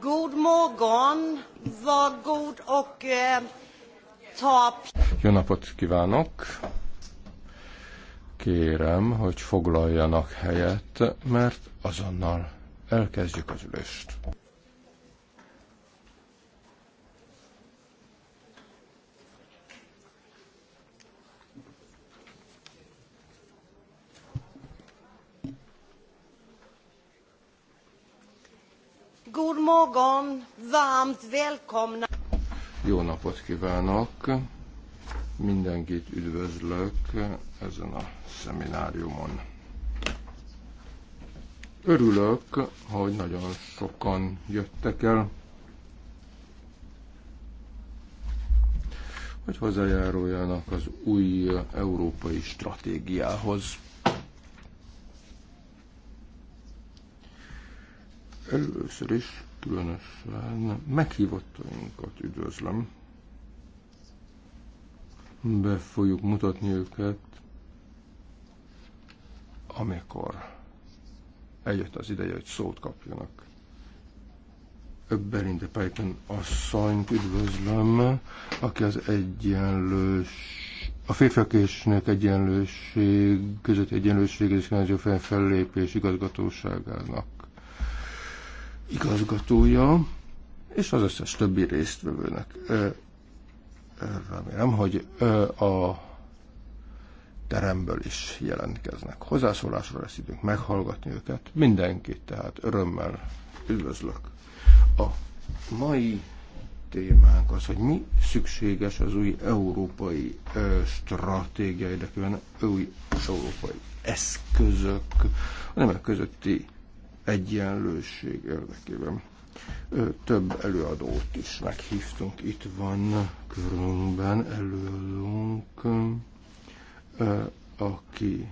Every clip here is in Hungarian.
God morgon, var god och eh, ta... Jó napot kívánok! Kérem, hogy foglaljanak helyet, mert azonnal elkezdjük az ülést. Jó napot kívánok! Mindenkit üdvözlök ezen a szemináriumon. Örülök, hogy nagyon sokan jöttek el, hogy hozzájáruljanak az új európai stratégiához. Először is különösen meghívottainkat üdvözlöm. Be fogjuk mutatni őket, amikor eljött az ideje, hogy szót kapjanak. Berinte Pejten asszonyt üdvözlöm, aki az egyenlős, a férfiak és nők egyenlőség, között egyenlőség és fennfellépés igazgatóságának igazgatója, és az összes többi résztvevőnek. Remélem, hogy a teremből is jelentkeznek. Hozzászólásra lesz időnk meghallgatni őket. Mindenkit tehát örömmel üdvözlök. A mai témánk az, hogy mi szükséges az új európai ö, stratégia érdekében, új európai eszközök, a nemek közötti egyenlőség érdekében. Több előadót is meghívtunk. Itt van körünkben előadónk, aki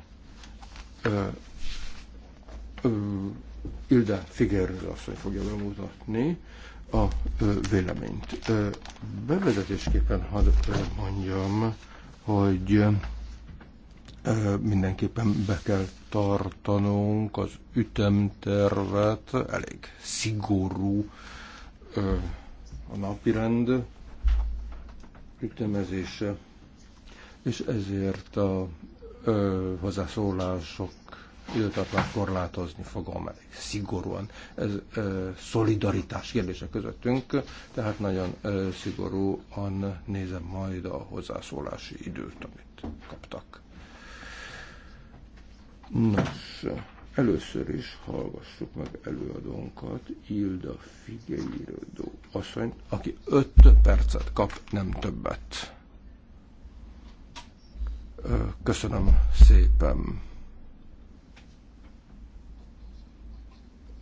Ilda Figerről azt, hogy fogja bemutatni a véleményt. Bevezetésképpen hadd mondjam, hogy mindenképpen be kell tartanunk az ütemtervet, elég szigorú a napirend ütemezése, és ezért a hozzászólások időtartalát korlátozni fogom elég szigorúan. Ez ö, szolidaritás kérdése közöttünk, tehát nagyon ö, szigorúan nézem majd a hozzászólási időt, amit kaptak. Nos, először is hallgassuk meg előadónkat, Ilda Figeirodó asszony, aki 5 percet kap, nem többet. Köszönöm szépen.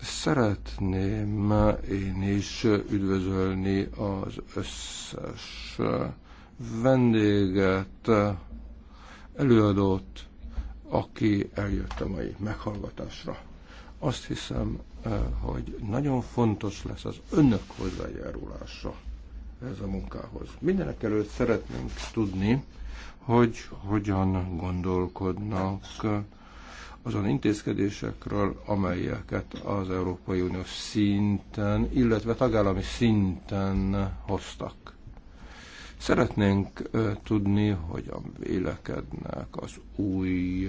Szeretném én is üdvözölni az összes vendéget, előadót, aki eljött a mai meghallgatásra. Azt hiszem, eh, hogy nagyon fontos lesz az önök hozzájárulása ez a munkához. Mindenek előtt szeretnénk tudni, hogy hogyan gondolkodnak azon intézkedésekről, amelyeket az Európai Unió szinten, illetve tagállami szinten hoztak. Szeretnénk tudni, hogyan vélekednek az új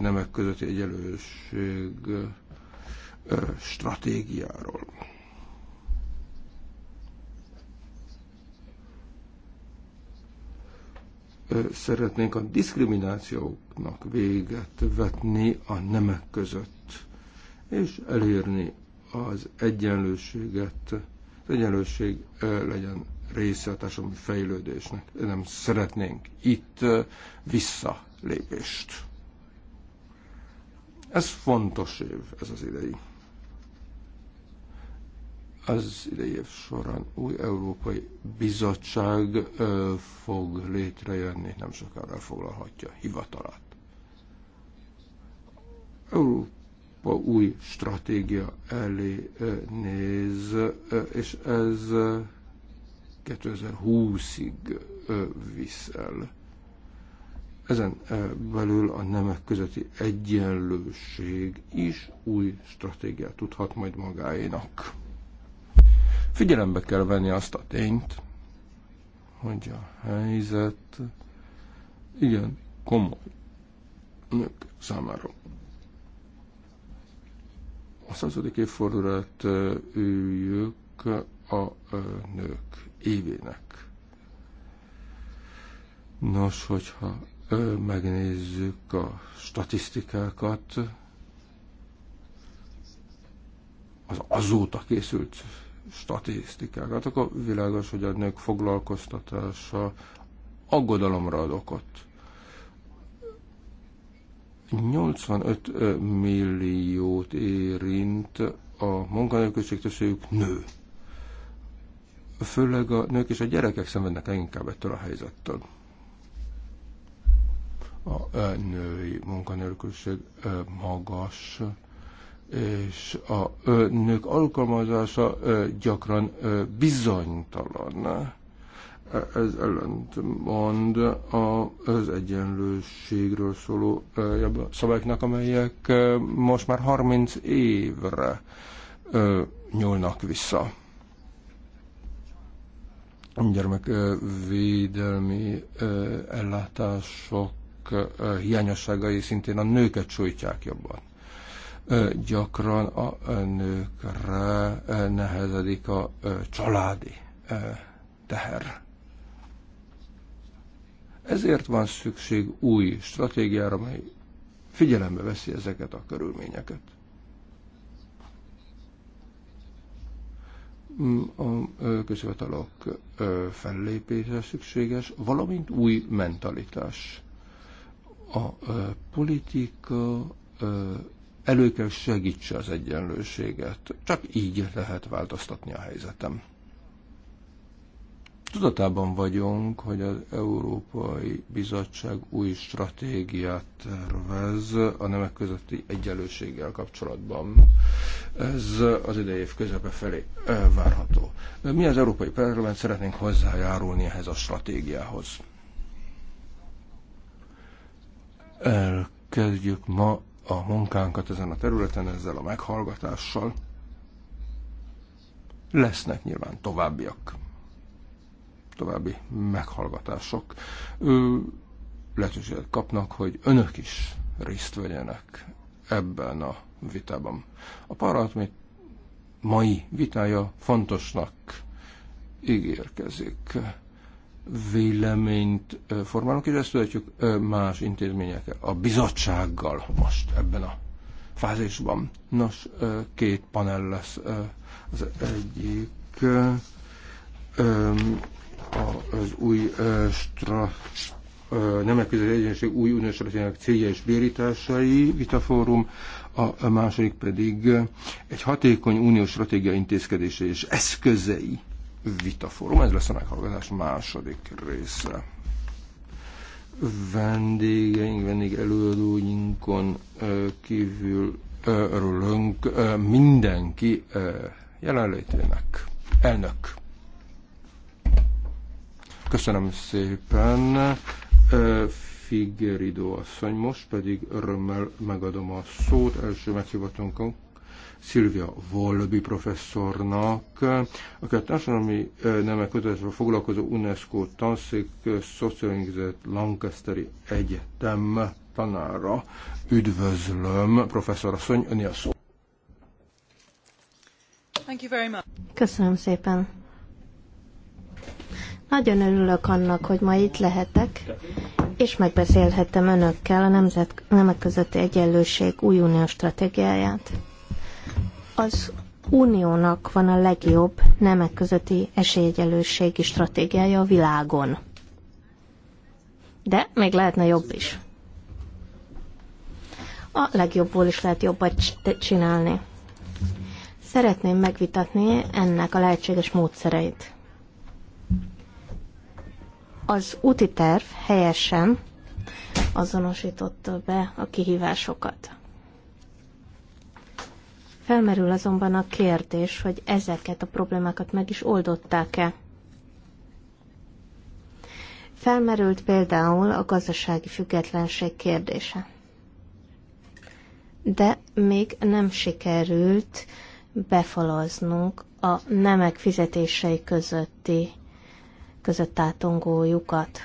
nemek közötti egyenlőség stratégiáról. Szeretnénk a diszkriminációknak véget vetni a nemek között, és elérni az egyenlőséget, az egyenlőség legyen része a társadalmi fejlődésnek. Nem szeretnénk itt visszalépést. Ez fontos év, ez az idei. Az idei év során új Európai Bizottság ö, fog létrejönni, nem sokára foglalhatja hivatalát. Európa új stratégia elé ö, néz, ö, és ez ö, 2020-ig visz el. Ezen belül a nemek közötti egyenlőség is új stratégiát tudhat majd magáénak. Figyelembe kell venni azt a tényt, hogy a helyzet igen komoly nők számára. A századik évfordulat üljük a nők évének. Nos, hogyha megnézzük a statisztikákat, az azóta készült statisztikákat, akkor világos, hogy a nők foglalkoztatása aggodalomra ad okot. 85 milliót érint a munkanélküliség nő főleg a nők és a gyerekek szenvednek leginkább ettől a helyzettől. A női munkanélküliség magas, és a nők alkalmazása gyakran bizonytalan. Ez mond az egyenlőségről szóló szabályoknak, amelyek most már 30 évre nyúlnak vissza gyermekvédelmi ellátások hiányosságai szintén a nőket sújtják jobban. Gyakran a nőkre nehezedik a családi teher. Ezért van szükség új stratégiára, amely figyelembe veszi ezeket a körülményeket. a közvetalok fellépése szükséges, valamint új mentalitás. A politika elő kell segítse az egyenlőséget. Csak így lehet változtatni a helyzetem. Tudatában vagyunk, hogy az Európai Bizottság új stratégiát tervez a nemek közötti egyenlőséggel kapcsolatban. Ez az idei év közepe felé várható. Mi az Európai Parlament szeretnénk hozzájárulni ehhez a stratégiához? Elkezdjük ma a munkánkat ezen a területen, ezzel a meghallgatással. Lesznek nyilván továbbiak további meghallgatások lehetőséget kapnak, hogy önök is részt vegyenek ebben a vitában. A parlament mai vitája fontosnak ígérkezik. Véleményt formálunk, és ezt tudhatjuk más intézményekkel, a bizottsággal most ebben a fázisban. Nos, két panel lesz. Az egyik az új stra, nemek közötti egyenlőség új uniós stratégiának célja és bérításai vitafórum, a második pedig egy hatékony uniós stratégia intézkedése és eszközei vitaforum. Ez lesz a meghallgatás második része. Vendégeink, vendég előadóinkon kívül örülünk mindenki jelenlétének. Elnök. Köszönöm szépen. Figueridó asszony, most pedig örömmel megadom a szót első meghívatónkon. Szilvia Volbi professzornak, aki a társadalmi nemek kutatásra foglalkozó UNESCO tanszék szociolingizett Lancasteri Egyetem tanára. Üdvözlöm, professzor asszony, öni a szó. Köszönöm szépen. Nagyon örülök annak, hogy ma itt lehetek, és megbeszélhettem önökkel a nemzet, nemek közötti egyenlőség új uniós stratégiáját. Az uniónak van a legjobb nemek közötti esélyegyenlőségi stratégiája a világon. De még lehetne jobb is. A legjobbból is lehet jobbat csinálni. Szeretném megvitatni ennek a lehetséges módszereit. Az úti terv helyesen azonosította be a kihívásokat. Felmerül azonban a kérdés, hogy ezeket a problémákat meg is oldották-e. Felmerült például a gazdasági függetlenség kérdése. De még nem sikerült befalaznunk a nemek fizetései közötti között átongó lyukat.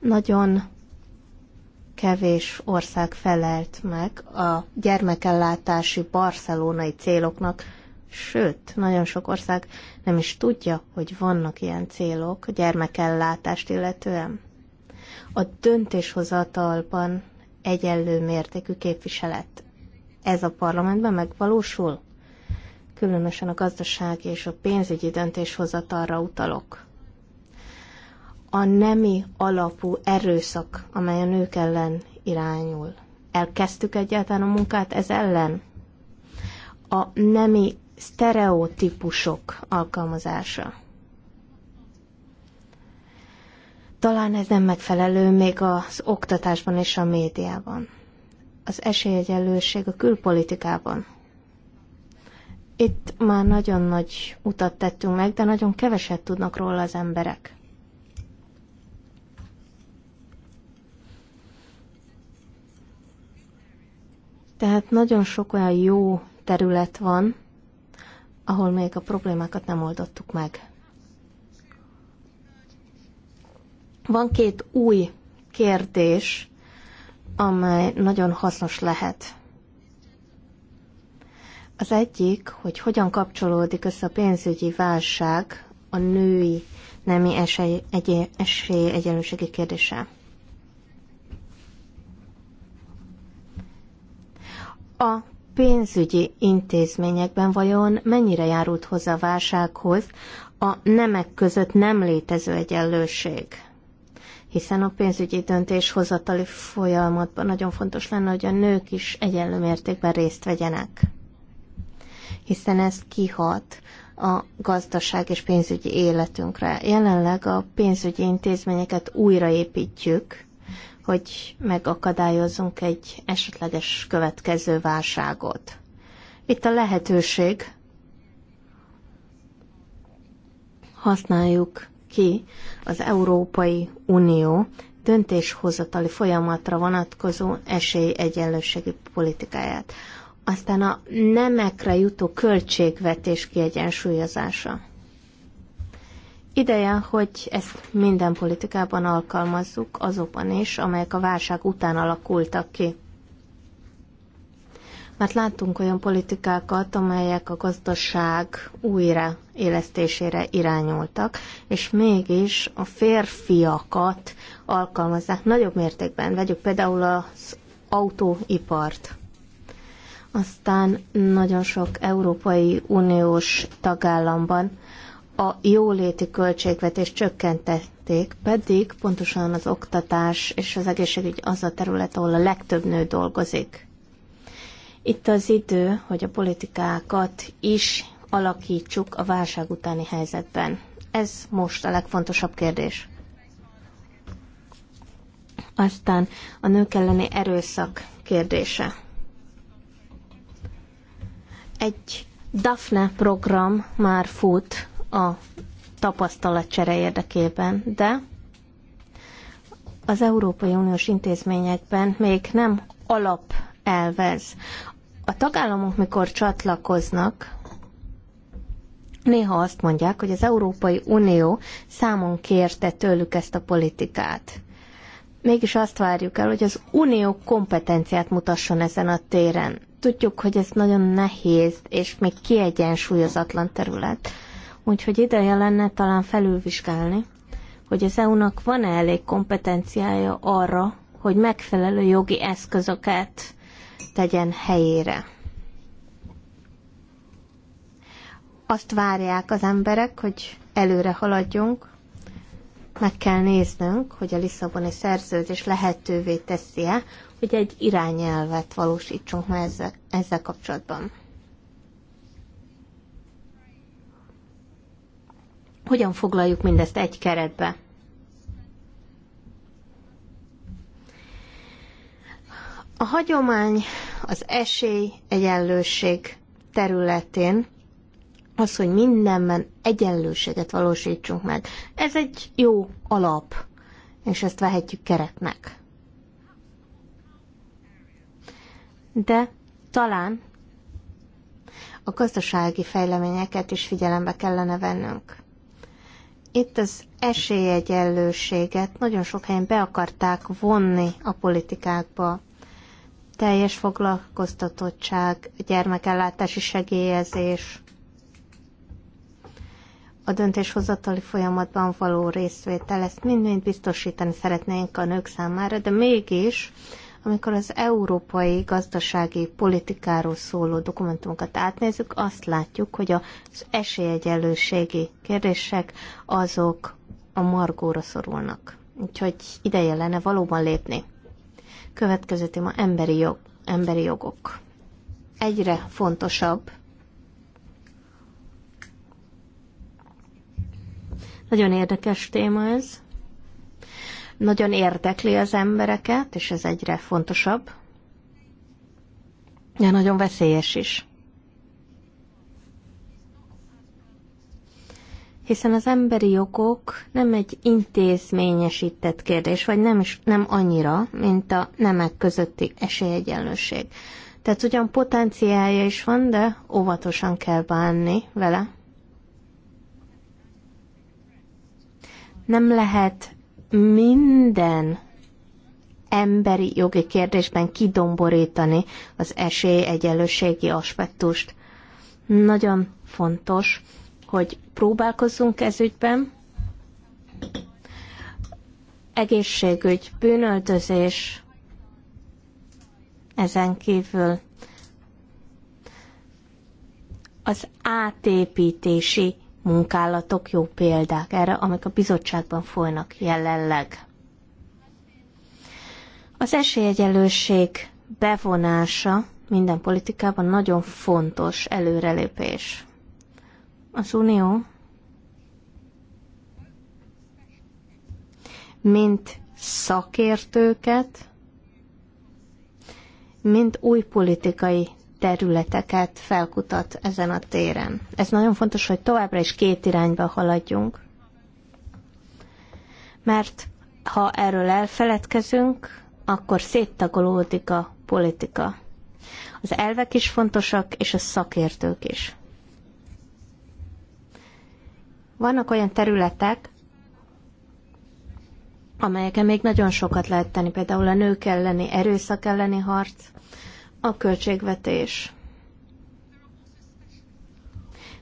Nagyon kevés ország felelt meg a gyermekellátási barcelonai céloknak, sőt, nagyon sok ország nem is tudja, hogy vannak ilyen célok a gyermekellátást illetően. A döntéshozatalban egyenlő mértékű képviselet. Ez a parlamentben megvalósul? különösen a gazdaság és a pénzügyi döntéshozatalra utalok. A nemi alapú erőszak, amely a nők ellen irányul. Elkezdtük egyáltalán a munkát ez ellen? A nemi sztereotípusok alkalmazása. Talán ez nem megfelelő még az oktatásban és a médiában. Az esélyegyenlőség a külpolitikában. Itt már nagyon nagy utat tettünk meg, de nagyon keveset tudnak róla az emberek. Tehát nagyon sok olyan jó terület van, ahol még a problémákat nem oldottuk meg. Van két új kérdés, amely nagyon hasznos lehet. Az egyik, hogy hogyan kapcsolódik össze a pénzügyi válság a női nemi esély, egy, esély egyenlőségi kérdése. A pénzügyi intézményekben vajon mennyire járult hozzá a válsághoz a nemek között nem létező egyenlőség? Hiszen a pénzügyi döntéshozatali folyamatban nagyon fontos lenne, hogy a nők is egyenlő mértékben részt vegyenek hiszen ez kihat a gazdaság és pénzügyi életünkre. Jelenleg a pénzügyi intézményeket újraépítjük, hogy megakadályozzunk egy esetleges következő válságot. Itt a lehetőség, használjuk ki az Európai Unió döntéshozatali folyamatra vonatkozó esélyegyenlőségi politikáját. Aztán a nemekre jutó költségvetés kiegyensúlyozása. Ideje, hogy ezt minden politikában alkalmazzuk, azokban is, amelyek a válság után alakultak ki. Mert láttunk olyan politikákat, amelyek a gazdaság újraélesztésére irányultak, és mégis a férfiakat alkalmazzák nagyobb mértékben. Vegyük például az autóipart. Aztán nagyon sok Európai Uniós tagállamban a jóléti költségvetést csökkentették, pedig pontosan az oktatás és az egészségügy az a terület, ahol a legtöbb nő dolgozik. Itt az idő, hogy a politikákat is alakítsuk a válság utáni helyzetben. Ez most a legfontosabb kérdés. Aztán a nők elleni erőszak kérdése. Egy DAFNE program már fut a tapasztalatcsere érdekében, de az Európai Uniós intézményekben még nem alap elvez. A tagállamok, mikor csatlakoznak, néha azt mondják, hogy az Európai Unió számon kérte tőlük ezt a politikát mégis azt várjuk el, hogy az unió kompetenciát mutasson ezen a téren. Tudjuk, hogy ez nagyon nehéz és még kiegyensúlyozatlan terület. Úgyhogy ideje lenne talán felülvizsgálni, hogy az EU-nak van-e elég kompetenciája arra, hogy megfelelő jogi eszközöket tegyen helyére. Azt várják az emberek, hogy előre haladjunk, meg kell néznünk, hogy a Lisszaboni szerződés lehetővé teszi-e, hogy egy irányelvet valósítsunk ma ezzel, ezzel kapcsolatban. Hogyan foglaljuk mindezt egy keretbe? A hagyomány az esély egyenlőség területén az, hogy mindenben egyenlőséget valósítsunk meg. Ez egy jó alap, és ezt vehetjük keretnek. De talán a gazdasági fejleményeket is figyelembe kellene vennünk. Itt az esélyegyenlőséget nagyon sok helyen be akarták vonni a politikákba. Teljes foglalkoztatottság, gyermekellátási segélyezés, a döntéshozatali folyamatban való részvétel, ezt mind-mind biztosítani szeretnénk a nők számára, de mégis, amikor az európai gazdasági politikáról szóló dokumentumokat átnézzük, azt látjuk, hogy az esélyegyenlőségi kérdések azok a margóra szorulnak. Úgyhogy ideje lenne valóban lépni. Következő téma emberi, jog, emberi jogok. Egyre fontosabb, Nagyon érdekes téma ez. Nagyon érdekli az embereket, és ez egyre fontosabb. De nagyon veszélyes is. Hiszen az emberi jogok nem egy intézményesített kérdés, vagy nem, is, nem annyira, mint a nemek közötti esélyegyenlőség. Tehát ugyan potenciálja is van, de óvatosan kell bánni vele. Nem lehet minden emberi jogi kérdésben kidomborítani az esélyegyenlőségi aspektust. Nagyon fontos, hogy próbálkozzunk ügyben. Egészségügy, bűnöldözés, ezen kívül az átépítési munkálatok jó példák erre, amik a bizottságban folynak jelenleg. Az esélyegyelőség bevonása minden politikában nagyon fontos előrelépés. Az Unió, mint szakértőket, mint új politikai területeket felkutat ezen a téren. Ez nagyon fontos, hogy továbbra is két irányba haladjunk, mert ha erről elfeledkezünk, akkor széttagolódik a politika. Az elvek is fontosak, és a szakértők is. Vannak olyan területek, amelyeken még nagyon sokat lehet tenni, például a nők elleni, erőszak elleni harc, a költségvetés.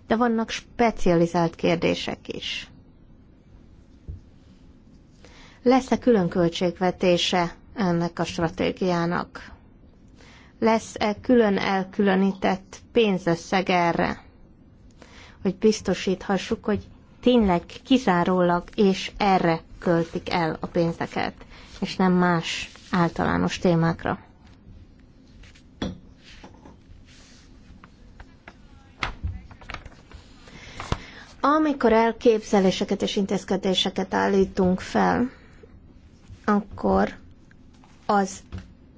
De vannak specializált kérdések is. Lesz-e külön költségvetése ennek a stratégiának? Lesz-e külön elkülönített pénzösszeg erre? Hogy biztosíthassuk, hogy tényleg kizárólag és erre költik el a pénzeket, és nem más általános témákra. Amikor elképzeléseket és intézkedéseket állítunk fel, akkor az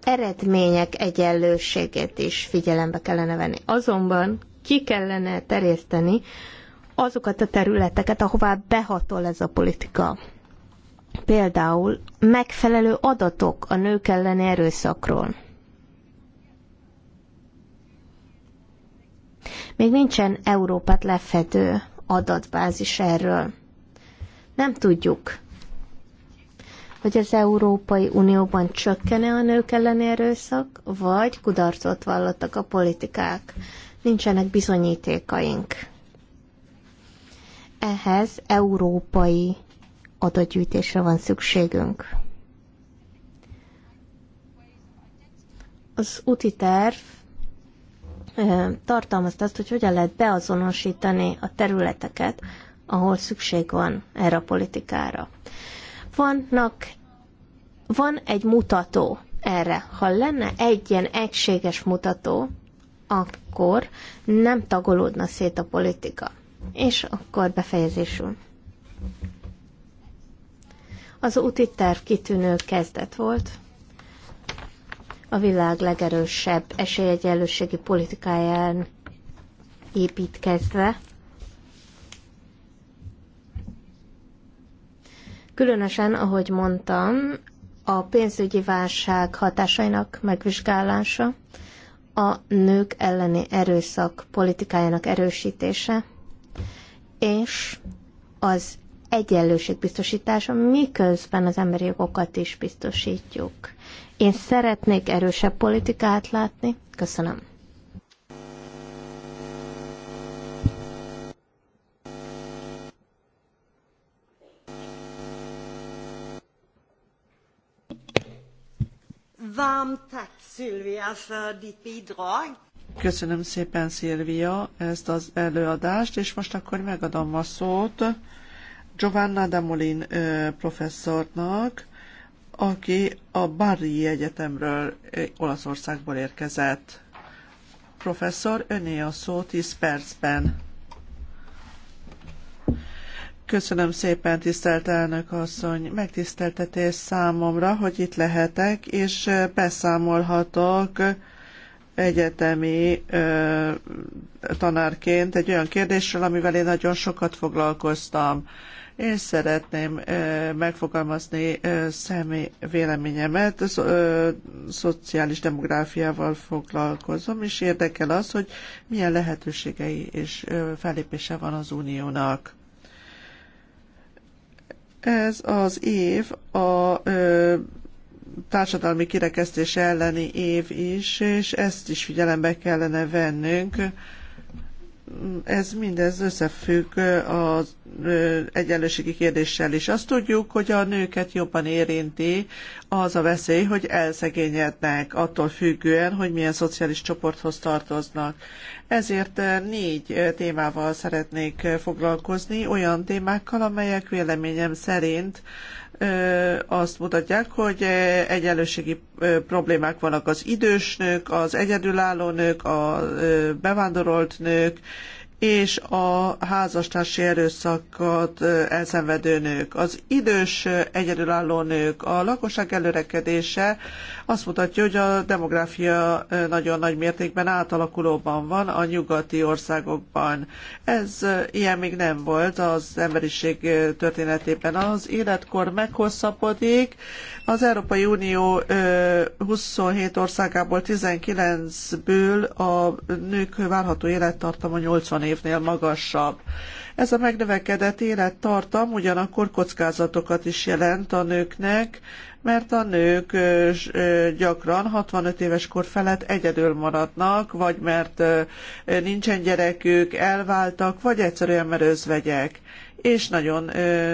eredmények egyenlőségét is figyelembe kellene venni. Azonban ki kellene terjeszteni azokat a területeket, ahová behatol ez a politika. Például megfelelő adatok a nők elleni erőszakról. Még nincsen Európát lefedő adatbázis erről. Nem tudjuk, hogy az Európai Unióban csökkene a nők elleni erőszak, vagy kudarcot vallottak a politikák. Nincsenek bizonyítékaink. Ehhez európai adatgyűjtésre van szükségünk. Az úti terv tartalmazta azt, hogy hogyan lehet beazonosítani a területeket, ahol szükség van erre a politikára. Vannak, van egy mutató erre. Ha lenne egy ilyen egységes mutató, akkor nem tagolódna szét a politika. És akkor befejezésül. Az úti terv kitűnő kezdet volt a világ legerősebb esélyegyenlőségi politikáján építkezve. Különösen, ahogy mondtam, a pénzügyi válság hatásainak megvizsgálása, a nők elleni erőszak politikájának erősítése, és az egyenlőség biztosítása, miközben az emberi jogokat is biztosítjuk. Én szeretnék erősebb politikát látni. Köszönöm. Köszönöm szépen, Szilvia, ezt az előadást, és most akkor megadom a szót Giovanna Damolin professzornak, aki a Bari Egyetemről eh, Olaszországból érkezett. Professzor, öné a szó 10 percben. Köszönöm szépen, tisztelt elnök asszony. Megtiszteltetés számomra, hogy itt lehetek, és eh, beszámolhatok egyetemi ö, eh, tanárként egy olyan kérdésről, amivel én nagyon sokat foglalkoztam. Én szeretném megfogalmazni személy véleményemet, szociális demográfiával foglalkozom, és érdekel az, hogy milyen lehetőségei és fellépése van az uniónak. Ez az év a társadalmi kirekesztés elleni év is, és ezt is figyelembe kellene vennünk ez mindez összefügg az egyenlőségi kérdéssel is. Azt tudjuk, hogy a nőket jobban érinti az a veszély, hogy elszegényednek attól függően, hogy milyen szociális csoporthoz tartoznak. Ezért négy témával szeretnék foglalkozni, olyan témákkal, amelyek véleményem szerint azt mutatják, hogy egyenlőségi problémák vannak az idős nők, az egyedülálló nők, a bevándorolt nők, és a házastársi erőszakot elszenvedő nők. Az idős egyedülálló nők, a lakosság előrekedése azt mutatja, hogy a demográfia nagyon nagy mértékben átalakulóban van a nyugati országokban. Ez ilyen még nem volt az emberiség történetében. Az életkor meghosszabbodik. Az Európai Unió 27 országából 19-ből a nők várható élettartama 80 év évnél magasabb. Ez a megnövekedett élettartam ugyanakkor kockázatokat is jelent a nőknek, mert a nők gyakran 65 éves kor felett egyedül maradnak, vagy mert nincsen gyerekük, elváltak, vagy egyszerűen mert özvegyek és nagyon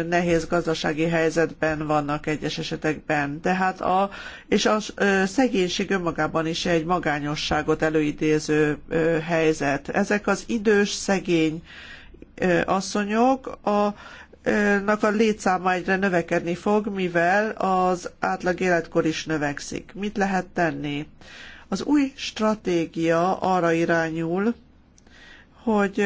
nehéz gazdasági helyzetben vannak egyes esetekben. Tehát a, és a szegénység önmagában is egy magányosságot előidéző helyzet. Ezek az idős, szegény asszonyok a nak a létszáma egyre növekedni fog, mivel az átlag életkor is növekszik. Mit lehet tenni? Az új stratégia arra irányul, hogy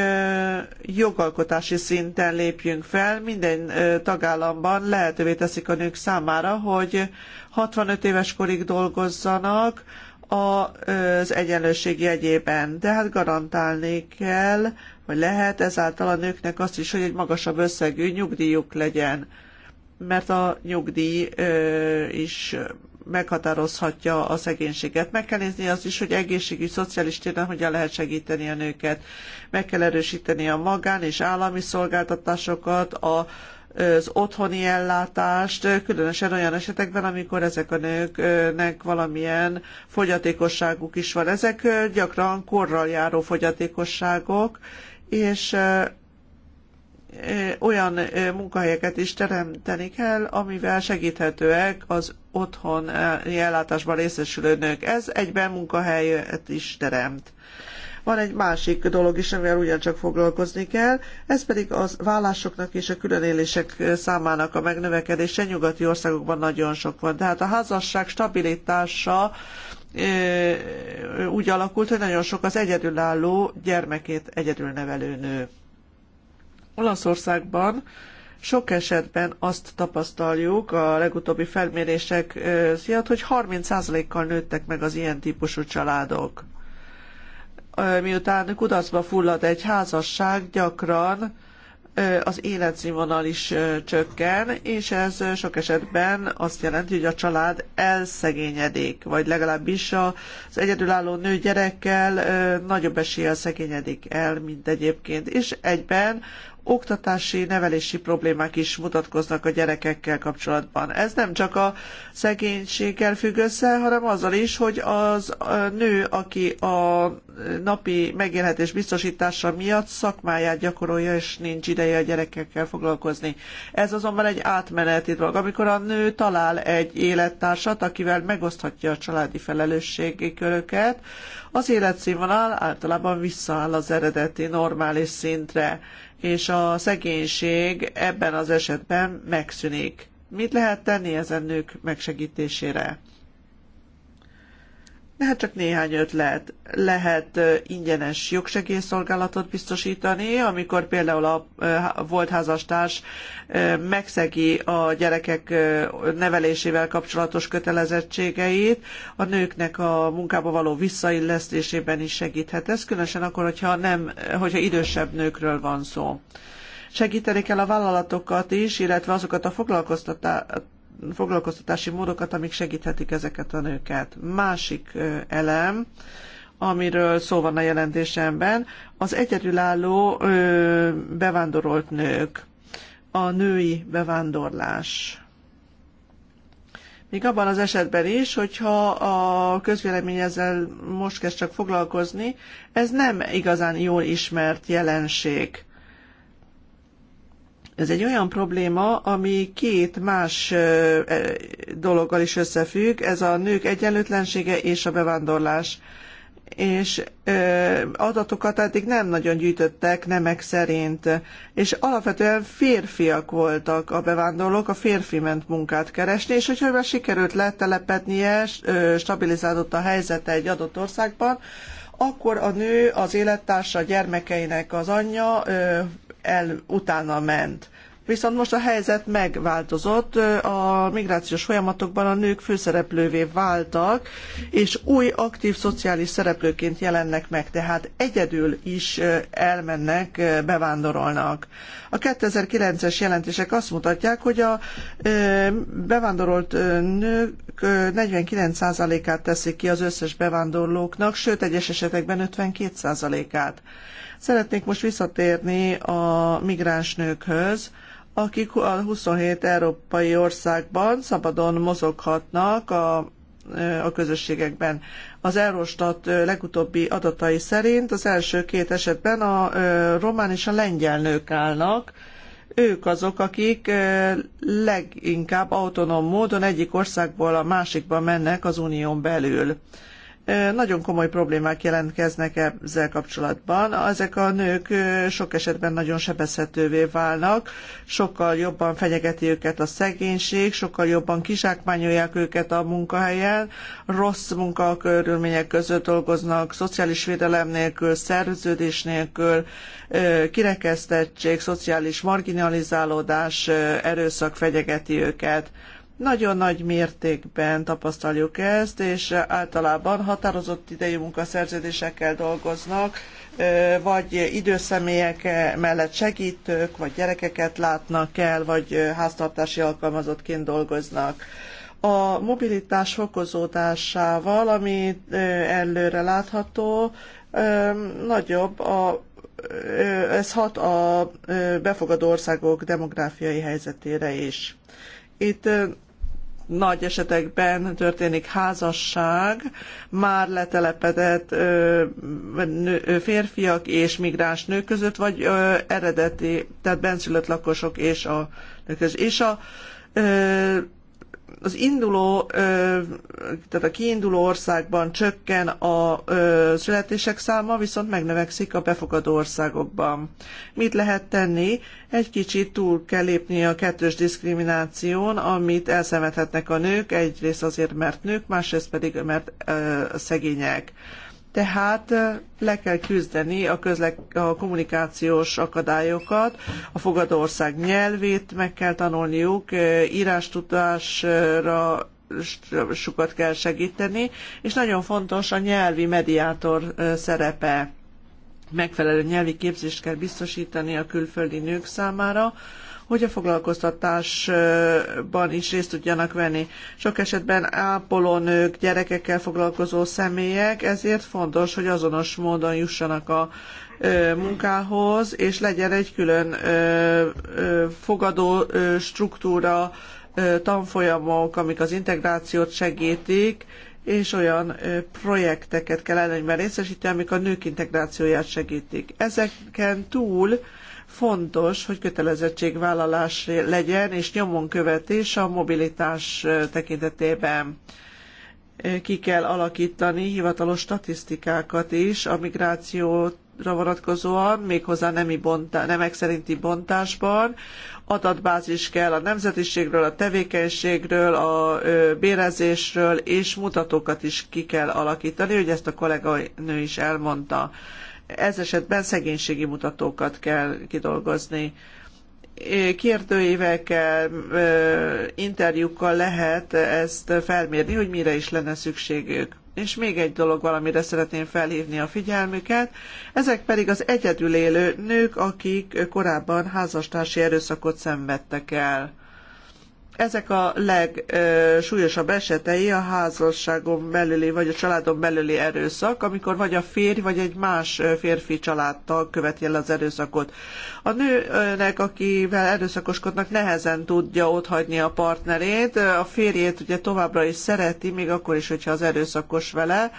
jogalkotási szinten lépjünk fel, minden tagállamban lehetővé teszik a nők számára, hogy 65 éves korig dolgozzanak az egyenlőség jegyében. Tehát garantálni kell, vagy lehet ezáltal a nőknek azt is, hogy egy magasabb összegű nyugdíjuk legyen, mert a nyugdíj is meghatározhatja a szegénységet. Meg kell nézni az is, hogy egészségügy, szociális téren hogyan lehet segíteni a nőket. Meg kell erősíteni a magán és állami szolgáltatásokat, a az otthoni ellátást, különösen olyan esetekben, amikor ezek a nőknek valamilyen fogyatékosságuk is van. Ezek gyakran korral járó fogyatékosságok, és olyan munkahelyeket is teremteni kell, amivel segíthetőek az otthoni ellátásban részesülő nők. Ez egyben munkahelyet is teremt. Van egy másik dolog is, amivel ugyancsak foglalkozni kell, ez pedig az vállásoknak és a különélések számának a megnövekedése. Nyugati országokban nagyon sok van. Tehát a házasság stabilitása úgy alakult, hogy nagyon sok az egyedülálló gyermekét egyedül nevelő nő. Olaszországban sok esetben azt tapasztaljuk a legutóbbi felmérések miatt, hogy 30%-kal nőttek meg az ilyen típusú családok. Miután kudarcba fullad egy házasság, gyakran az életszínvonal is csökken, és ez sok esetben azt jelenti, hogy a család elszegényedik, vagy legalábbis az egyedülálló nő gyerekkel nagyobb eséllyel szegényedik el, mint egyébként. És egyben oktatási, nevelési problémák is mutatkoznak a gyerekekkel kapcsolatban. Ez nem csak a szegénységgel függ össze, hanem azzal is, hogy az nő, aki a napi megélhetés biztosítása miatt szakmáját gyakorolja, és nincs ideje a gyerekekkel foglalkozni. Ez azonban egy átmeneti dolog, amikor a nő talál egy élettársat, akivel megoszthatja a családi felelősségi köröket, az életszínvonal általában visszaáll az eredeti normális szintre és a szegénység ebben az esetben megszűnik. Mit lehet tenni ezen nők megsegítésére? De hát csak néhány ötlet. Lehet ingyenes jogsegélyszolgálatot biztosítani, amikor például a volt házastárs megszegi a gyerekek nevelésével kapcsolatos kötelezettségeit, a nőknek a munkába való visszaillesztésében is segíthet. Ez különösen akkor, hogyha, nem, hogyha idősebb nőkről van szó segíteni kell a vállalatokat is, illetve azokat a foglalkoztatási módokat, amik segíthetik ezeket a nőket. Másik elem, amiről szó van a jelentésemben, az egyedülálló bevándorolt nők, a női bevándorlás. Még abban az esetben is, hogyha a közvélemény ezzel most kezd csak foglalkozni, ez nem igazán jól ismert jelenség ez egy olyan probléma, ami két más dologgal is összefügg, ez a nők egyenlőtlensége és a bevándorlás. És adatokat eddig nem nagyon gyűjtöttek nemek szerint, és alapvetően férfiak voltak a bevándorlók, a férfi ment munkát keresni, és hogyha már sikerült letelepednie, stabilizálódott a helyzete egy adott országban, akkor a nő az élettársa gyermekeinek az anyja el utána ment. Viszont most a helyzet megváltozott, a migrációs folyamatokban a nők főszereplővé váltak, és új aktív szociális szereplőként jelennek meg, tehát egyedül is elmennek, bevándorolnak. A 2009-es jelentések azt mutatják, hogy a bevándorolt nők 49%-át teszik ki az összes bevándorlóknak, sőt egyes esetekben 52%-át. Szeretnék most visszatérni a migráns nőkhöz, akik a 27 európai országban szabadon mozoghatnak a a közösségekben. Az Eurostat legutóbbi adatai szerint az első két esetben a román és a lengyel nők állnak. Ők azok, akik leginkább autonóm módon egyik országból a másikba mennek az unión belül. Nagyon komoly problémák jelentkeznek ezzel kapcsolatban. Ezek a nők sok esetben nagyon sebezhetővé válnak, sokkal jobban fenyegeti őket a szegénység, sokkal jobban kizsákmányolják őket a munkahelyen, rossz munkakörülmények között dolgoznak, szociális védelem nélkül, szerződés nélkül, kirekesztettség, szociális marginalizálódás, erőszak fenyegeti őket nagyon nagy mértékben tapasztaljuk ezt, és általában határozott idejű munkaszerződésekkel dolgoznak, vagy időszemélyek mellett segítők, vagy gyerekeket látnak el, vagy háztartási alkalmazottként dolgoznak a mobilitás fokozódásával, ami előre látható, nagyobb a ez hat a befogadó országok demográfiai helyzetére is. Itt nagy esetekben történik házasság, már letelepedett férfiak és migráns nők között, vagy eredeti, tehát benszülött lakosok és a nők között. És a az induló, tehát a kiinduló országban csökken a születések száma, viszont megnövekszik a befogadó országokban. Mit lehet tenni? Egy kicsit túl kell lépni a kettős diszkrimináción, amit elszenvedhetnek a nők, egyrészt azért, mert nők, másrészt pedig, mert szegények. Tehát le kell küzdeni a, közle a kommunikációs akadályokat, a fogadó ország nyelvét meg kell tanulniuk, írástudásra sokat kell segíteni, és nagyon fontos a nyelvi mediátor szerepe. Megfelelő nyelvi képzést kell biztosítani a külföldi nők számára, hogy a foglalkoztatásban is részt tudjanak venni. Sok esetben ápolónők, gyerekekkel foglalkozó személyek, ezért fontos, hogy azonos módon jussanak a munkához, és legyen egy külön fogadó struktúra, tanfolyamok, amik az integrációt segítik, és olyan projekteket kell előnyben részesíteni, amik a nők integrációját segítik. Ezeken túl fontos, hogy kötelezettségvállalás legyen és nyomon követés a mobilitás tekintetében. Ki kell alakítani hivatalos statisztikákat is a migrációt vonatkozóan, méghozzá nemi bontá, nemek szerinti bontásban. Adatbázis kell a nemzetiségről, a tevékenységről, a bérezésről, és mutatókat is ki kell alakítani, hogy ezt a kolléganő is elmondta. Ez esetben szegénységi mutatókat kell kidolgozni kérdőívekkel, interjúkkal lehet ezt felmérni, hogy mire is lenne szükségük. És még egy dolog valamire szeretném felhívni a figyelmüket, ezek pedig az egyedül élő nők, akik korábban házastársi erőszakot szenvedtek el ezek a legsúlyosabb esetei a házasságon belüli vagy a családon belüli erőszak, amikor vagy a férj vagy egy más férfi családtag követi el az erőszakot. A nőnek, akivel erőszakoskodnak, nehezen tudja otthagyni a partnerét, a férjét ugye továbbra is szereti, még akkor is, hogyha az erőszakos vele,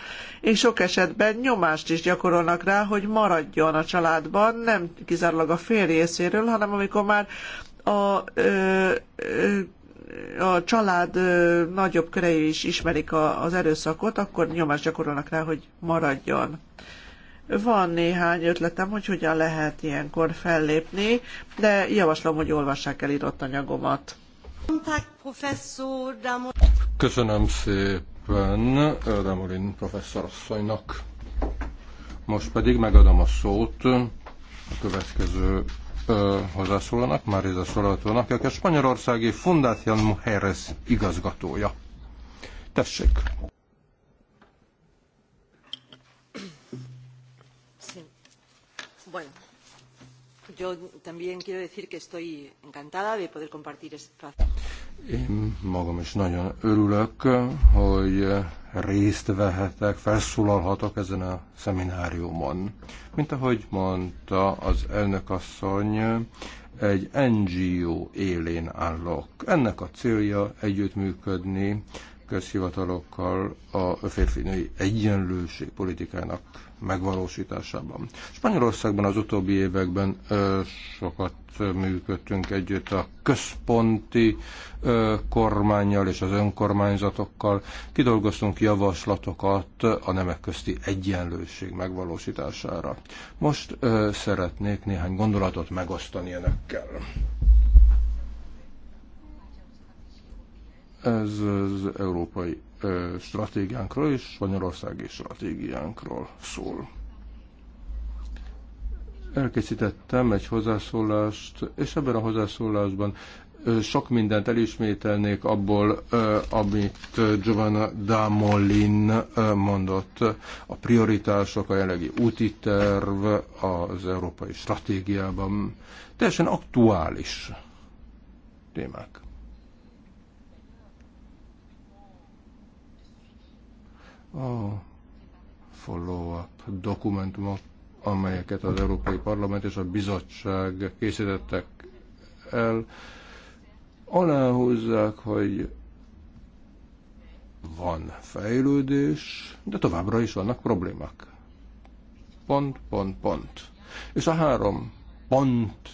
és sok esetben nyomást is gyakorolnak rá, hogy maradjon a családban, nem kizárólag a férj részéről, hanem amikor már a ö, ö, a család nagyobb körei is ismerik az erőszakot, akkor nyomást gyakorolnak rá, hogy maradjon. Van néhány ötletem, hogy hogyan lehet ilyenkor fellépni, de javaslom, hogy olvassák el írott anyagomat. Köszönöm szépen Damolin professzor asszonynak. Most pedig megadom a szót a következő ö, hozzászólónak, Mariza Sorotónak, aki a spanyolországi Fundación Mujeres igazgatója. Tessék! Bueno, yo también quiero decir que estoy encantada de poder compartir este espacio. Én magam is nagyon örülök, hogy részt vehetek, felszólalhatok ezen a szemináriumon. Mint ahogy mondta az elnökasszony, egy NGO élén állok. Ennek a célja együttműködni közhivatalokkal a férfi női egyenlőség politikának megvalósításában. Spanyolországban az utóbbi években sokat működtünk együtt a központi kormányjal és az önkormányzatokkal. Kidolgoztunk javaslatokat a nemek közti egyenlőség megvalósítására. Most szeretnék néhány gondolatot megosztani önökkel. Ez az európai stratégiánkról és spanyolországi stratégiánkról szól. Elkészítettem egy hozzászólást, és ebben a hozzászólásban sok mindent elismételnék abból, amit Giovanna Damolin mondott. A prioritások, a jelenlegi úti terv az európai stratégiában teljesen aktuális témák. a follow-up dokumentumok, amelyeket az Európai Parlament és a Bizottság készítettek el, aláhúzzák, hogy van fejlődés, de továbbra is vannak problémák. Pont, pont, pont. És a három pont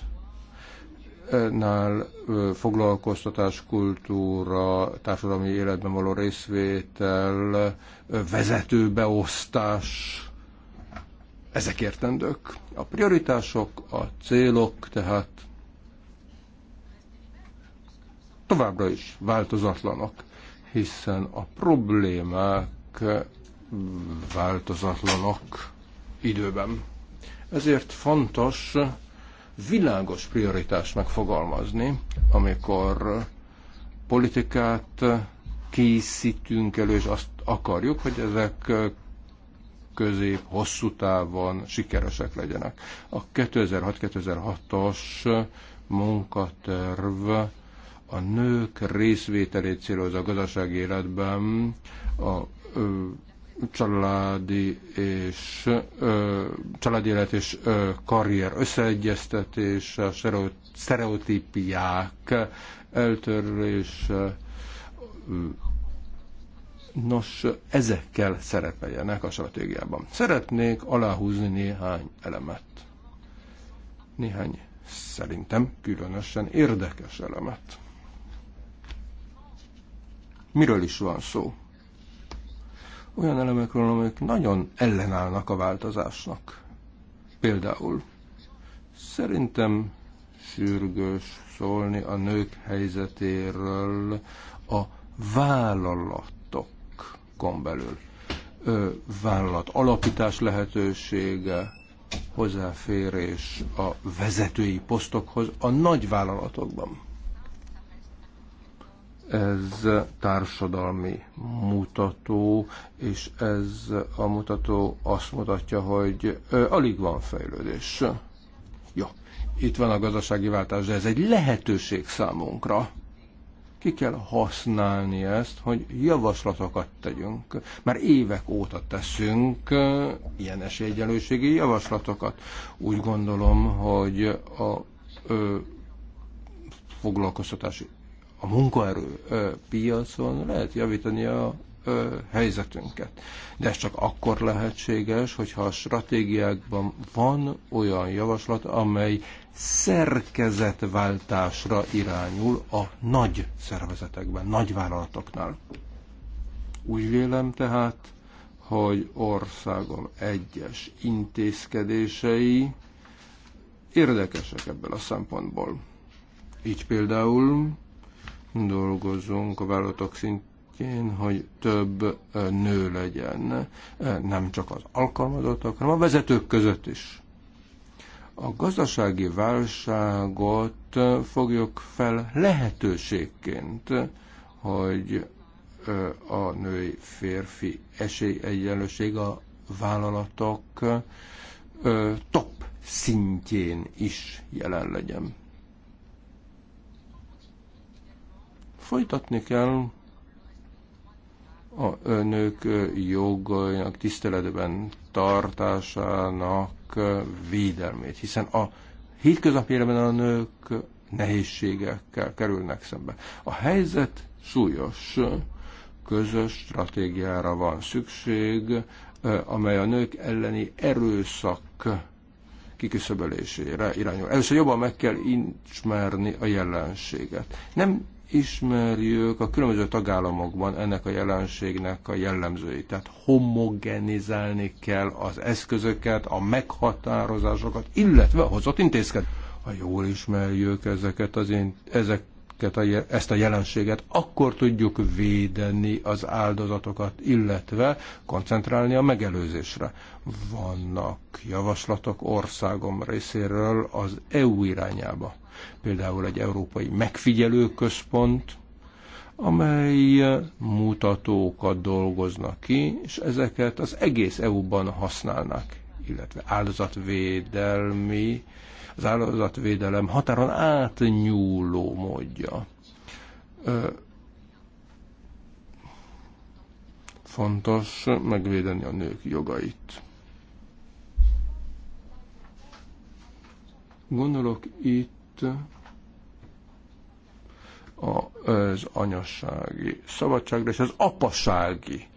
nál foglalkoztatás, kultúra, társadalmi életben való részvétel, vezetőbeosztás, ezek értendők. A prioritások, a célok tehát továbbra is változatlanok, hiszen a problémák változatlanok időben. Ezért fontos, világos prioritást megfogalmazni, amikor politikát készítünk elő, és azt akarjuk, hogy ezek közép, hosszú távon sikeresek legyenek. A 2006-2006-os munkaterv a nők részvételét célozza a gazdasági életben, a családi és ö, családi élet és ö, karrier összeegyeztetés, a sztereotípiák eltörlés. Nos, ezekkel szerepeljenek a stratégiában. Szeretnék aláhúzni néhány elemet. Néhány szerintem különösen érdekes elemet. Miről is van szó? olyan elemekről, amelyek nagyon ellenállnak a változásnak. Például szerintem sürgős szólni a nők helyzetéről a vállalatokon belül. Ö, vállalat alapítás lehetősége, hozzáférés a vezetői posztokhoz a nagy vállalatokban ez társadalmi mutató, és ez a mutató azt mutatja, hogy alig van fejlődés. Ja, itt van a gazdasági váltás, de ez egy lehetőség számunkra. Ki kell használni ezt, hogy javaslatokat tegyünk. Már évek óta teszünk ilyen esélyegyenlőségi javaslatokat. Úgy gondolom, hogy a ö, foglalkoztatási a munkaerő piacon lehet javítani a helyzetünket. De ez csak akkor lehetséges, hogyha a stratégiákban van olyan javaslat, amely szerkezetváltásra irányul a nagy szervezetekben, nagy vállalatoknál. Úgy vélem tehát, hogy országom egyes intézkedései érdekesek ebből a szempontból. Így például dolgozunk a vállalatok szintjén, hogy több nő legyen, nem csak az alkalmazottak, hanem a vezetők között is. A gazdasági válságot fogjuk fel lehetőségként, hogy a női férfi esélyegyenlőség a vállalatok top szintjén is jelen legyen. Folytatni kell a önök jogainak tiszteletben tartásának védelmét, hiszen a hétköznapi életben a nők nehézségekkel kerülnek szembe. A helyzet súlyos, közös stratégiára van szükség, amely a nők elleni erőszak kiküszöbölésére irányul. Először jobban meg kell ismerni a jelenséget. Nem ismerjük a különböző tagállamokban ennek a jelenségnek a jellemzőit. Tehát homogenizálni kell az eszközöket, a meghatározásokat, illetve a hozott intézkedést. Ha jól ismerjük ezeket az én, ezek ezeket a, ezt a jelenséget, akkor tudjuk védeni az áldozatokat, illetve koncentrálni a megelőzésre. Vannak javaslatok országom részéről az EU irányába például egy európai megfigyelőközpont, amely mutatókat dolgoznak ki, és ezeket az egész EU-ban használnak, illetve áldozatvédelmi, az áldozatvédelem határon átnyúló módja. fontos megvédeni a nők jogait. Gondolok itt a az anyassági szabadságra és az apasági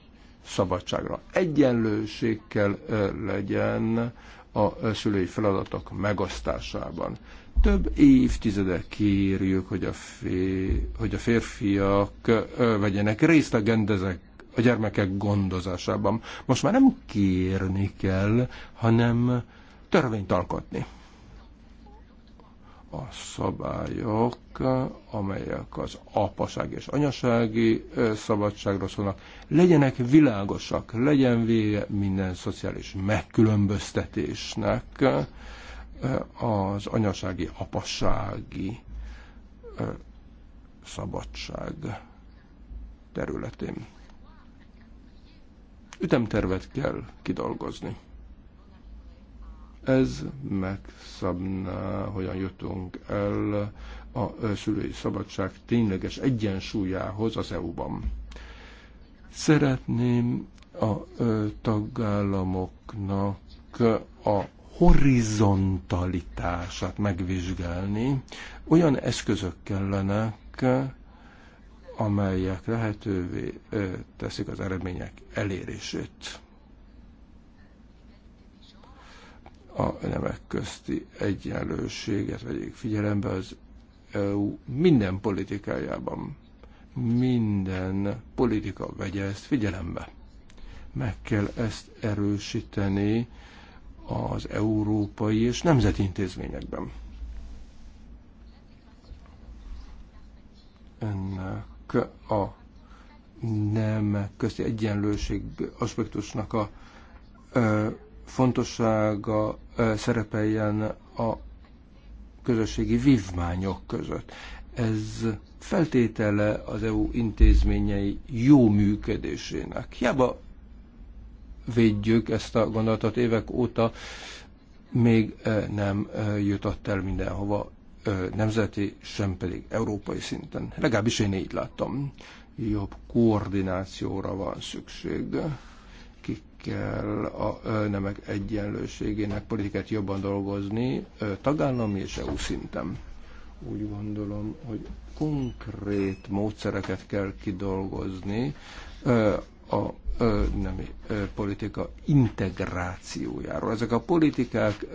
szabadságra. Egyenlőség kell legyen a szülői feladatok megosztásában. Több évtizede kérjük, hogy a, fér, hogy a férfiak vegyenek részt a gendezek a gyermekek gondozásában. Most már nem kérni kell, hanem törvényt alkotni a szabályok, amelyek az apaság és anyasági szabadságra szólnak, legyenek világosak, legyen vége minden szociális megkülönböztetésnek az anyasági, apasági szabadság területén. Ütemtervet kell kidolgozni. Ez megszabná, hogyan jutunk el a szülői szabadság tényleges egyensúlyához az EU-ban. Szeretném a tagállamoknak a horizontalitását megvizsgálni. Olyan eszközök kellenek, amelyek lehetővé teszik az eredmények elérését. a nemek közti egyenlőséget vegyék figyelembe az EU minden politikájában. Minden politika vegye ezt figyelembe. Meg kell ezt erősíteni az európai és nemzeti intézményekben. Ennek a nem közti egyenlőség aspektusnak a fontossága szerepeljen a közösségi vívmányok között. Ez feltétele az EU intézményei jó működésének. Hiába védjük ezt a gondolatot évek óta, még nem jutott el mindenhova nemzeti, sem pedig európai szinten. Legalábbis én így láttam. Jobb koordinációra van szükség kell a nemek egyenlőségének politikát jobban dolgozni tagállami és EU szinten. Úgy gondolom, hogy konkrét módszereket kell kidolgozni a nemi politika integrációjáról. Ezek a politikák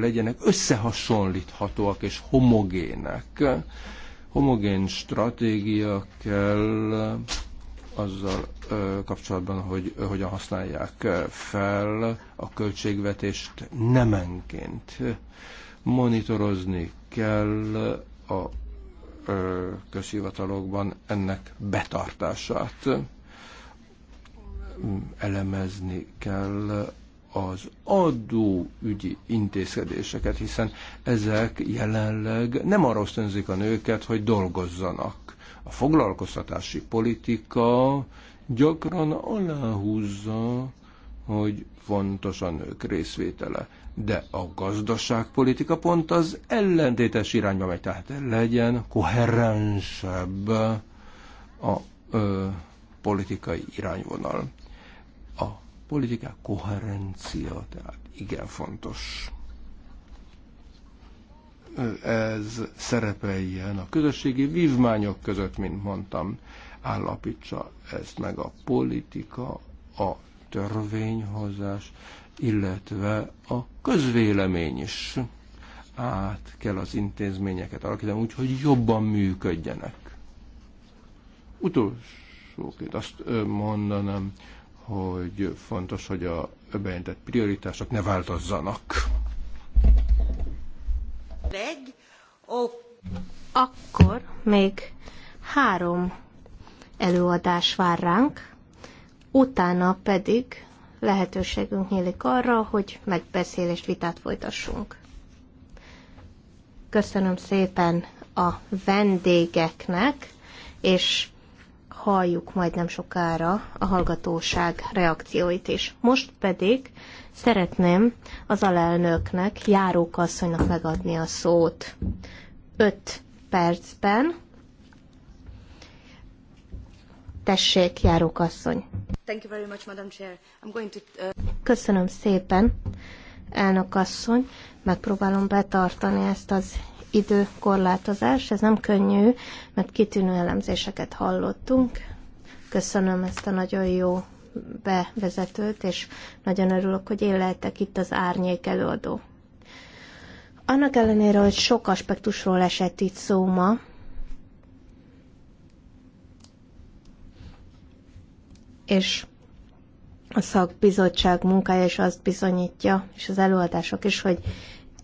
legyenek összehasonlíthatóak és homogének. Homogén stratégia kell azzal kapcsolatban, hogy hogyan használják fel a költségvetést nemenként. Monitorozni kell a közhivatalokban ennek betartását. Elemezni kell az adóügyi intézkedéseket, hiszen ezek jelenleg nem arra ösztönzik a nőket, hogy dolgozzanak. A foglalkoztatási politika gyakran aláhúzza, hogy fontos a nők részvétele. De a gazdaságpolitika pont az ellentétes irányba megy, tehát legyen koherensebb a ö, politikai irányvonal. A politika koherencia, tehát igen fontos ez szerepeljen a közösségi vívmányok között, mint mondtam, állapítsa ezt meg a politika, a törvényhozás, illetve a közvélemény is. Át kell az intézményeket alakítani úgyhogy hogy jobban működjenek. Utolsóként azt mondanám, hogy fontos, hogy a bejelentett prioritások ne változzanak. Akkor még három előadás vár ránk, utána pedig lehetőségünk nyílik arra, hogy megbeszélést, vitát folytassunk. Köszönöm szépen a vendégeknek, és halljuk majd nem sokára a hallgatóság reakcióit is. Most pedig szeretném az alelnöknek, járókasszonynak megadni a szót. 5 percben. Tessék, járókasszony. Thank you very much, Madam Chair. I'm going to, uh... Köszönöm szépen, elnök asszony. Megpróbálom betartani ezt az időkorlátozás. Ez nem könnyű, mert kitűnő elemzéseket hallottunk. Köszönöm ezt a nagyon jó bevezetőt, és nagyon örülök, hogy én lehetek itt az árnyék előadó. Annak ellenére, hogy sok aspektusról esett itt szó ma, és a szakbizottság munkája is azt bizonyítja, és az előadások is, hogy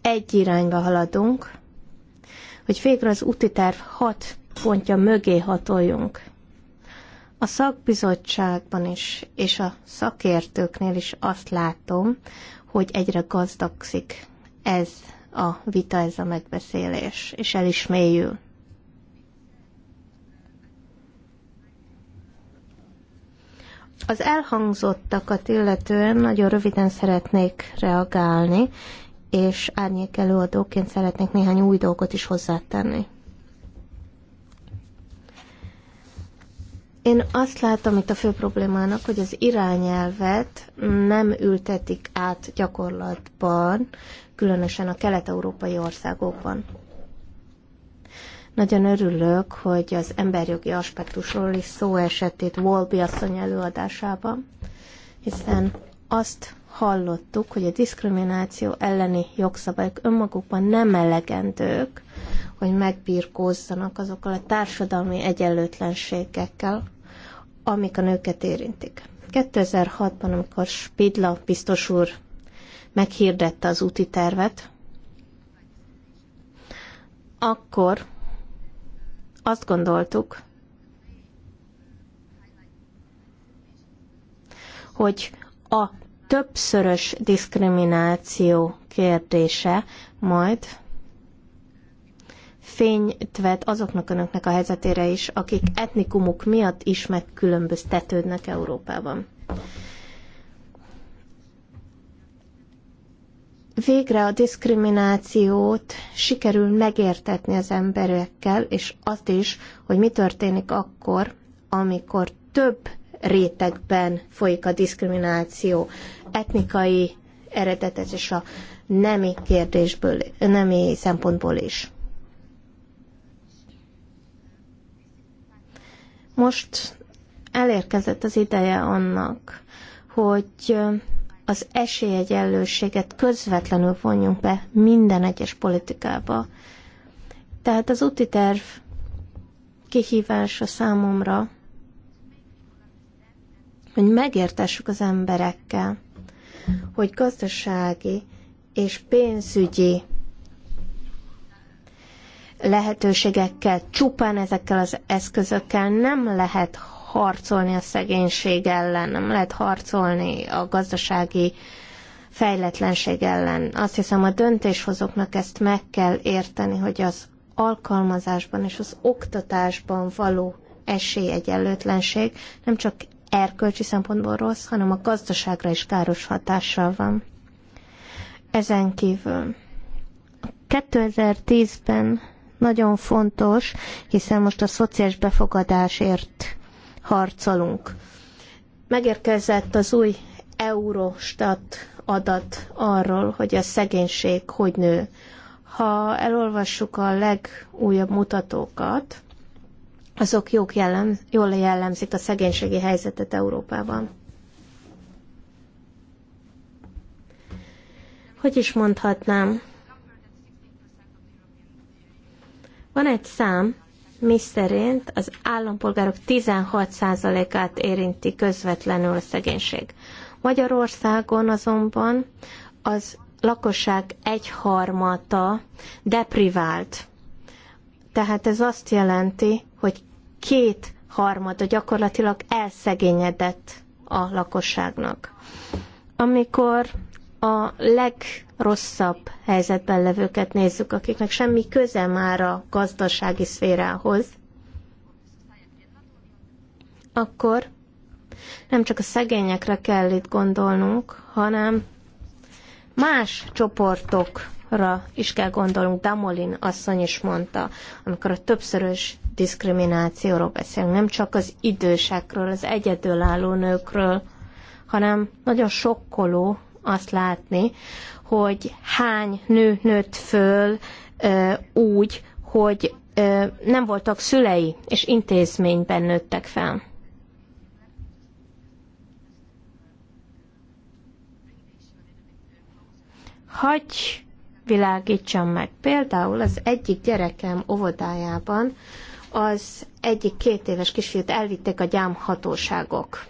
egy irányba haladunk, hogy végre az úti terv hat pontja mögé hatoljunk. A szakbizottságban is, és a szakértőknél is azt látom, hogy egyre gazdagszik ez a vita, ez a megbeszélés, és el is mélyül. Az elhangzottakat illetően nagyon röviden szeretnék reagálni, és árnyék előadóként szeretnék néhány új dolgot is hozzátenni. Én azt látom itt a fő problémának, hogy az irányelvet nem ültetik át gyakorlatban, különösen a kelet-európai országokban. Nagyon örülök, hogy az emberjogi aspektusról is szó esett itt Wolby asszony előadásában, hiszen azt hallottuk, hogy a diszkrimináció elleni jogszabályok önmagukban nem elegendők, hogy megbírkózzanak azokkal a társadalmi egyenlőtlenségekkel, amik a nőket érintik. 2006-ban, amikor Spidla biztos úr meghirdette az úti tervet, akkor azt gondoltuk, hogy a többszörös diszkrimináció kérdése majd fényt vet azoknak önöknek a helyzetére is, akik etnikumuk miatt is megkülönböztetődnek Európában. Végre a diszkriminációt sikerül megértetni az emberekkel, és azt is, hogy mi történik akkor, amikor több rétegben folyik a diszkrimináció, etnikai eredetet és a nemi kérdésből, nemi szempontból is. Most elérkezett az ideje annak, hogy az esélyegyenlőséget közvetlenül vonjunk be minden egyes politikába. Tehát az úti terv kihívása számomra hogy megértessük az emberekkel, hogy gazdasági és pénzügyi lehetőségekkel, csupán ezekkel az eszközökkel nem lehet harcolni a szegénység ellen, nem lehet harcolni a gazdasági fejletlenség ellen. Azt hiszem, a döntéshozóknak ezt meg kell érteni, hogy az alkalmazásban és az oktatásban való esélyegyenlőtlenség nem csak erkölcsi szempontból rossz, hanem a gazdaságra is káros hatással van. Ezen kívül 2010-ben nagyon fontos, hiszen most a szociális befogadásért harcolunk. Megérkezett az új Eurostat adat arról, hogy a szegénység hogy nő. Ha elolvassuk a legújabb mutatókat, azok jók jellem, jól jellemzik a szegénységi helyzetet Európában. Hogy is mondhatnám? Van egy szám, mi szerint az állampolgárok 16%-át érinti közvetlenül a szegénység. Magyarországon azonban az lakosság egyharmata deprivált tehát ez azt jelenti, hogy két harmada gyakorlatilag elszegényedett a lakosságnak. Amikor a legrosszabb helyzetben levőket nézzük, akiknek semmi köze már a gazdasági szférához, akkor nem csak a szegényekre kell itt gondolnunk, hanem más csoportok ra is kell gondolnunk. Damolin asszony is mondta, amikor a többszörös diszkriminációról beszélünk, nem csak az idősekről, az egyedülálló nőkről, hanem nagyon sokkoló azt látni, hogy hány nő nőtt föl úgy, hogy nem voltak szülei, és intézményben nőttek fel. Hagyj világítsam meg. Például az egyik gyerekem óvodájában az egyik két éves kisfiút elvitték a gyámhatóságok.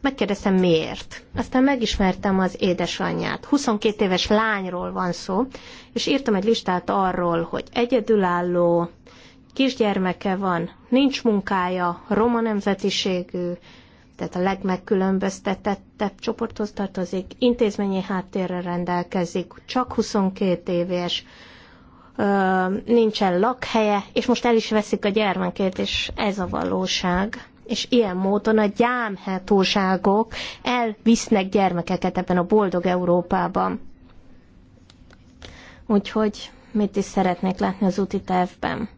Megkérdeztem miért. Aztán megismertem az édesanyját. 22 éves lányról van szó, és írtam egy listát arról, hogy egyedülálló, kisgyermeke van, nincs munkája, roma nemzetiségű, tehát a legmegkülönböztetettebb csoporthoz tartozik, intézményi háttérre rendelkezik, csak 22 éves, nincsen lakhelye, és most el is veszik a gyermekét, és ez a valóság. És ilyen módon a gyámhatóságok elvisznek gyermekeket ebben a boldog Európában. Úgyhogy mit is szeretnék látni az úti tervben?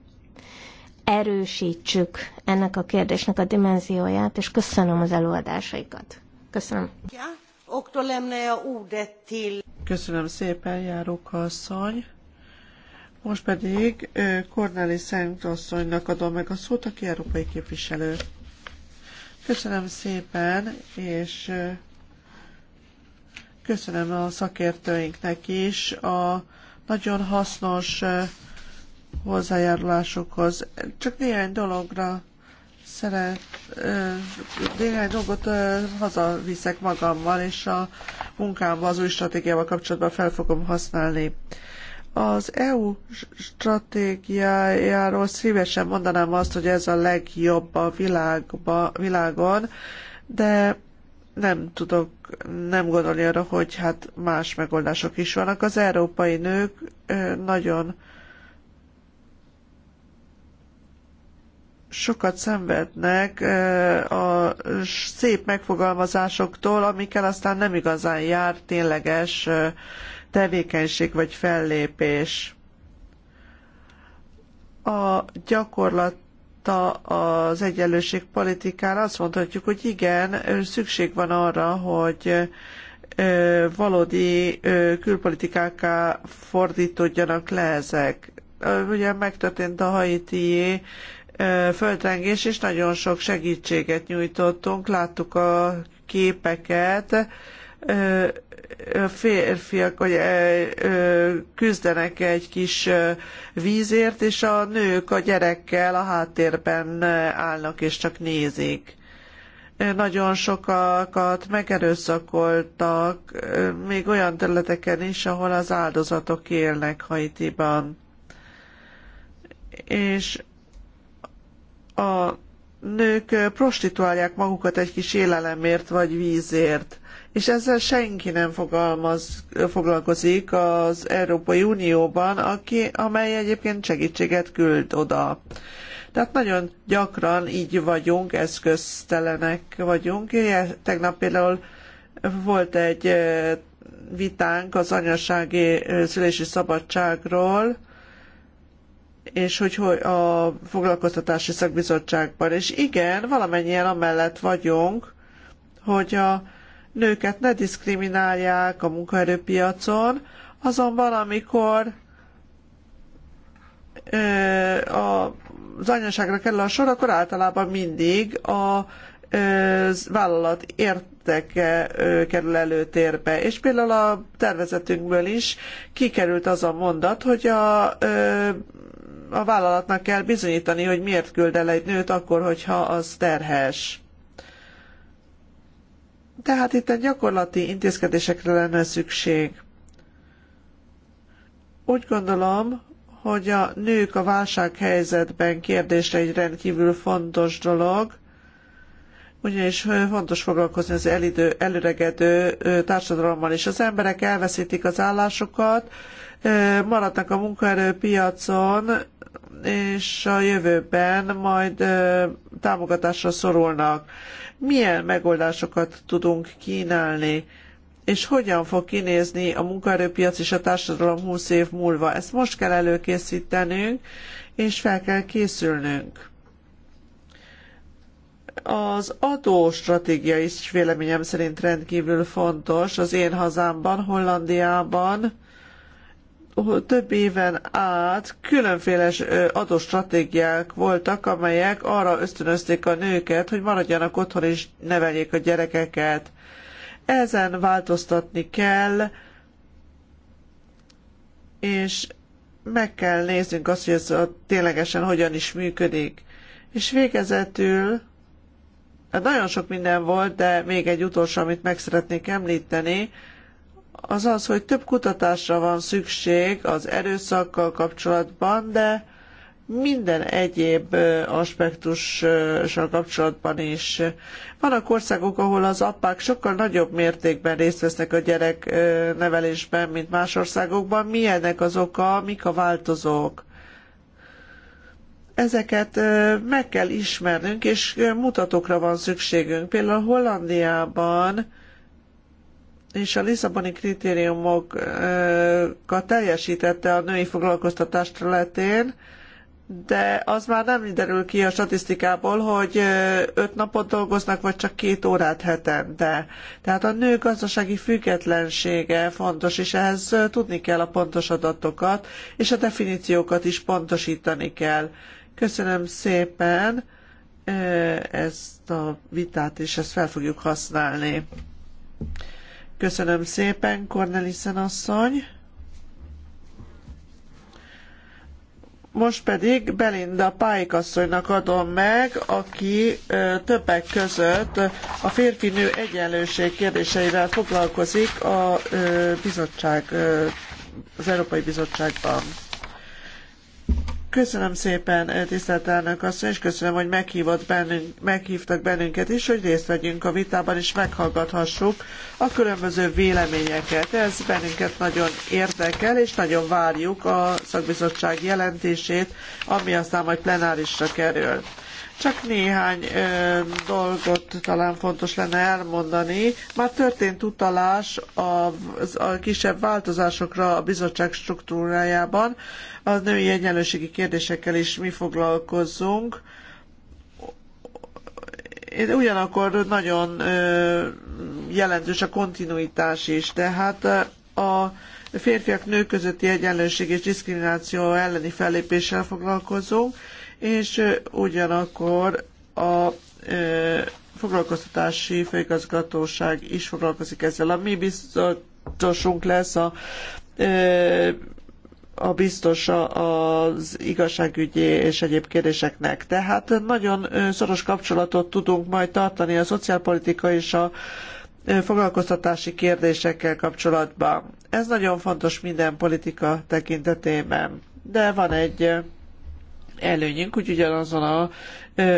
erősítsük ennek a kérdésnek a dimenzióját, és köszönöm az előadásaikat. Köszönöm. Köszönöm szépen, Járók asszony. Most pedig Cornelis Szent asszonynak adom meg a szót, aki európai képviselő. Köszönöm szépen, és köszönöm a szakértőinknek is a nagyon hasznos hozzájárulásukhoz. Csak néhány dologra szeret, néhány dolgot hazaviszek magammal, és a munkámban az új stratégiával kapcsolatban fel fogom használni. Az EU stratégiájáról szívesen mondanám azt, hogy ez a legjobb a világba, világon, de nem tudok nem gondolni arra, hogy hát más megoldások is vannak. Az európai nők nagyon sokat szenvednek a szép megfogalmazásoktól, amikkel aztán nem igazán jár tényleges tevékenység vagy fellépés. A gyakorlat az egyenlőség politikára azt mondhatjuk, hogy igen, szükség van arra, hogy valódi külpolitikákká fordítódjanak le ezek. Ugye megtörtént a haiti földrengés, és nagyon sok segítséget nyújtottunk, láttuk a képeket, férfiak hogy küzdenek egy kis vízért, és a nők a gyerekkel a háttérben állnak és csak nézik. Nagyon sokakat megerőszakoltak, még olyan területeken is, ahol az áldozatok élnek Haitiban. És a nők prostituálják magukat egy kis élelemért vagy vízért. És ezzel senki nem fogalmaz, foglalkozik az Európai Unióban, aki, amely egyébként segítséget küld oda. Tehát nagyon gyakran így vagyunk, eszköztelenek vagyunk. Tegnap például volt egy vitánk az anyasági szülési szabadságról, és hogy, a foglalkoztatási szakbizottságban. És igen, valamennyien amellett vagyunk, hogy a nőket ne diszkriminálják a munkaerőpiacon, azonban amikor ö, a, az anyaságra kerül a sor, akkor általában mindig a ö, vállalat érteke ö, kerül előtérbe. És például a tervezetünkből is kikerült az a mondat, hogy a ö, a vállalatnak kell bizonyítani, hogy miért küld el egy nőt akkor, hogyha az terhes. Tehát itt egy gyakorlati intézkedésekre lenne szükség. Úgy gondolom, hogy a nők a válsághelyzetben kérdése egy rendkívül fontos dolog, ugyanis fontos foglalkozni az elidő, előregedő társadalommal is. Az emberek elveszítik az állásukat, maradnak a munkaerőpiacon, és a jövőben majd támogatásra szorulnak. Milyen megoldásokat tudunk kínálni, és hogyan fog kinézni a munkaerőpiac és a társadalom 20 év múlva? Ezt most kell előkészítenünk, és fel kell készülnünk az adóstratégia is véleményem szerint rendkívül fontos az én hazámban, Hollandiában több éven át különféle adóstratégiák voltak, amelyek arra ösztönözték a nőket, hogy maradjanak otthon és neveljék a gyerekeket. Ezen változtatni kell, és meg kell néznünk azt, hogy ez a ténylegesen hogyan is működik. És végezetül, hát nagyon sok minden volt, de még egy utolsó, amit meg szeretnék említeni, az az, hogy több kutatásra van szükség az erőszakkal kapcsolatban, de minden egyéb aspektussal kapcsolatban is. Vannak országok, ahol az apák sokkal nagyobb mértékben részt vesznek a gyereknevelésben, mint más országokban. Mi ennek az oka, mik a változók? Ezeket meg kell ismernünk, és mutatókra van szükségünk. Például Hollandiában és a Lisszaboni kritériumokat teljesítette a női foglalkoztatás területén, de az már nem derül ki a statisztikából, hogy öt napot dolgoznak, vagy csak két órát hetente. Tehát a nő gazdasági függetlensége fontos, és ehhez tudni kell a pontos adatokat, és a definíciókat is pontosítani kell. Köszönöm szépen eh, ezt a vitát, és ezt fel fogjuk használni. Köszönöm szépen, Cornelissen asszony. Most pedig Belinda Pike asszonynak adom meg, aki többek között a férfi-nő egyenlőség kérdéseivel foglalkozik a bizottság, az Európai Bizottságban. Köszönöm szépen, tisztelt elnök asszony, és köszönöm, hogy meghívott bennünk, meghívtak bennünket is, hogy részt vegyünk a vitában, és meghallgathassuk a különböző véleményeket. Ez bennünket nagyon érdekel, és nagyon várjuk a szakbizottság jelentését, ami aztán majd plenárisra kerül. Csak néhány ö, dolgot talán fontos lenne elmondani. Már történt utalás a, a kisebb változásokra a bizottság struktúrájában. A női egyenlőségi kérdésekkel is mi foglalkozzunk. Ugyanakkor nagyon ö, jelentős a kontinuitás is, tehát a férfiak nők közötti egyenlőség és diszkrimináció elleni fellépéssel foglalkozunk és ugyanakkor a foglalkoztatási főigazgatóság is foglalkozik ezzel. A mi biztosunk lesz a a biztos az igazságügyi és egyéb kérdéseknek. Tehát nagyon szoros kapcsolatot tudunk majd tartani a szociálpolitika és a foglalkoztatási kérdésekkel kapcsolatban. Ez nagyon fontos minden politika tekintetében. De van egy előnyünk, úgy ugyanazon a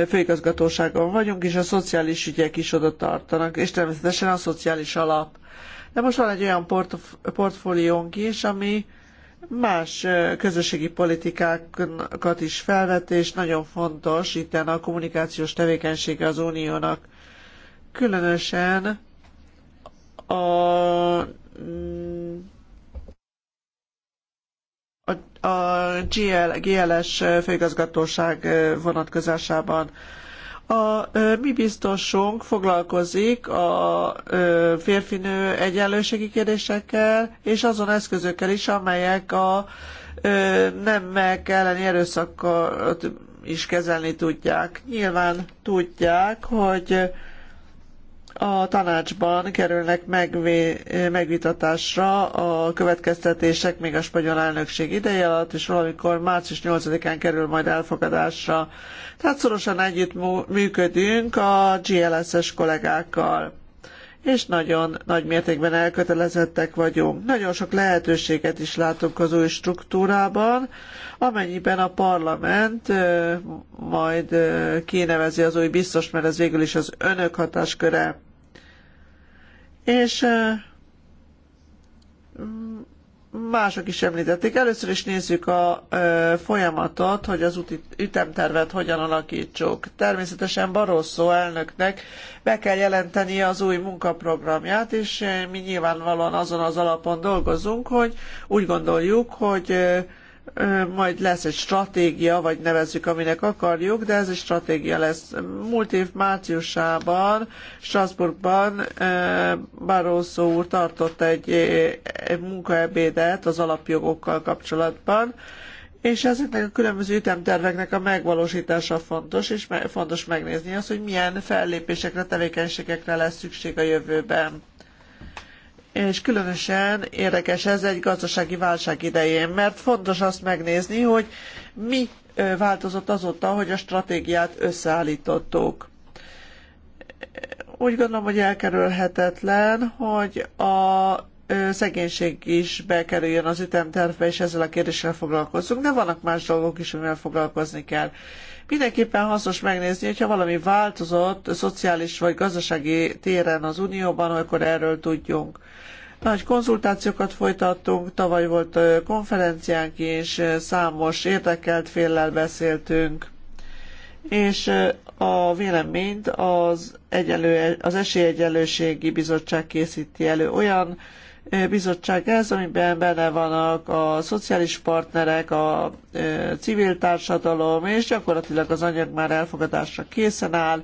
főigazgatóságon vagyunk, és a szociális ügyek is oda tartanak, és természetesen a szociális alap. De most van egy olyan portf portfóliónk is, ami más közösségi politikákat is felvet, és nagyon fontos itt a kommunikációs tevékenysége az uniónak. Különösen a mm, a GL, GLS főigazgatóság vonatkozásában. A mi biztosunk foglalkozik a férfinő egyenlőségi kérdésekkel, és azon eszközökkel is, amelyek a nemek elleni erőszakot is kezelni tudják. Nyilván tudják, hogy a tanácsban kerülnek megvé- megvitatásra a következtetések még a spanyol elnökség ideje alatt, és valamikor március 8-án kerül majd elfogadásra. Tehát szorosan együtt működünk a GLS-es kollégákkal és nagyon nagy mértékben elkötelezettek vagyunk. Nagyon sok lehetőséget is látunk az új struktúrában, amennyiben a parlament majd kinevezi az új biztos, mert ez végül is az önök hatásköre és mások is említették. Először is nézzük a folyamatot, hogy az úti, ütemtervet hogyan alakítsuk. Természetesen Barroso elnöknek be kell jelenteni az új munkaprogramját, és mi nyilvánvalóan azon az alapon dolgozunk, hogy úgy gondoljuk, hogy majd lesz egy stratégia, vagy nevezzük, aminek akarjuk, de ez egy stratégia lesz. Múlt év márciusában Strasbourgban Barroso úr tartott egy, egy munkaebédet az alapjogokkal kapcsolatban, és ezeknek a különböző ütemterveknek a megvalósítása fontos, és fontos megnézni azt, hogy milyen fellépésekre, tevékenységekre lesz szükség a jövőben és különösen érdekes ez egy gazdasági válság idején, mert fontos azt megnézni, hogy mi változott azóta, hogy a stratégiát összeállítottuk. Úgy gondolom, hogy elkerülhetetlen, hogy a szegénység is bekerüljön az ütemtervbe, és ezzel a kérdéssel foglalkozzunk, de vannak más dolgok is, amivel foglalkozni kell. Mindenképpen hasznos megnézni, hogyha valami változott szociális vagy gazdasági téren az Unióban, akkor erről tudjunk. Nagy konzultációkat folytattunk, tavaly volt konferenciánk is, számos érdekelt féllel beszéltünk, és a véleményt az, egyenlő, az Esélyegyenlőségi Bizottság készíti elő olyan bizottság ez, amiben benne vannak a szociális partnerek, a e, civil társadalom, és gyakorlatilag az anyag már elfogadásra készen áll.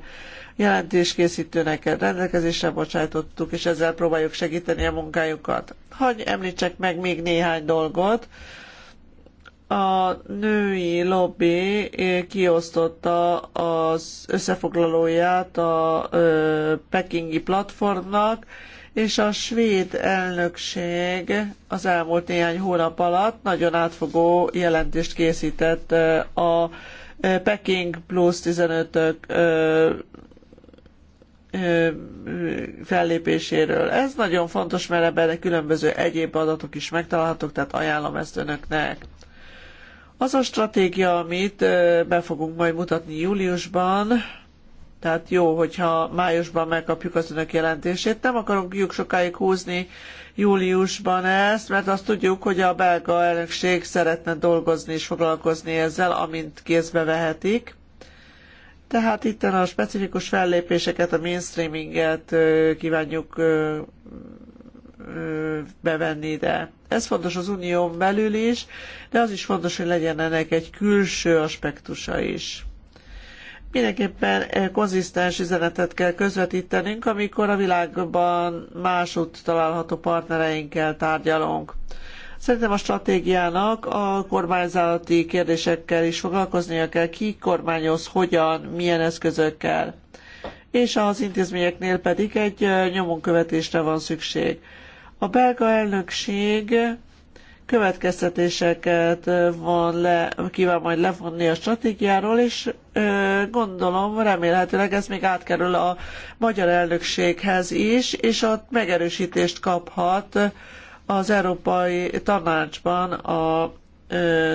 Jelentéskészítőnek rendelkezésre bocsájtottuk, és ezzel próbáljuk segíteni a munkájukat. Hagy említsek meg még néhány dolgot. A női lobby e, kiosztotta az összefoglalóját a e, pekingi platformnak, és a svéd elnökség az elmúlt néhány hónap alatt nagyon átfogó jelentést készített a Peking plusz 15-ök fellépéséről. Ez nagyon fontos, mert ebben különböző egyéb adatok is megtalálhatók, tehát ajánlom ezt önöknek. Az a stratégia, amit be fogunk majd mutatni júliusban, tehát jó, hogyha májusban megkapjuk az önök jelentését. Nem akarunk sokáig húzni júliusban ezt, mert azt tudjuk, hogy a belga elnökség szeretne dolgozni és foglalkozni ezzel, amint kézbe vehetik. Tehát itt a specifikus fellépéseket, a mainstreaminget kívánjuk bevenni ide. Ez fontos az unión belül is, de az is fontos, hogy legyen ennek egy külső aspektusa is. Mindenképpen eh, konzisztens üzenetet kell közvetítenünk, amikor a világban másút található partnereinkkel tárgyalunk. Szerintem a stratégiának a kormányzati kérdésekkel is foglalkoznia kell, ki kormányoz, hogyan, milyen eszközökkel. És az intézményeknél pedig egy eh, nyomonkövetésre van szükség. A belga elnökség következtetéseket van le, kíván majd levonni a stratégiáról, és gondolom, remélhetőleg ez még átkerül a magyar elnökséghez is, és ott megerősítést kaphat az Európai Tanácsban a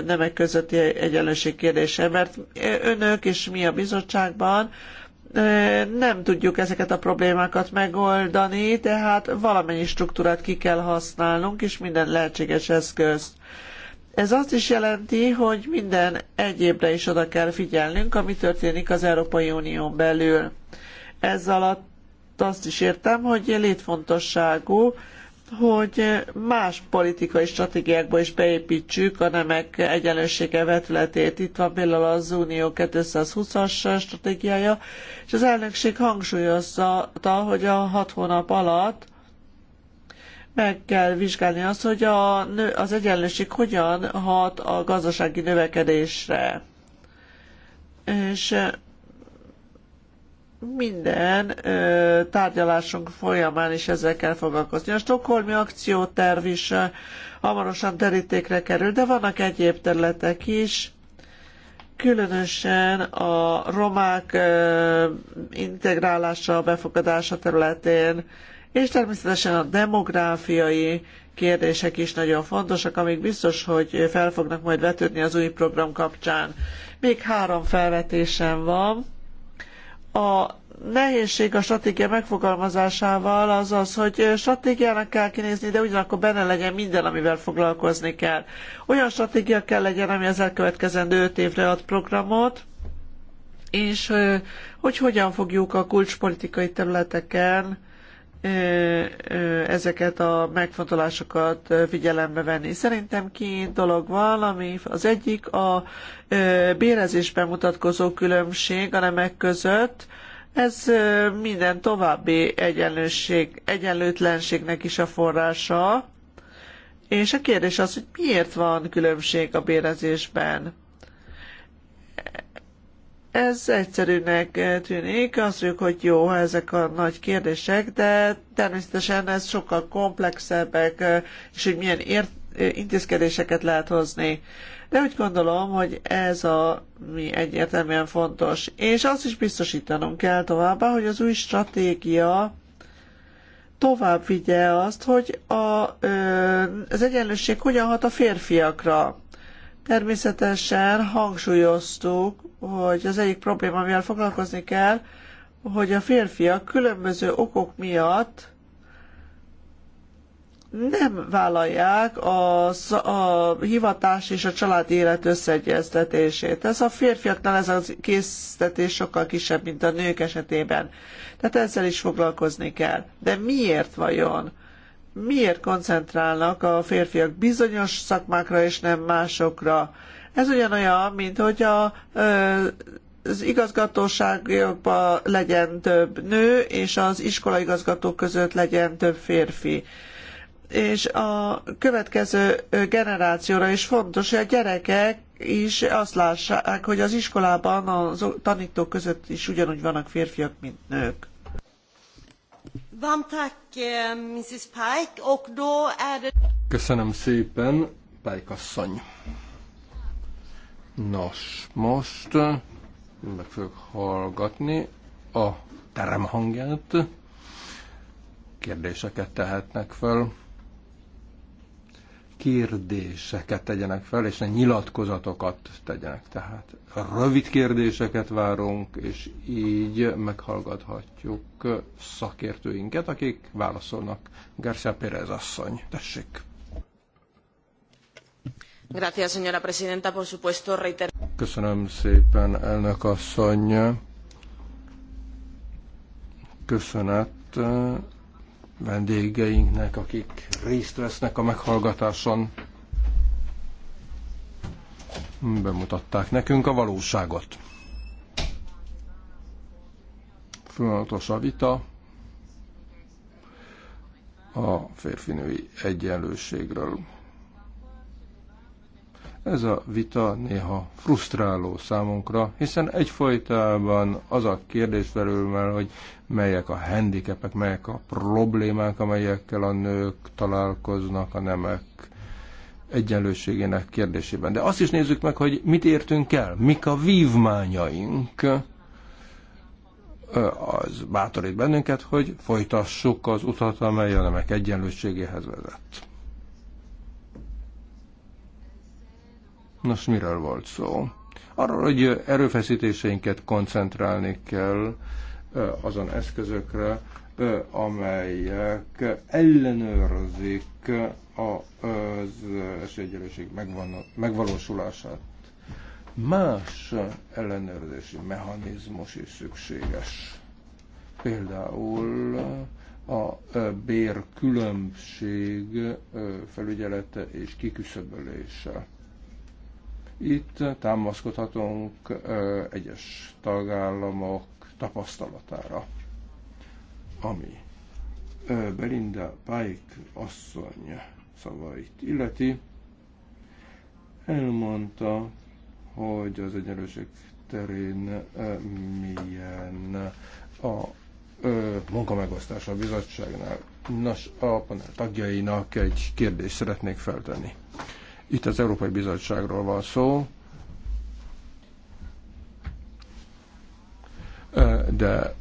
nemek közötti egyenlőség kérdése, mert önök és mi a bizottságban nem tudjuk ezeket a problémákat megoldani, tehát valamennyi struktúrát ki kell használnunk, és minden lehetséges eszközt. Ez azt is jelenti, hogy minden egyébre is oda kell figyelnünk, ami történik az Európai Unión belül. Ez alatt azt is értem, hogy létfontosságú, hogy más politikai stratégiákba is beépítsük a nemek egyenlősége vetületét. Itt van például az Unió 220-as stratégiája, és az elnökség hangsúlyozta, hogy a hat hónap alatt meg kell vizsgálni azt, hogy a nő, az egyenlőség hogyan hat a gazdasági növekedésre. És minden ö, tárgyalásunk folyamán is ezzel kell foglalkozni. A stokholmi akcióterv is ö, hamarosan terítékre kerül, de vannak egyéb területek is, különösen a romák ö, integrálása, befogadása területén, és természetesen a demográfiai kérdések is nagyon fontosak, amik biztos, hogy fel fognak majd vetődni az új program kapcsán. Még három felvetésem van a nehézség a stratégia megfogalmazásával az az, hogy stratégiának kell kinézni, de ugyanakkor benne legyen minden, amivel foglalkozni kell. Olyan stratégia kell legyen, ami az elkövetkezendő öt évre ad programot, és hogy hogyan fogjuk a kulcspolitikai területeken ezeket a megfontolásokat figyelembe venni. Szerintem két dolog van, ami az egyik a bérezésben mutatkozó különbség a nemek között, ez minden további egyenlőség, egyenlőtlenségnek is a forrása, és a kérdés az, hogy miért van különbség a bérezésben. Ez egyszerűnek tűnik, azt mondjuk, hogy jó, ezek a nagy kérdések, de természetesen ez sokkal komplexebbek, és hogy milyen ért intézkedéseket lehet hozni. De úgy gondolom, hogy ez a mi egyértelműen fontos. És azt is biztosítanunk kell továbbá, hogy az új stratégia tovább vigye azt, hogy a, az egyenlőség hogyan hat a férfiakra. Természetesen hangsúlyoztuk hogy az egyik probléma, amivel foglalkozni kell, hogy a férfiak különböző okok miatt nem vállalják a, a hivatás és a családi élet összeegyeztetését. Ez a férfiaknál ez a késztetés sokkal kisebb, mint a nők esetében. Tehát ezzel is foglalkozni kell. De miért vajon? Miért koncentrálnak a férfiak bizonyos szakmákra és nem másokra? Ez ugyanolyan, mint hogy a az igazgatóságokban legyen több nő, és az iskolaigazgatók között legyen több férfi. És a következő generációra is fontos, hogy a gyerekek is azt lássák, hogy az iskolában a tanítók között is ugyanúgy vannak férfiak, mint nők. Eh, Köszönöm szépen, Pike asszony. Nos, most meg fogok hallgatni a terem hangját. Kérdéseket tehetnek fel. Kérdéseket tegyenek fel, és ne nyilatkozatokat tegyenek. Tehát rövid kérdéseket várunk, és így meghallgathatjuk szakértőinket, akik válaszolnak. Garcia Pérez asszony, tessék! señora presidenta. Por supuesto, Köszönöm szépen, Köszönet vendégeinknek, akik részt vesznek a meghallgatáson. Bemutatták nekünk a valóságot. Folyamatos a vita a férfinői egyenlőségről. Ez a vita néha frusztráló számunkra, hiszen egyfajtában az a kérdés felül már, hogy melyek a handicapek, melyek a problémák, amelyekkel a nők találkoznak a nemek egyenlőségének kérdésében. De azt is nézzük meg, hogy mit értünk el, mik a vívmányaink. Az bátorít bennünket, hogy folytassuk az utat, amely a nemek egyenlőségéhez vezet. Nos, miről volt szó? Arról, hogy erőfeszítéseinket koncentrálni kell azon eszközökre, amelyek ellenőrzik az esélyegyenlőség megvalósulását. Más ellenőrzési mechanizmus is szükséges. Például a bérkülönbség felügyelete és kiküszöbölése itt támaszkodhatunk egyes tagállamok tapasztalatára, ami Belinda Pike asszony szavait illeti. Elmondta, hogy az egyenlőség terén milyen a munkamegosztás a bizottságnál. Nos, a panel tagjainak egy kérdést szeretnék feltenni. Itt az Európai Bizottságról van szó, de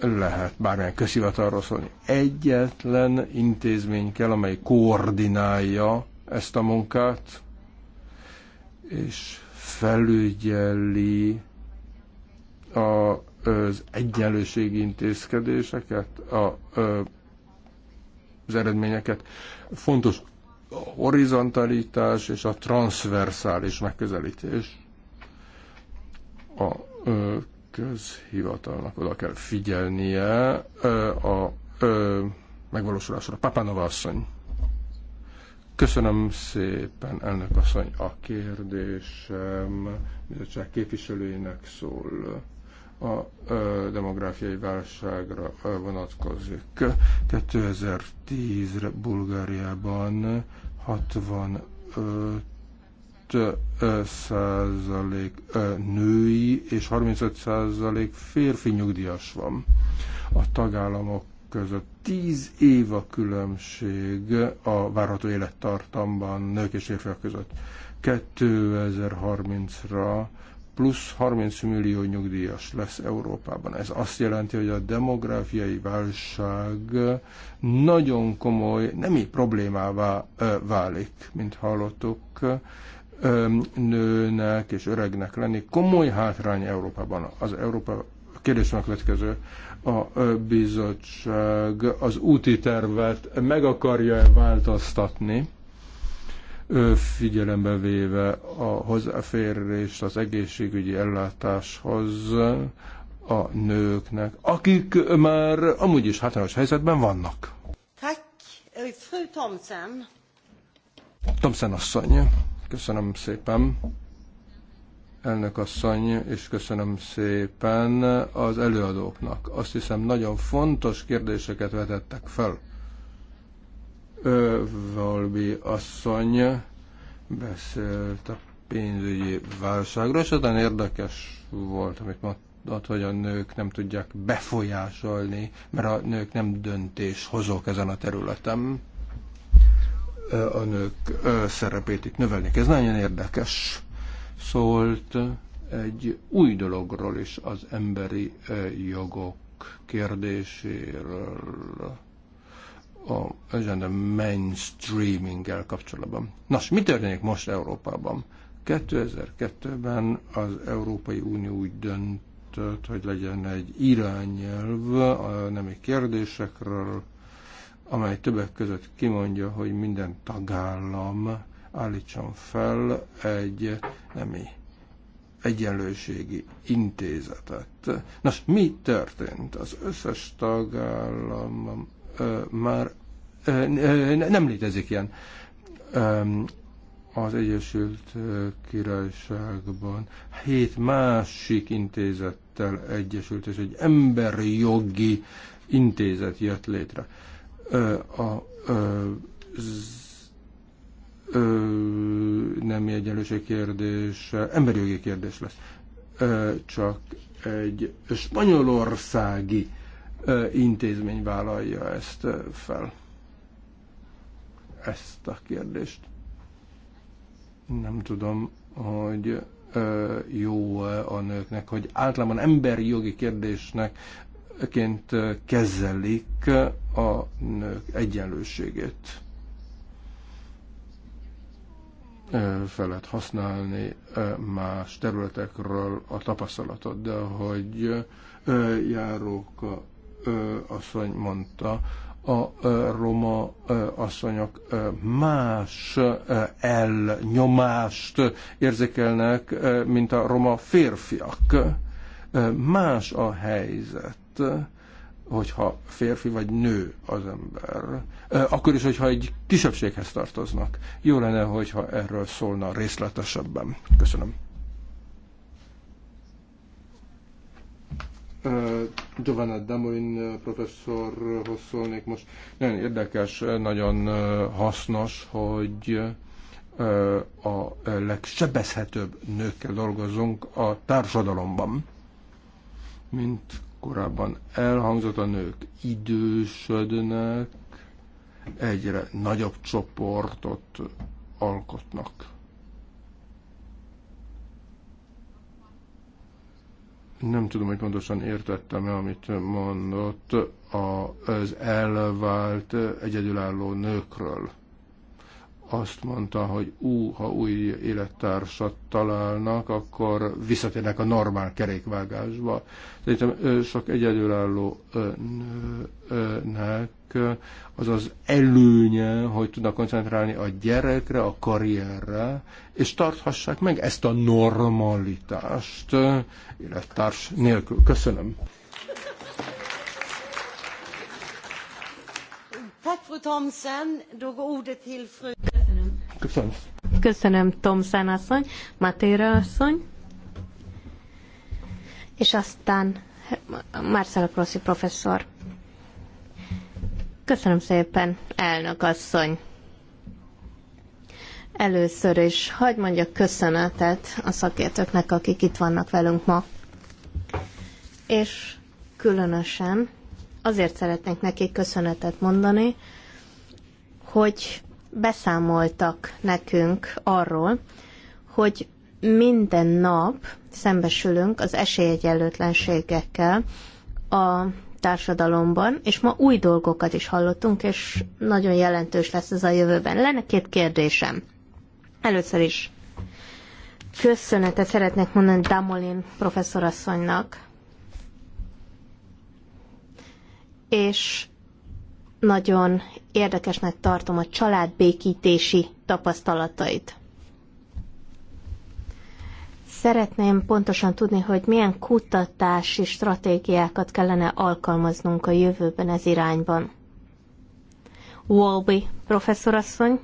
lehet bármilyen közhivatalról szólni. Egyetlen intézmény kell, amely koordinálja ezt a munkát, és felügyeli a, az egyenlőségi intézkedéseket, a, az eredményeket. Fontos horizontalitás és a transverszális megközelítés. A közhivatalnak oda kell figyelnie a megvalósulásra. Papanova asszony. Köszönöm szépen, elnök asszony. A kérdésem bizottság képviselőinek szól a demográfiai válságra vonatkozik. 2010-re Bulgáriában 65 százalék női és 35 százalék férfi nyugdíjas van. A tagállamok között 10 év a különbség a várható élettartamban nők és férfiak között. 2030-ra plusz 30 millió nyugdíjas lesz Európában. Ez azt jelenti, hogy a demográfiai válság nagyon komoly, nemi problémává válik, mint hallottuk, nőnek és öregnek lenni. Komoly hátrány Európában. Az Európa kérdés van a következő. A bizottság az úti tervet meg akarja -e változtatni, figyelembe véve a hozzáférést az egészségügyi ellátáshoz a nőknek, akik már amúgy is hátrányos helyzetben vannak. Fru Thomsen. Thomsen asszony, köszönöm szépen. Elnök asszony, és köszönöm szépen az előadóknak. Azt hiszem, nagyon fontos kérdéseket vetettek fel valami asszony beszélt a pénzügyi válságról, és aztán érdekes volt, amit mondott, hogy a nők nem tudják befolyásolni, mert a nők nem döntéshozók ezen a területen. A nők szerepét itt növelni. Ez nagyon érdekes. Szólt egy új dologról is, az emberi jogok kérdéséről a gender mainstreaminggel kapcsolatban. Nos, mi történik most Európában? 2002-ben az Európai Unió úgy döntött, hogy legyen egy irányelv a nemi kérdésekről, amely többek között kimondja, hogy minden tagállam állítson fel egy nemi egyenlőségi intézetet. Nos, mi történt? Az összes tagállam már nem létezik ilyen. Az Egyesült Királyságban hét másik intézettel egyesült, és egy emberi jogi intézet jött létre. A ö, egyenlőség kérdés, emberi jogi kérdés lesz. csak egy spanyolországi intézmény vállalja ezt fel? Ezt a kérdést. Nem tudom, hogy jó a nőknek, hogy általában emberi jogi kérdésnek ként kezelik a nők egyenlőségét. Fel lehet használni más területekről a tapasztalatot, de hogy járók asszony mondta, a roma asszonyok más elnyomást érzékelnek, mint a roma férfiak. Más a helyzet, hogyha férfi vagy nő az ember. Akkor is, hogyha egy kisebbséghez tartoznak. Jó lenne, hogyha erről szólna részletesebben. Köszönöm. Giovanna Damoin professzorhoz szólnék most. Nagyon érdekes, nagyon hasznos, hogy a legsebezhetőbb nőkkel dolgozunk a társadalomban. Mint korábban elhangzott, a nők idősödnek, egyre nagyobb csoportot alkotnak. nem tudom, hogy pontosan értettem-e, amit mondott az elvált egyedülálló nőkről azt mondta, hogy ú, ha új élettársat találnak, akkor visszatérnek a normál kerékvágásba. Szerintem sok egyedülálló nőnek az az előnye, hogy tudnak koncentrálni a gyerekre, a karrierre, és tarthassák meg ezt a normalitást élettárs nélkül. Köszönöm. Tack fru Thomsen. Då går ordet till fru Köszönöm. Köszönöm, Tomszán asszony, Matéra asszony, és aztán Marcelo Prossi professzor. Köszönöm szépen, elnök asszony. Először is hagyd mondjak köszönetet a szakértőknek, akik itt vannak velünk ma. És különösen azért szeretnék nekik köszönetet mondani, hogy beszámoltak nekünk arról, hogy minden nap szembesülünk az esélyegyenlőtlenségekkel a társadalomban, és ma új dolgokat is hallottunk, és nagyon jelentős lesz ez a jövőben. Lenne két kérdésem. Először is köszönetet szeretnék mondani Damolin professzorasszonynak, és nagyon érdekesnek tartom a családbékítési tapasztalatait. Szeretném pontosan tudni, hogy milyen kutatási stratégiákat kellene alkalmaznunk a jövőben ez irányban. Wolby professzorasszony,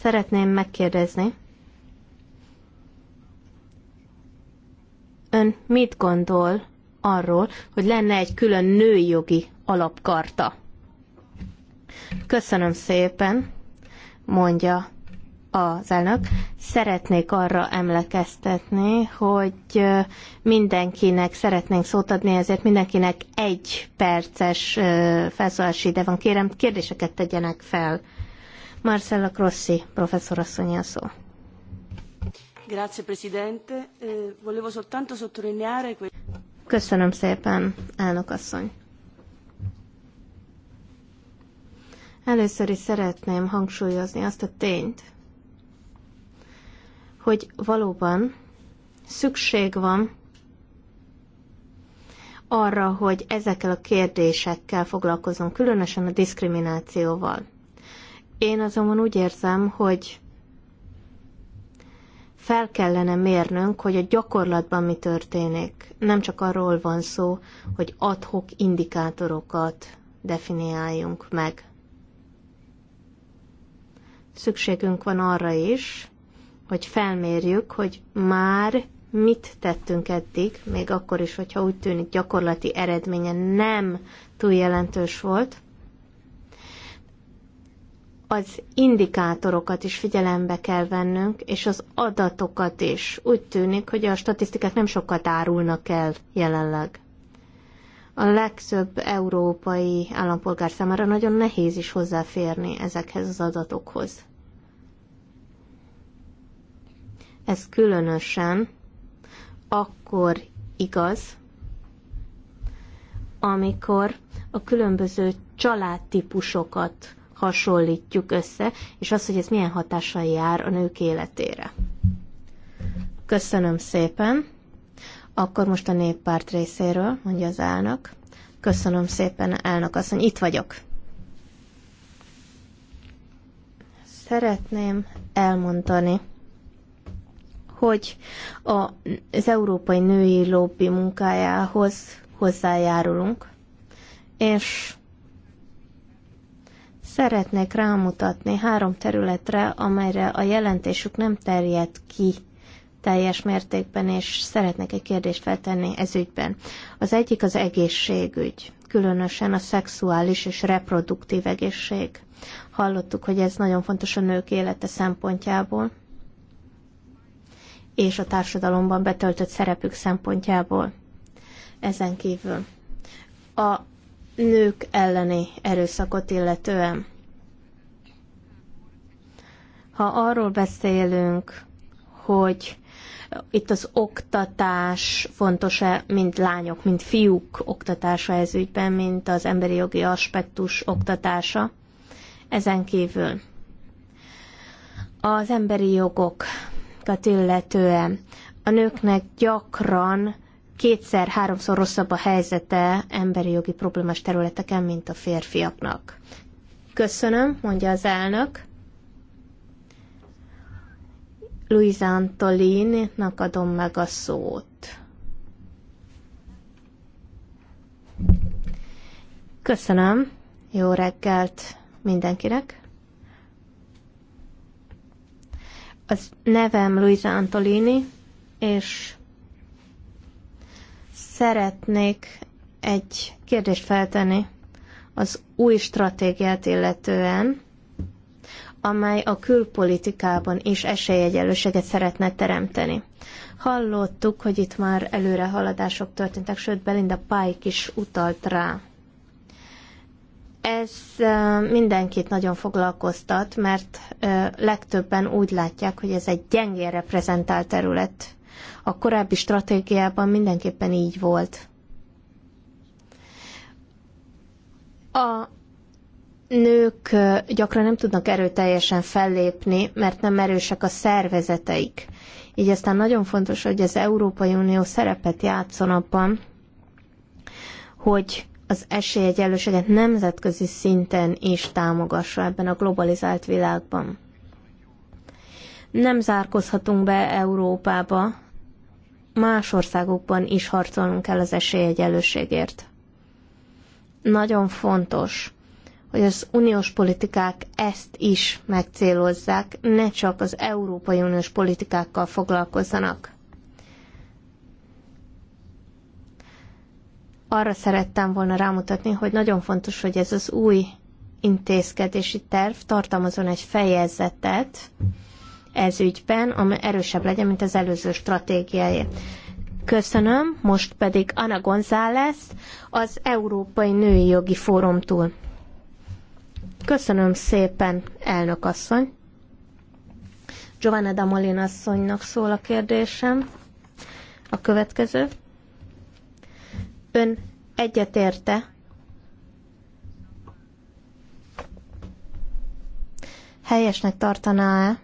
szeretném megkérdezni, ön mit gondol arról, hogy lenne egy külön nőjogi alapkarta? Köszönöm szépen, mondja az elnök. Szeretnék arra emlékeztetni, hogy mindenkinek szeretnénk szót adni, ezért mindenkinek egy perces felszólási ide van. Kérem, kérdéseket tegyenek fel. Marcella Crossi, professzor asszony a szó. Grazie, Presidente. Eh, volevo soltanto sottolineare... Köszönöm szépen, elnök asszony. Először is szeretném hangsúlyozni azt a tényt, hogy valóban szükség van arra, hogy ezekkel a kérdésekkel foglalkozunk, különösen a diszkriminációval. Én azonban úgy érzem, hogy fel kellene mérnünk, hogy a gyakorlatban mi történik. Nem csak arról van szó, hogy adhok indikátorokat definiáljunk meg szükségünk van arra is, hogy felmérjük, hogy már mit tettünk eddig, még akkor is, hogyha úgy tűnik gyakorlati eredménye nem túl jelentős volt. Az indikátorokat is figyelembe kell vennünk, és az adatokat is. Úgy tűnik, hogy a statisztikák nem sokat árulnak el jelenleg a legtöbb európai állampolgár számára nagyon nehéz is hozzáférni ezekhez az adatokhoz. Ez különösen akkor igaz, amikor a különböző családtípusokat hasonlítjuk össze, és az, hogy ez milyen hatással jár a nők életére. Köszönöm szépen! Akkor most a néppárt részéről, mondja az elnök. Köszönöm szépen, elnök asszony, itt vagyok. Szeretném elmondani, hogy az Európai Női Lobby munkájához hozzájárulunk, és szeretnék rámutatni három területre, amelyre a jelentésük nem terjed ki teljes mértékben, és szeretnék egy kérdést feltenni ez ügyben. Az egyik az egészségügy, különösen a szexuális és reproduktív egészség. Hallottuk, hogy ez nagyon fontos a nők élete szempontjából, és a társadalomban betöltött szerepük szempontjából. Ezen kívül a nők elleni erőszakot illetően. Ha arról beszélünk, hogy itt az oktatás fontos-e, mint lányok, mint fiúk oktatása ez ügyben, mint az emberi jogi aspektus oktatása. Ezen kívül az emberi jogokat illetően a nőknek gyakran kétszer-háromszor rosszabb a helyzete emberi jogi problémás területeken, mint a férfiaknak. Köszönöm, mondja az elnök. Luisa Antolini, adom meg a szót. Köszönöm. Jó reggelt mindenkinek. Az nevem Luisa Antolini, és szeretnék egy kérdést feltenni az új stratégiát illetően, amely a külpolitikában is esélyegyelőséget szeretne teremteni. Hallottuk, hogy itt már előre haladások történtek, sőt Belinda Pike is utalt rá. Ez mindenkit nagyon foglalkoztat, mert legtöbben úgy látják, hogy ez egy gyengén reprezentált terület. A korábbi stratégiában mindenképpen így volt. A nők gyakran nem tudnak erőteljesen fellépni, mert nem erősek a szervezeteik. Így aztán nagyon fontos, hogy az Európai Unió szerepet játszon abban, hogy az esélyegyenlőséget nemzetközi szinten is támogassa ebben a globalizált világban. Nem zárkozhatunk be Európába, más országokban is harcolnunk kell az esélyegyenlőségért. Nagyon fontos, hogy az uniós politikák ezt is megcélozzák, ne csak az Európai Uniós politikákkal foglalkozzanak. Arra szerettem volna rámutatni, hogy nagyon fontos, hogy ez az új intézkedési terv tartalmazon egy fejezetet ez ügyben, ami erősebb legyen, mint az előző stratégiája. Köszönöm, most pedig Ana González az Európai Női Jogi Fórumtól. Köszönöm szépen, elnök asszony. Giovanna Damolin asszonynak szól a kérdésem. A következő. Ön egyetérte helyesnek tartaná-e,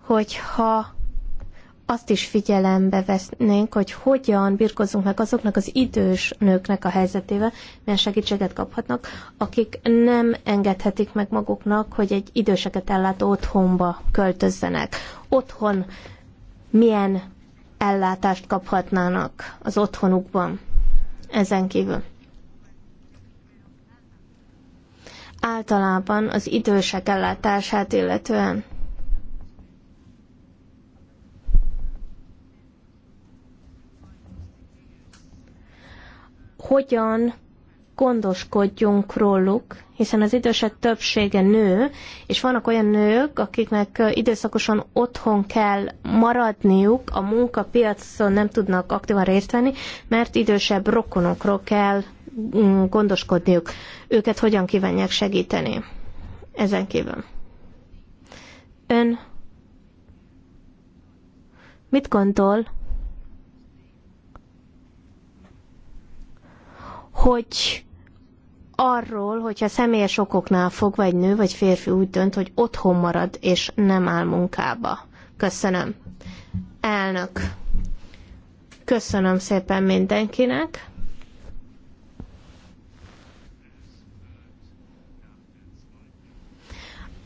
hogyha azt is figyelembe vesznénk, hogy hogyan birkozunk meg azoknak az idős nőknek a helyzetével, milyen segítséget kaphatnak, akik nem engedhetik meg maguknak, hogy egy időseket ellátó otthonba költözzenek. Otthon milyen ellátást kaphatnának az otthonukban ezen kívül. Általában az idősek ellátását illetően hogyan gondoskodjunk róluk, hiszen az idősek többsége nő, és vannak olyan nők, akiknek időszakosan otthon kell maradniuk, a munkapiacon nem tudnak aktívan részt venni, mert idősebb rokonokról kell mm, gondoskodniuk. Őket hogyan kívánják segíteni ezen kívül? Ön mit gondol hogy arról, hogyha személyes okoknál fogva egy nő vagy férfi úgy dönt, hogy otthon marad és nem áll munkába. Köszönöm. Elnök. Köszönöm szépen mindenkinek.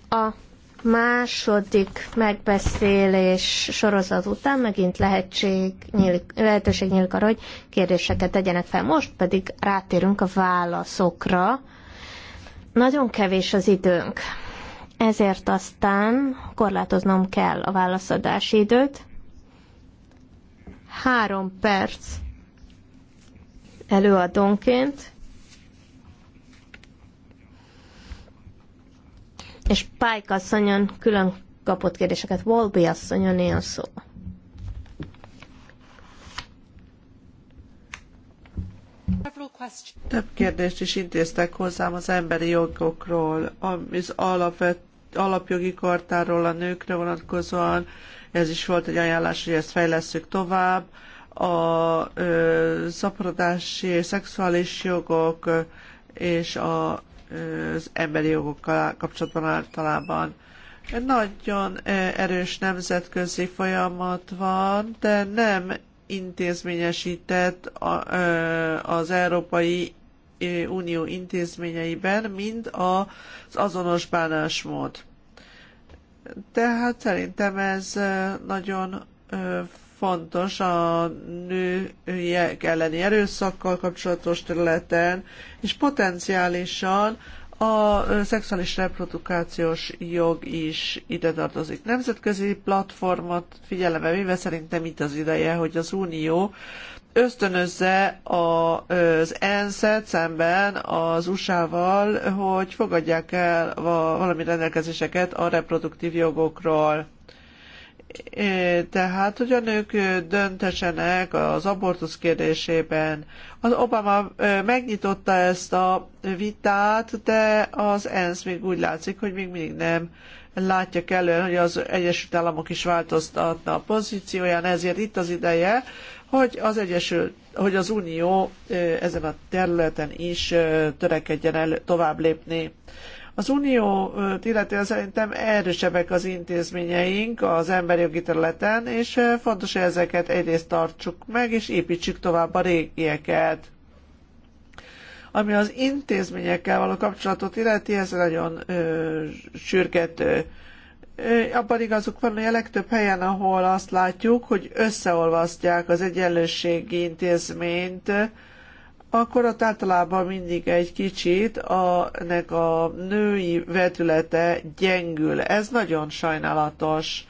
A második megbeszélés sorozat után megint lehetség nyílik, lehetőség nyílik arra, hogy kérdéseket tegyenek fel. Most pedig rátérünk a válaszokra. Nagyon kevés az időnk, ezért aztán korlátoznom kell a válaszadási időt. Három perc előadónként és Pike asszonyon külön kapott kérdéseket. Wolby asszonyon ilyen szó. Több kérdést is intéztek hozzám az emberi jogokról, az alapvet, alapjogi kartáról a nőkre vonatkozóan. Ez is volt egy ajánlás, hogy ezt fejlesszük tovább. A ö, szaporodási, szexuális jogok és a az emberi jogokkal kapcsolatban általában. Nagyon e, erős nemzetközi folyamat van, de nem intézményesített e, az Európai e, Unió intézményeiben, mind az azonos bánásmód. Tehát szerintem ez nagyon fontos a nőiek elleni erőszakkal kapcsolatos területen, és potenciálisan a szexuális reprodukációs jog is ide tartozik. Nemzetközi platformot figyelembe véve szerintem itt az ideje, hogy az Unió ösztönözze az ENSZ-et szemben az USA-val, hogy fogadják el valami rendelkezéseket a reproduktív jogokról. Tehát, hogy a nők döntesenek az abortusz kérdésében. Az Obama megnyitotta ezt a vitát, de az ENSZ még úgy látszik, hogy még mindig nem látja kellően, hogy az Egyesült Államok is változtatna a pozícióján, ezért itt az ideje, hogy az Egyesült, hogy az Unió ezen a területen is törekedjen el tovább lépni. Az unió illetve szerintem erősebbek az intézményeink az emberi jogi területen, és fontos, hogy ezeket egyrészt tartsuk meg, és építsük tovább a régieket. Ami az intézményekkel való kapcsolatot illeti, ez nagyon ö, sürgető. Abban igazuk van, hogy a legtöbb helyen, ahol azt látjuk, hogy összeolvasztják az egyenlősségi intézményt, akkor ott általában mindig egy kicsit a, ennek a női vetülete gyengül. Ez nagyon sajnálatos.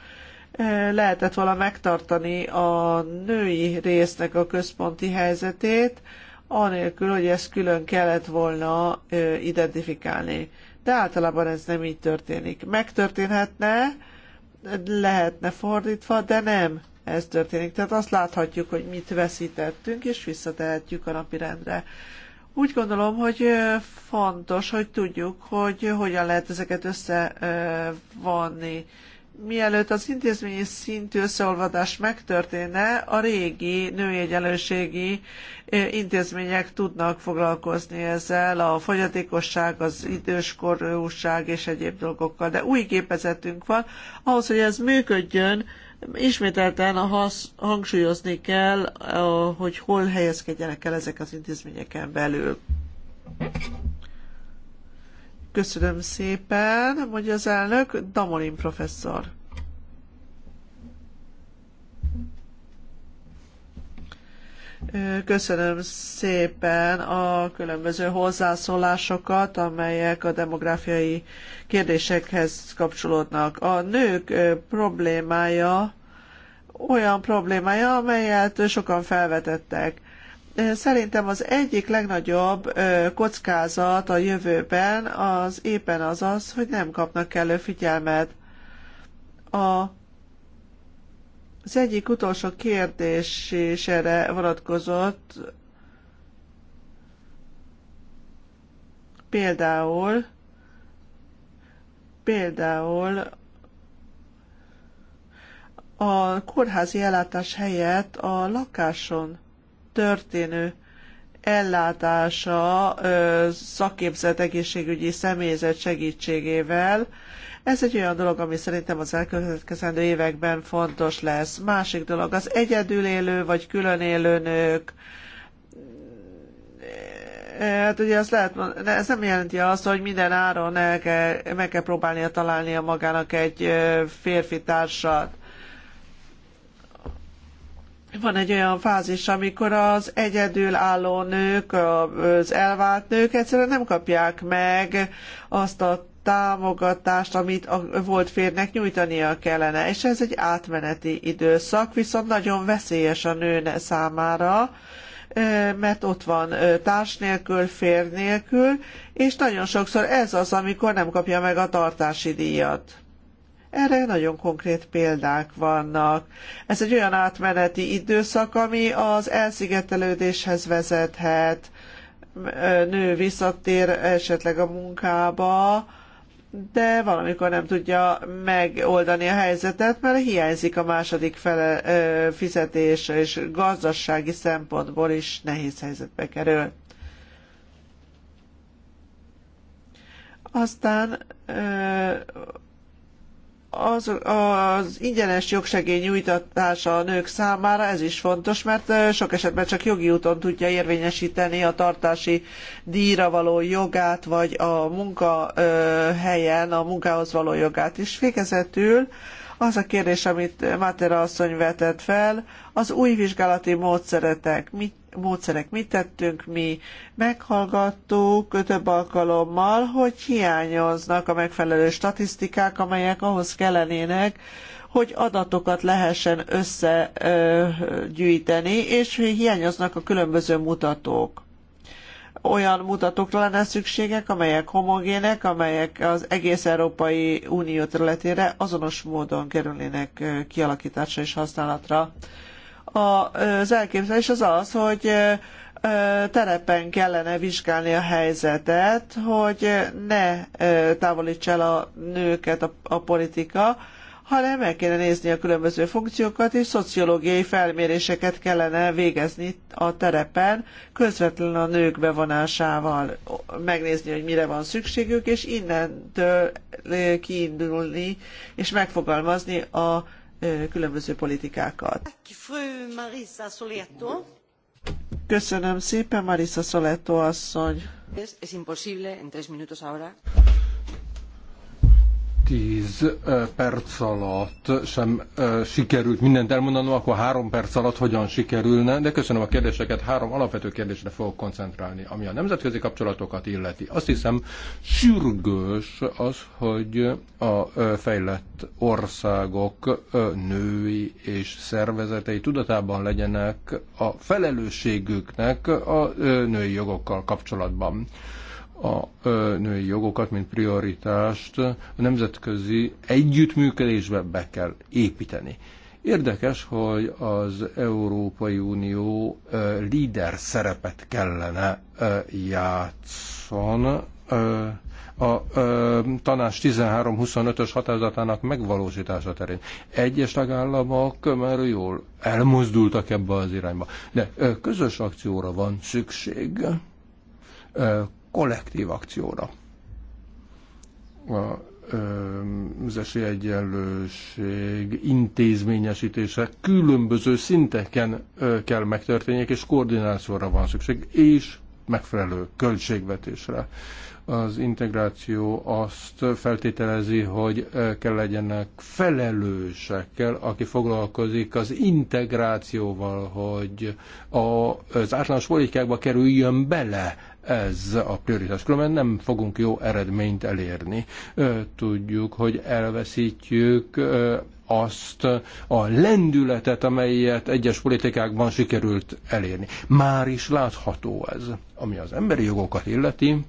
E, lehetett volna megtartani a női résznek a központi helyzetét, anélkül, hogy ezt külön kellett volna e, identifikálni. De általában ez nem így történik. Megtörténhetne, lehetne fordítva, de nem ez történik. Tehát azt láthatjuk, hogy mit veszítettünk, és visszatehetjük a napi rendre. Úgy gondolom, hogy fontos, hogy tudjuk, hogy hogyan lehet ezeket összevonni. Mielőtt az intézményi szintű összeolvadás megtörténne, a régi nőjegyelőségi intézmények tudnak foglalkozni ezzel, a fogyatékosság, az időskorúság és egyéb dolgokkal. De új gépezetünk van, ahhoz, hogy ez működjön, Ismételten a hasz, hangsúlyozni kell, a, hogy hol helyezkedjenek el ezek az intézményeken belül. Köszönöm szépen, mondja az elnök, Damolin professzor. Köszönöm szépen a különböző hozzászólásokat, amelyek a demográfiai kérdésekhez kapcsolódnak. A nők problémája olyan problémája, amelyet sokan felvetettek. Szerintem az egyik legnagyobb kockázat a jövőben az éppen az az, hogy nem kapnak kellő figyelmet. A az egyik utolsó kérdés is erre vonatkozott. Például, például a kórházi ellátás helyett a lakáson történő ellátása szakképzett egészségügyi személyzet segítségével ez egy olyan dolog, ami szerintem az elkövetkezendő években fontos lesz. Másik dolog az egyedül élő vagy külön élő nők, e, Hát ugye ez lehet, ez nem jelenti azt, hogy minden áron el kell, meg kell próbálnia a magának egy férfi társat. Van egy olyan fázis, amikor az egyedül álló nők, az elvált nők egyszerűen nem kapják meg azt a támogatást, amit a volt férnek nyújtania kellene. És ez egy átmeneti időszak, viszont nagyon veszélyes a nő számára, mert ott van társ nélkül, fér nélkül, és nagyon sokszor ez az, amikor nem kapja meg a tartási díjat. Erre nagyon konkrét példák vannak. Ez egy olyan átmeneti időszak, ami az elszigetelődéshez vezethet. Nő visszatér esetleg a munkába, de valamikor nem tudja megoldani a helyzetet, mert hiányzik a második fele, ö, és gazdasági szempontból is nehéz helyzetbe kerül. Aztán ö, az, az ingyenes jogsegély nyújtatása a nők számára, ez is fontos, mert sok esetben csak jogi úton tudja érvényesíteni a tartási díjra való jogát, vagy a munkahelyen a munkához való jogát is. Végezetül az a kérdés, amit Matera asszony vetett fel, az új vizsgálati módszeretek, mit, módszerek mit tettünk mi? Meghallgattuk több alkalommal, hogy hiányoznak a megfelelő statisztikák, amelyek ahhoz kellenének, hogy adatokat lehessen összegyűjteni, és hiányoznak a különböző mutatók olyan mutatókra lenne szükségek, amelyek homogének, amelyek az egész Európai Unió területére azonos módon kerülnének kialakításra és használatra. Az elképzelés az az, hogy terepen kellene vizsgálni a helyzetet, hogy ne távolíts el a nőket a, a politika, hanem meg kéne nézni a különböző funkciókat, és szociológiai felméréseket kellene végezni a terepen, közvetlenül a nők bevonásával megnézni, hogy mire van szükségük, és innentől eh, kiindulni és megfogalmazni a eh, különböző politikákat. Köszönöm szépen, Marisa Soletto asszony tíz perc alatt sem sikerült mindent elmondanom, akkor három perc alatt hogyan sikerülne, de köszönöm a kérdéseket, három alapvető kérdésre fogok koncentrálni, ami a nemzetközi kapcsolatokat illeti. Azt hiszem sürgős az, hogy a fejlett országok női és szervezetei tudatában legyenek a felelősségüknek a női jogokkal kapcsolatban a női jogokat, mint prioritást a nemzetközi együttműködésbe be kell építeni. Érdekes, hogy az Európai Unió líder szerepet kellene játszon a tanács 13-25-ös határozatának megvalósítása terén. Egyes tagállamok már jól elmozdultak ebbe az irányba, de közös akcióra van szükség kollektív akcióra. A műzesi egyenlőség intézményesítése különböző szinteken kell megtörténjék, és koordinációra van szükség, és megfelelő költségvetésre. Az integráció azt feltételezi, hogy kell legyenek felelősekkel, aki foglalkozik az integrációval, hogy az általános politikákba kerüljön bele ez a prioritás. Különben nem fogunk jó eredményt elérni. Tudjuk, hogy elveszítjük azt a lendületet, amelyet egyes politikákban sikerült elérni. Már is látható ez, ami az emberi jogokat illeti,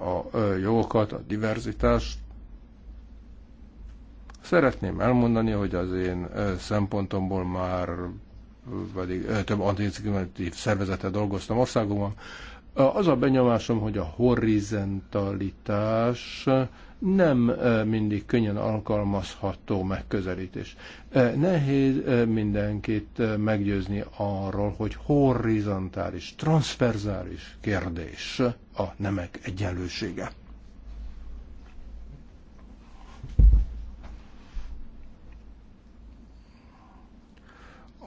a jogokat, a diverzitást. Szeretném elmondani, hogy az én szempontomból már pedig több antiszkriminatív szervezete dolgoztam országomban. Az a benyomásom, hogy a horizontalitás nem mindig könnyen alkalmazható megközelítés. Nehéz mindenkit meggyőzni arról, hogy horizontális, transzperzális kérdés a nemek egyenlősége.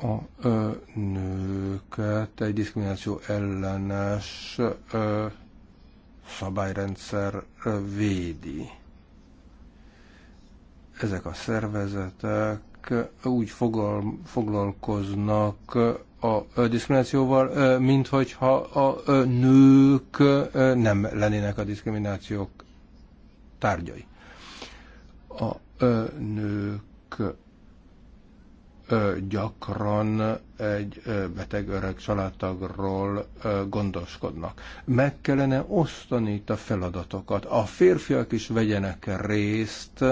a nőket egy diszkrimináció ellenes szabályrendszer védi. Ezek a szervezetek úgy fogal, foglalkoznak a diszkriminációval, mint hogyha a nők nem lennének a diszkriminációk tárgyai. A nők gyakran egy beteg öreg családtagról gondoskodnak. Meg kellene osztani itt a feladatokat. A férfiak is vegyenek részt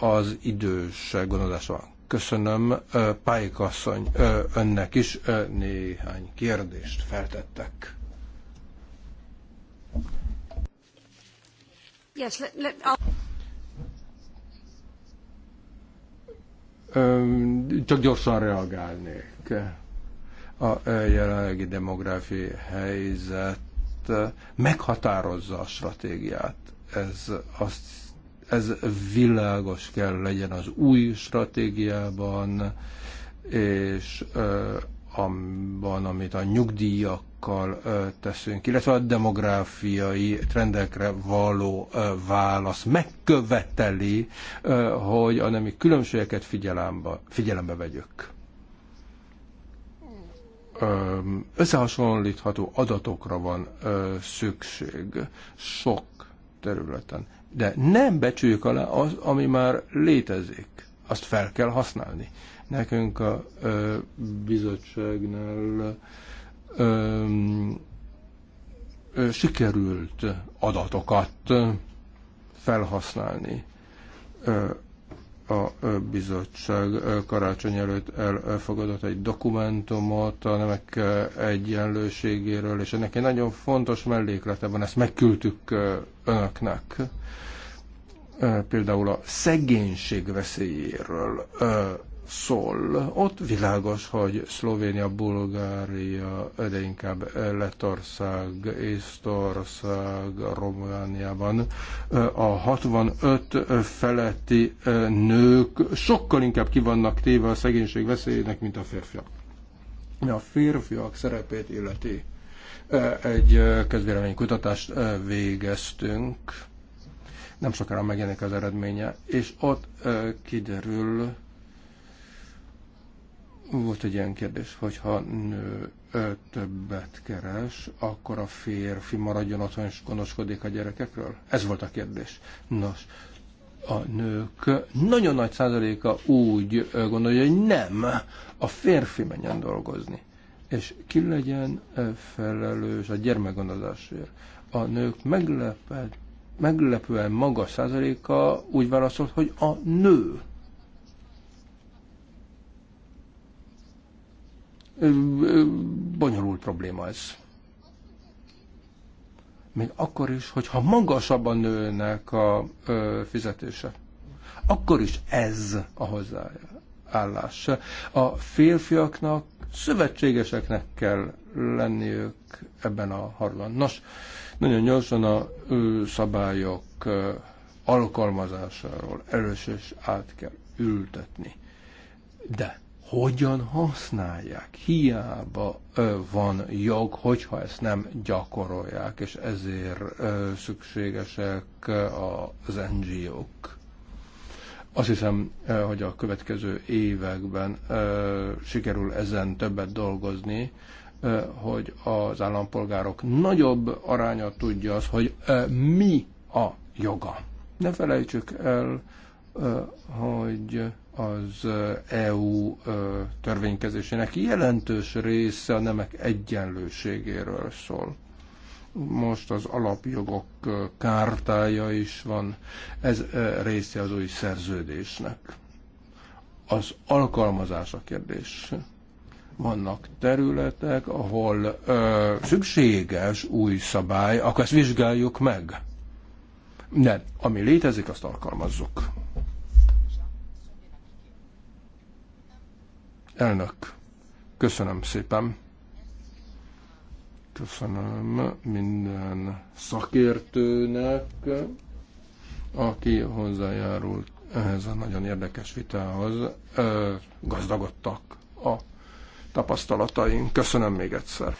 az idős gondozásban. Köszönöm, Pálykasszony, önnek is néhány kérdést feltettek. Yes, let, let, I'll... Csak gyorsan reagálnék. A jelenlegi demográfiai helyzet meghatározza a stratégiát. Ez, azt, ez világos kell legyen az új stratégiában, és abban, amit a nyugdíjakkal teszünk, illetve a demográfiai trendekre való válasz megköveteli, hogy a nemi különbségeket figyelembe, figyelembe vegyük összehasonlítható adatokra van szükség sok területen. De nem becsüljük alá az, ami már létezik. Azt fel kell használni. Nekünk a bizottságnál sikerült adatokat felhasználni a bizottság karácsony előtt elfogadott egy dokumentumot a nemek egyenlőségéről, és ennek egy nagyon fontos melléklete van, ezt megküldtük önöknek. Például a szegénység veszélyéről szól. Ott világos, hogy Szlovénia, Bulgária, de inkább Lettország, Észtország, Romániában a 65 feletti nők sokkal inkább kivannak téve a szegénység veszélyének, mint a férfiak. A férfiak szerepét illeti egy közvéleménykutatást végeztünk, nem sokára megjelenik az eredménye, és ott kiderül, volt egy ilyen kérdés, hogyha nő többet keres, akkor a férfi maradjon otthon és gondoskodik a gyerekekről? Ez volt a kérdés. Nos, a nők nagyon nagy százaléka úgy gondolja, hogy nem, a férfi menjen dolgozni, és ki legyen felelős a gyermekgondozásért. A nők meglepet, meglepően magas százaléka úgy válaszolt, hogy a nő bonyolult probléma ez. Még akkor is, hogyha magasabban nőnek a fizetése, akkor is ez a hozzáállás. A férfiaknak szövetségeseknek kell lenniük ebben a harcban. Nos, nagyon gyorsan a szabályok alkalmazásáról először is át kell ültetni. De hogyan használják. Hiába van jog, hogyha ezt nem gyakorolják, és ezért szükségesek az NGO-k. Azt hiszem, hogy a következő években sikerül ezen többet dolgozni, hogy az állampolgárok nagyobb aránya tudja az, hogy mi a joga. Ne felejtsük el, hogy az EU törvénykezésének jelentős része a nemek egyenlőségéről szól. Most az alapjogok kártája is van, ez része az új szerződésnek. Az alkalmazás a kérdés. Vannak területek, ahol ö, szükséges új szabály, akkor ezt vizsgáljuk meg. De ami létezik, azt alkalmazzuk. Elnök, köszönöm szépen. Köszönöm minden szakértőnek, aki hozzájárult ehhez a nagyon érdekes vitához. Gazdagodtak a tapasztalataink. Köszönöm még egyszer.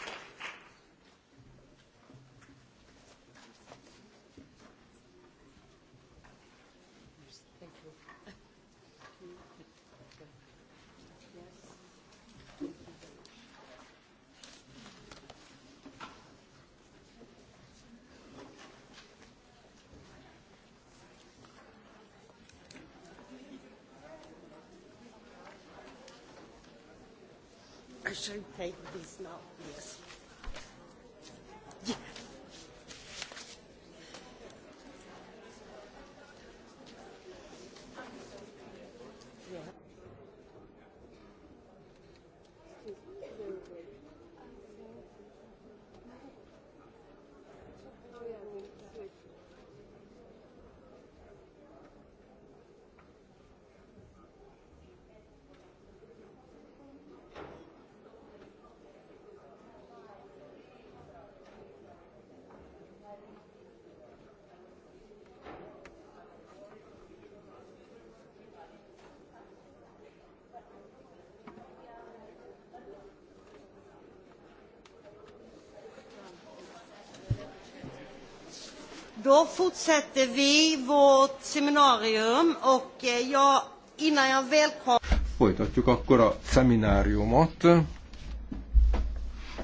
Då fortsätter vi vårt seminarium och eh, jag, innan jag välkomnar... Folytatjuk akkor a szemináriumot,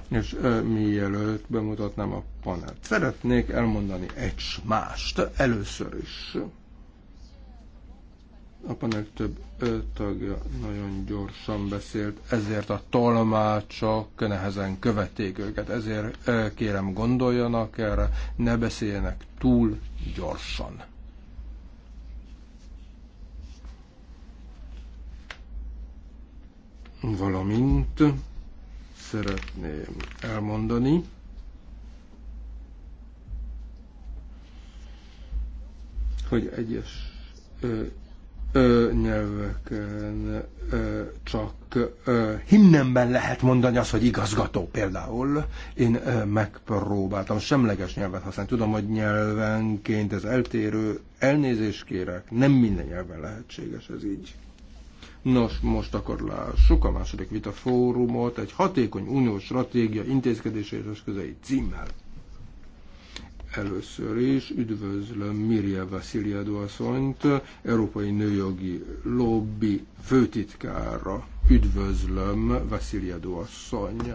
és ö, mielőtt bemutatnám a panelt, szeretnék elmondani egy mást először is. A panel több tagja nagyon gyorsan beszélt, ezért a tolmácsok nehezen követték őket. Ezért kérem gondoljanak erre, ne beszéljenek túl gyorsan. Valamint szeretném elmondani, hogy egyes ö, nyelveken ö, csak ö, himnemben lehet mondani azt, hogy igazgató például. Én ö, megpróbáltam semleges nyelvet használni. Tudom, hogy nyelvenként ez eltérő, elnézést kérek, nem minden nyelven lehetséges ez így. Nos, most akkor lássuk a második vita fórumot, egy hatékony uniós stratégia intézkedése és eszközei címmel. Először is üdvözlöm Mirja Vassziliadó asszonyt, Európai Nőjogi Lobby főtitkára. Üdvözlöm Vassziliadó asszony.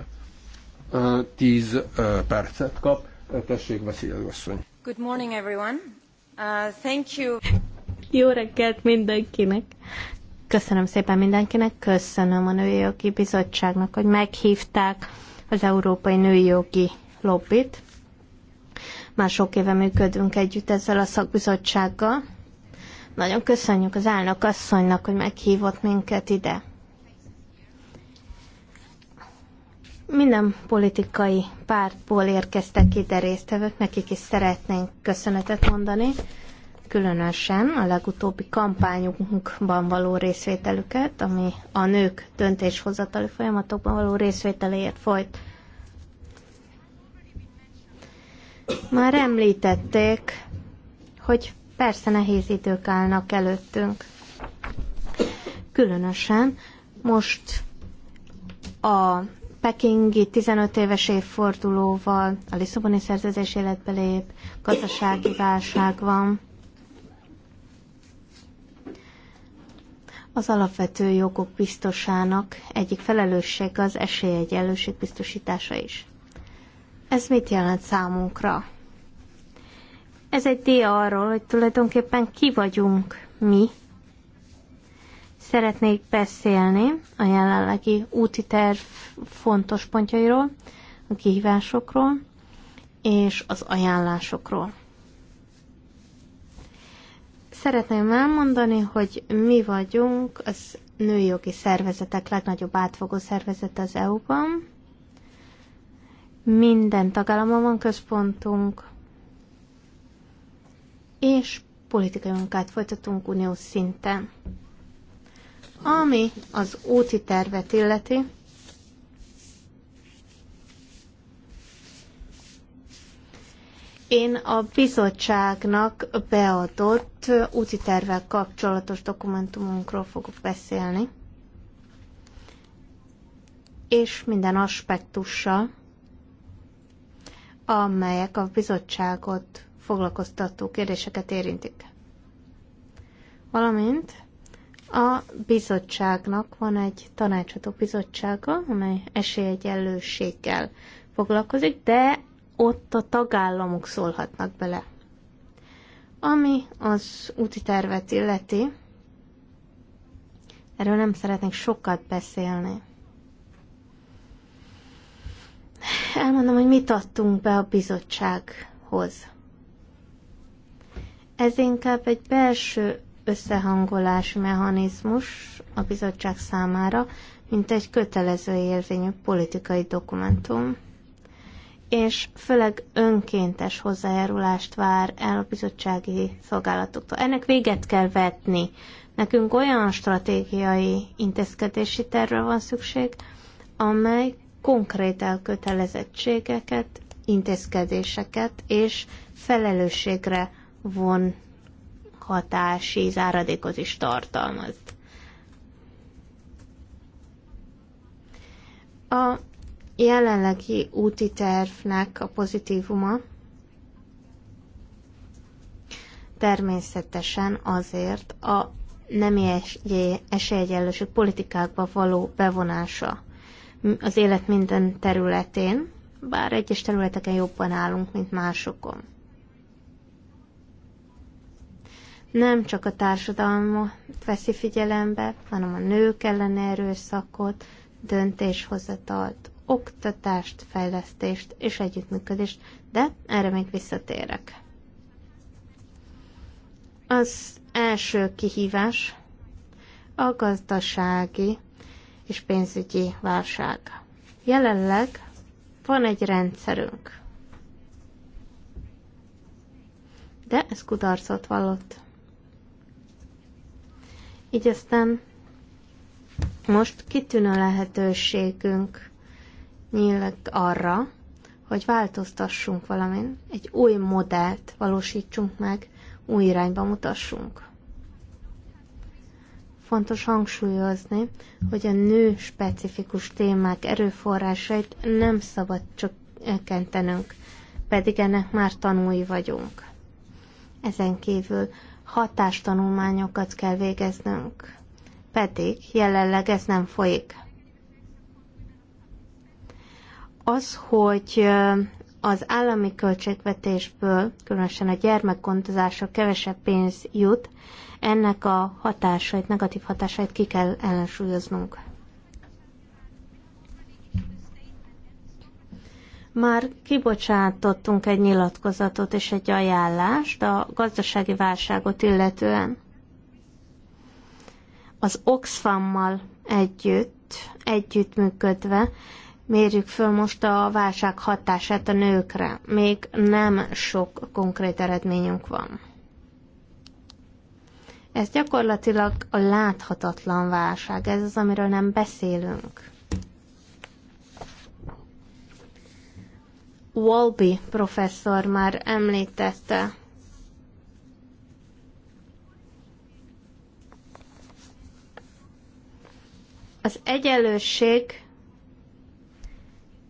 Tíz percet kap. Tessék, Vassziliadó asszony. Good morning, everyone. Uh, thank you. Jó reggelt mindenkinek. Köszönöm szépen mindenkinek, köszönöm a Női Jogi Bizottságnak, hogy meghívták az Európai Női Jogi Lobbit már sok éve működünk együtt ezzel a szakbizottsággal. Nagyon köszönjük az állnak asszonynak, hogy meghívott minket ide. Minden politikai pártból érkeztek ide résztvevők, nekik is szeretnénk köszönetet mondani, különösen a legutóbbi kampányunkban való részvételüket, ami a nők döntéshozatali folyamatokban való részvételéért folyt. Már említették, hogy persze nehéz idők állnak előttünk. Különösen most a pekingi 15 éves évfordulóval, a Lisszaboni szerződés életbe lép, gazdasági válság van. Az alapvető jogok biztosának egyik felelősség az esélyegyenlőség biztosítása is. Ez mit jelent számunkra? Ez egy dia arról, hogy tulajdonképpen ki vagyunk mi. Szeretnék beszélni a jelenlegi úti terv fontos pontjairól, a kihívásokról és az ajánlásokról. Szeretném elmondani, hogy mi vagyunk az nőjogi szervezetek legnagyobb átfogó szervezet az EU-ban, minden tagállamon van központunk, és politikai munkát folytatunk uniós szinten. Ami az úti tervet illeti, Én a bizottságnak beadott úti tervvel kapcsolatos dokumentumunkról fogok beszélni, és minden aspektussal, amelyek a bizottságot foglalkoztató kérdéseket érintik. Valamint a bizottságnak van egy tanácsadó bizottsága, amely esélyegyenlőséggel foglalkozik, de ott a tagállamok szólhatnak bele. Ami az úti tervet illeti, erről nem szeretnék sokat beszélni. Elmondom, hogy mit adtunk be a bizottsághoz. Ez inkább egy belső összehangolási mechanizmus a bizottság számára, mint egy kötelező érvényű politikai dokumentum, és főleg önkéntes hozzájárulást vár el a bizottsági szolgálatoktól. Ennek véget kell vetni. Nekünk olyan stratégiai intézkedési tervre van szükség, amely konkrét elkötelezettségeket, intézkedéseket és felelősségre von hatási záradékot is tartalmaz. A jelenlegi úti tervnek a pozitívuma természetesen azért a nemi esélyegyenlőség politikákba való bevonása az élet minden területén, bár egyes területeken jobban állunk, mint másokon. Nem csak a társadalmat veszi figyelembe, hanem a nők ellen erőszakot, döntéshozatalt, oktatást, fejlesztést és együttműködést, de erre még visszatérek. Az első kihívás a gazdasági és pénzügyi válság. Jelenleg van egy rendszerünk, de ez kudarcot vallott. Így aztán most kitűnő lehetőségünk nyílt arra, hogy változtassunk valamint, egy új modellt valósítsunk meg, új irányba mutassunk. Fontos hangsúlyozni, hogy a nő specifikus témák erőforrásait nem szabad csökkentenünk, pedig ennek már tanúi vagyunk. Ezen kívül hatástanulmányokat kell végeznünk, pedig jelenleg ez nem folyik. Az, hogy az állami költségvetésből, különösen a gyermekgondozásra kevesebb pénz jut, ennek a hatásait, negatív hatásait ki kell ellensúlyoznunk. Már kibocsátottunk egy nyilatkozatot és egy ajánlást a gazdasági válságot illetően. Az Oxfammal együtt, együttműködve mérjük föl most a válság hatását a nőkre. Még nem sok konkrét eredményünk van. Ez gyakorlatilag a láthatatlan válság, ez az, amiről nem beszélünk. Walby professzor már említette. Az egyenlőség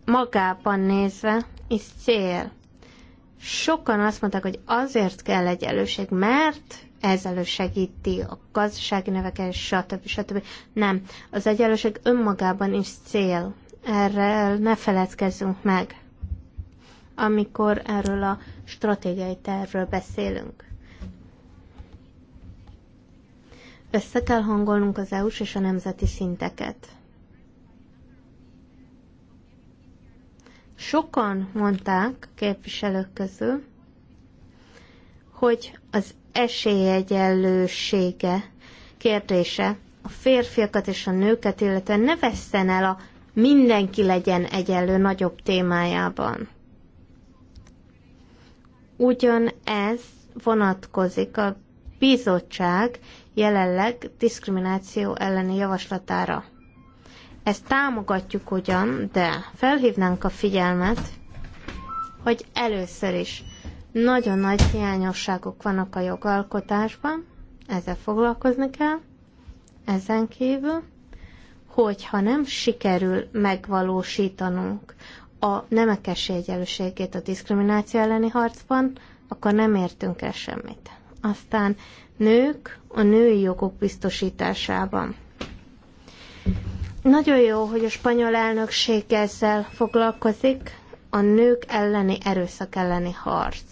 magában nézve is cél. Sokan azt mondták, hogy azért kell egyenlőség, mert ezzel elősegíti a gazdasági növekedés, stb. stb. Nem. Az egyenlőség önmagában is cél. Erre ne feledkezzünk meg, amikor erről a stratégiai tervről beszélünk. Össze kell hangolnunk az EU-s és a nemzeti szinteket. Sokan mondták képviselők közül, hogy az esélyegyenlősége kérdése a férfiakat és a nőket, illetve ne veszten el a mindenki legyen egyenlő nagyobb témájában. Ugyan ez vonatkozik a bizottság jelenleg diszkrimináció elleni javaslatára. Ezt támogatjuk ugyan, de felhívnánk a figyelmet, hogy először is nagyon nagy hiányosságok vannak a jogalkotásban, ezzel foglalkozni kell. Ezen kívül, hogyha nem sikerül megvalósítanunk a nemekes egyenlőségét a diszkrimináció elleni harcban, akkor nem értünk el semmit. Aztán nők a női jogok biztosításában. Nagyon jó, hogy a spanyol elnökség ezzel foglalkozik, a nők elleni erőszak elleni harc,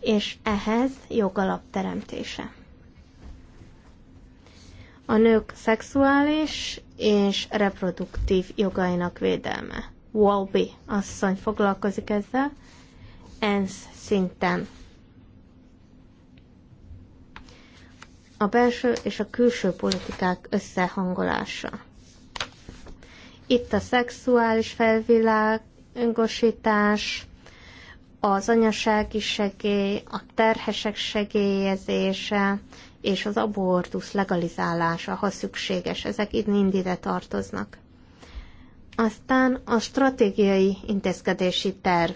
és ehhez jogalap teremtése. A nők szexuális és reproduktív jogainak védelme. Walby asszony foglalkozik ezzel, ENSZ szinten. A belső és a külső politikák összehangolása. Itt a szexuális felvilág, öngosítás, az anyasági segély, a terhesek segélyezése és az abortusz legalizálása, ha szükséges. Ezek itt mind ide tartoznak. Aztán a stratégiai intézkedési terv.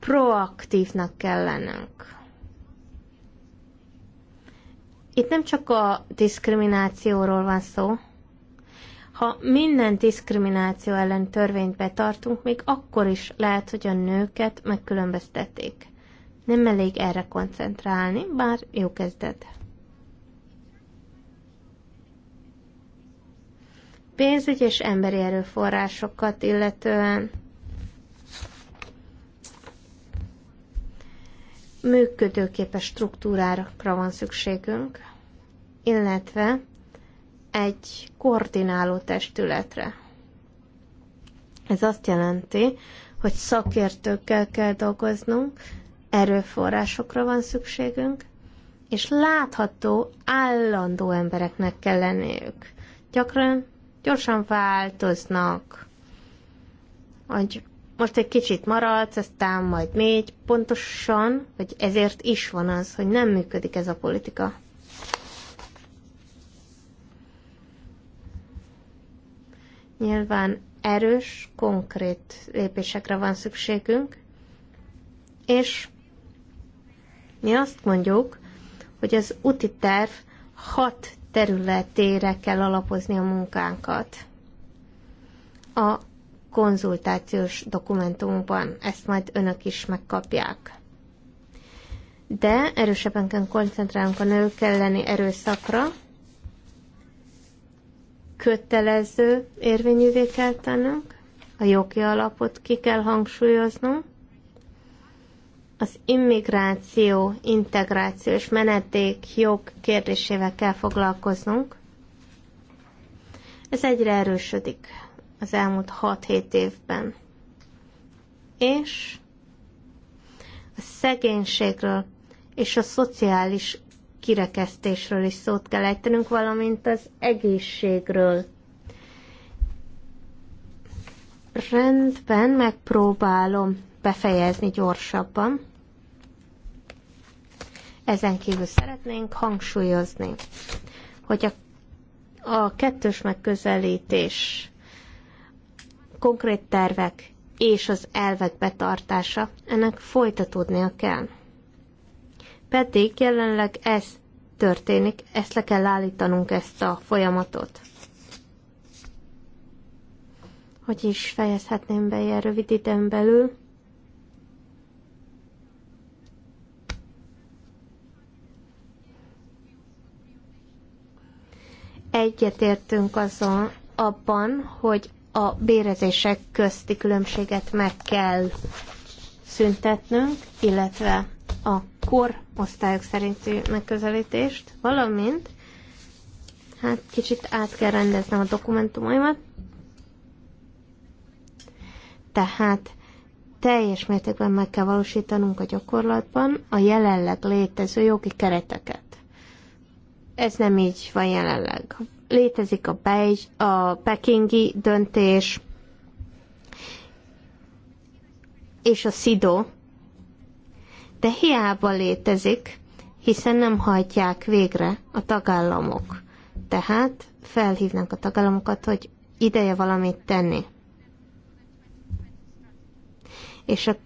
Proaktívnak kell lennünk. Itt nem csak a diszkriminációról van szó, ha minden diszkrimináció ellen törvényt betartunk, még akkor is lehet, hogy a nőket megkülönböztették. Nem elég erre koncentrálni, bár jó kezdet. Pénzügy és emberi erőforrásokat illetően működőképes struktúrákra van szükségünk, illetve egy koordináló testületre. Ez azt jelenti, hogy szakértőkkel kell dolgoznunk, erőforrásokra van szükségünk, és látható, állandó embereknek kell lenniük. Gyakran gyorsan változnak, hogy most egy kicsit maradsz, aztán majd még pontosan, hogy ezért is van az, hogy nem működik ez a politika. Nyilván erős, konkrét lépésekre van szükségünk, és mi azt mondjuk, hogy az úti terv hat területére kell alapozni a munkánkat. A konzultációs dokumentumban ezt majd önök is megkapják. De erősebben kell koncentrálnunk a nők elleni erőszakra, kötelező érvényűvé kell tennünk, a jogi alapot ki kell hangsúlyoznunk, az immigráció, integráció és menedék jog kérdésével kell foglalkoznunk. Ez egyre erősödik az elmúlt 6-7 évben. És a szegénységről és a szociális kirekesztésről is szót kell ejtenünk, valamint az egészségről. Rendben, megpróbálom befejezni gyorsabban. Ezen kívül szeretnénk hangsúlyozni, hogy a, a kettős megközelítés, konkrét tervek és az elvek betartása, ennek folytatódnia kell pedig jelenleg ez történik, ezt le kell állítanunk, ezt a folyamatot. Hogy is fejezhetném be ilyen rövid időn belül. Egyetértünk azon abban, hogy a bérezések közti különbséget meg kell szüntetnünk, illetve a korosztályok szerinti megközelítést, valamint hát kicsit át kell rendeznem a dokumentumaimat. Tehát teljes mértékben meg kell valósítanunk a gyakorlatban a jelenleg létező jogi kereteket. Ez nem így van jelenleg. Létezik a, bej, a pekingi döntés, és a SIDO, de hiába létezik, hiszen nem hajtják végre a tagállamok. Tehát felhívnak a tagállamokat, hogy ideje valamit tenni. És a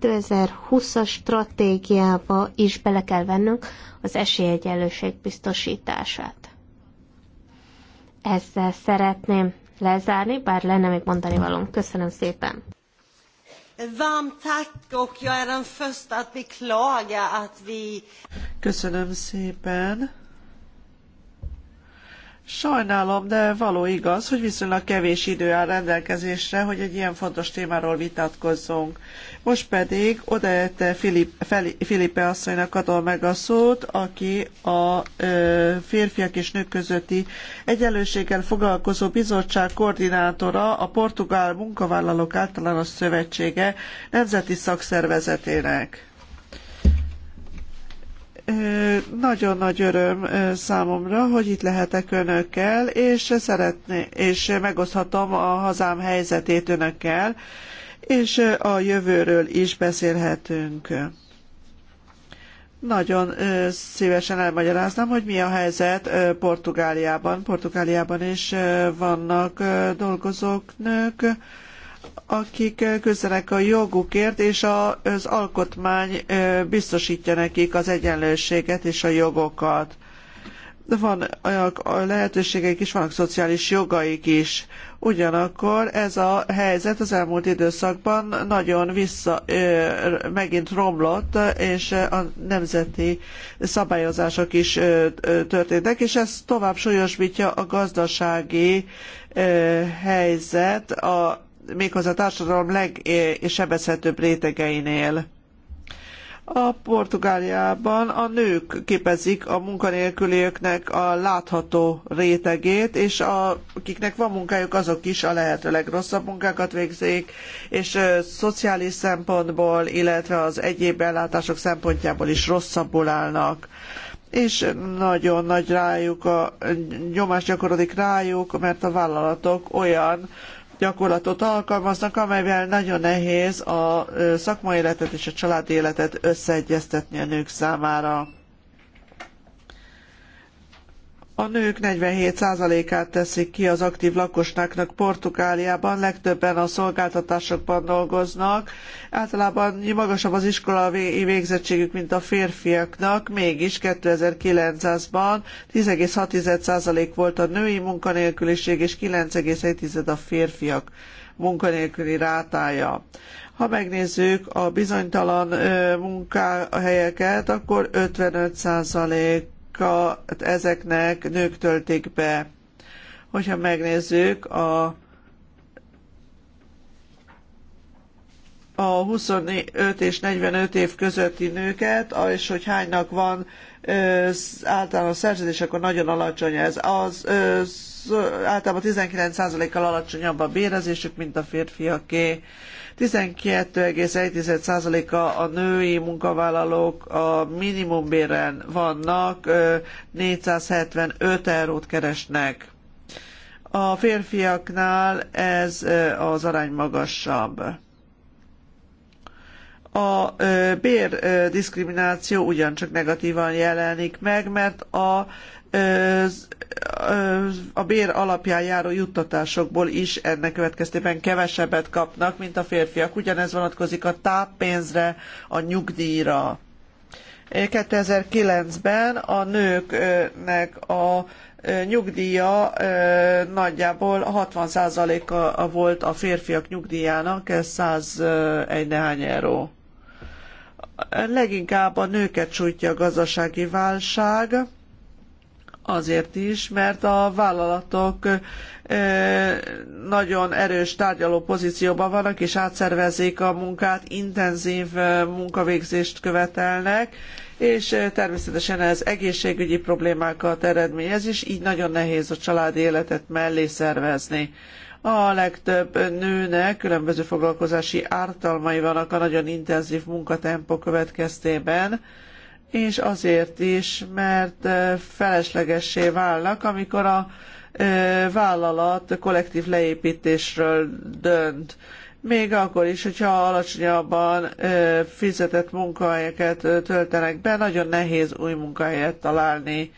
2020-as stratégiába is bele kell vennünk az esélyegyenlőség biztosítását. Ezzel szeretném lezárni, bár lenne még mondani valóm. Köszönöm szépen! Varmt tack och jag är den första att beklaga att vi... Köszönöm szépen. Sajnálom, de való igaz, hogy viszonylag kevés idő áll rendelkezésre, hogy egy ilyen fontos témáról vitatkozzunk. Most pedig odaette Filip, Filipe asszonynak adom meg a szót, aki a ö, férfiak és nők közötti egyenlőséggel foglalkozó bizottság koordinátora a Portugál Munkavállalók Általános Szövetsége Nemzeti Szakszervezetének. Nagyon nagy öröm számomra, hogy itt lehetek önökkel, és szeretné, és megoszthatom a hazám helyzetét önökkel, és a jövőről is beszélhetünk. Nagyon szívesen elmagyaráznám, hogy mi a helyzet Portugáliában. Portugáliában is vannak dolgozók, nők, akik küzdenek a jogukért, és az alkotmány biztosítja nekik az egyenlőséget és a jogokat. Van olyan lehetőségeik is, vannak szociális jogaik is. Ugyanakkor ez a helyzet az elmúlt időszakban nagyon vissza, megint romlott, és a nemzeti szabályozások is történtek, és ez tovább súlyosbítja a gazdasági helyzet, a méghozzá a társadalom legsebezhetőbb rétegeinél. A Portugáliában a nők képezik a munkanélkülieknek a látható rétegét, és a, akiknek van munkájuk, azok is a lehető legrosszabb munkákat végzik, és ö, szociális szempontból, illetve az egyéb ellátások szempontjából is rosszabbul állnak és nagyon nagy rájuk a nyomás gyakorodik rájuk, mert a vállalatok olyan gyakorlatot alkalmaznak, amelyvel nagyon nehéz a szakmai életet és a családi életet összeegyeztetni a nők számára. A nők 47%-át teszik ki az aktív lakosságnak Portugáliában, legtöbben a szolgáltatásokban dolgoznak. Általában magasabb az iskola végzettségük, mint a férfiaknak, mégis 2009-ban 10,6% volt a női munkanélküliség és 9,1% a férfiak munkanélküli rátája. Ha megnézzük a bizonytalan munkahelyeket, akkor 55 százalék ezeknek nők töltik be. Hogyha megnézzük a a 25 és 45 év közötti nőket, és hogy hánynak van általános szerződés, akkor nagyon alacsony ez. Az, az általában 19%-kal alacsonyabb a bérezésük, mint a férfiaké. 12,1%-a a női munkavállalók a minimumbéren vannak, 475 eurót keresnek. A férfiaknál ez az arány magasabb. A bérdiskrimináció ugyancsak negatívan jelenik meg, mert a a bér alapján járó juttatásokból is ennek következtében kevesebbet kapnak, mint a férfiak. Ugyanez vonatkozik a táppénzre, a nyugdíjra. 2009-ben a nőknek a e, nyugdíja e, nagyjából 60%-a volt a férfiak nyugdíjának, ez 101 e, nehány euró. Leginkább a nőket sújtja a gazdasági válság Azért is, mert a vállalatok nagyon erős tárgyaló pozícióban vannak, és átszervezik a munkát, intenzív munkavégzést követelnek, és természetesen ez egészségügyi problémákat eredményez, és így nagyon nehéz a családi életet mellé szervezni. A legtöbb nőnek különböző foglalkozási ártalmai vannak a nagyon intenzív munkatempó következtében, és azért is, mert feleslegessé válnak, amikor a vállalat kollektív leépítésről dönt. Még akkor is, hogyha alacsonyabban fizetett munkahelyeket töltenek be, nagyon nehéz új munkahelyet találni.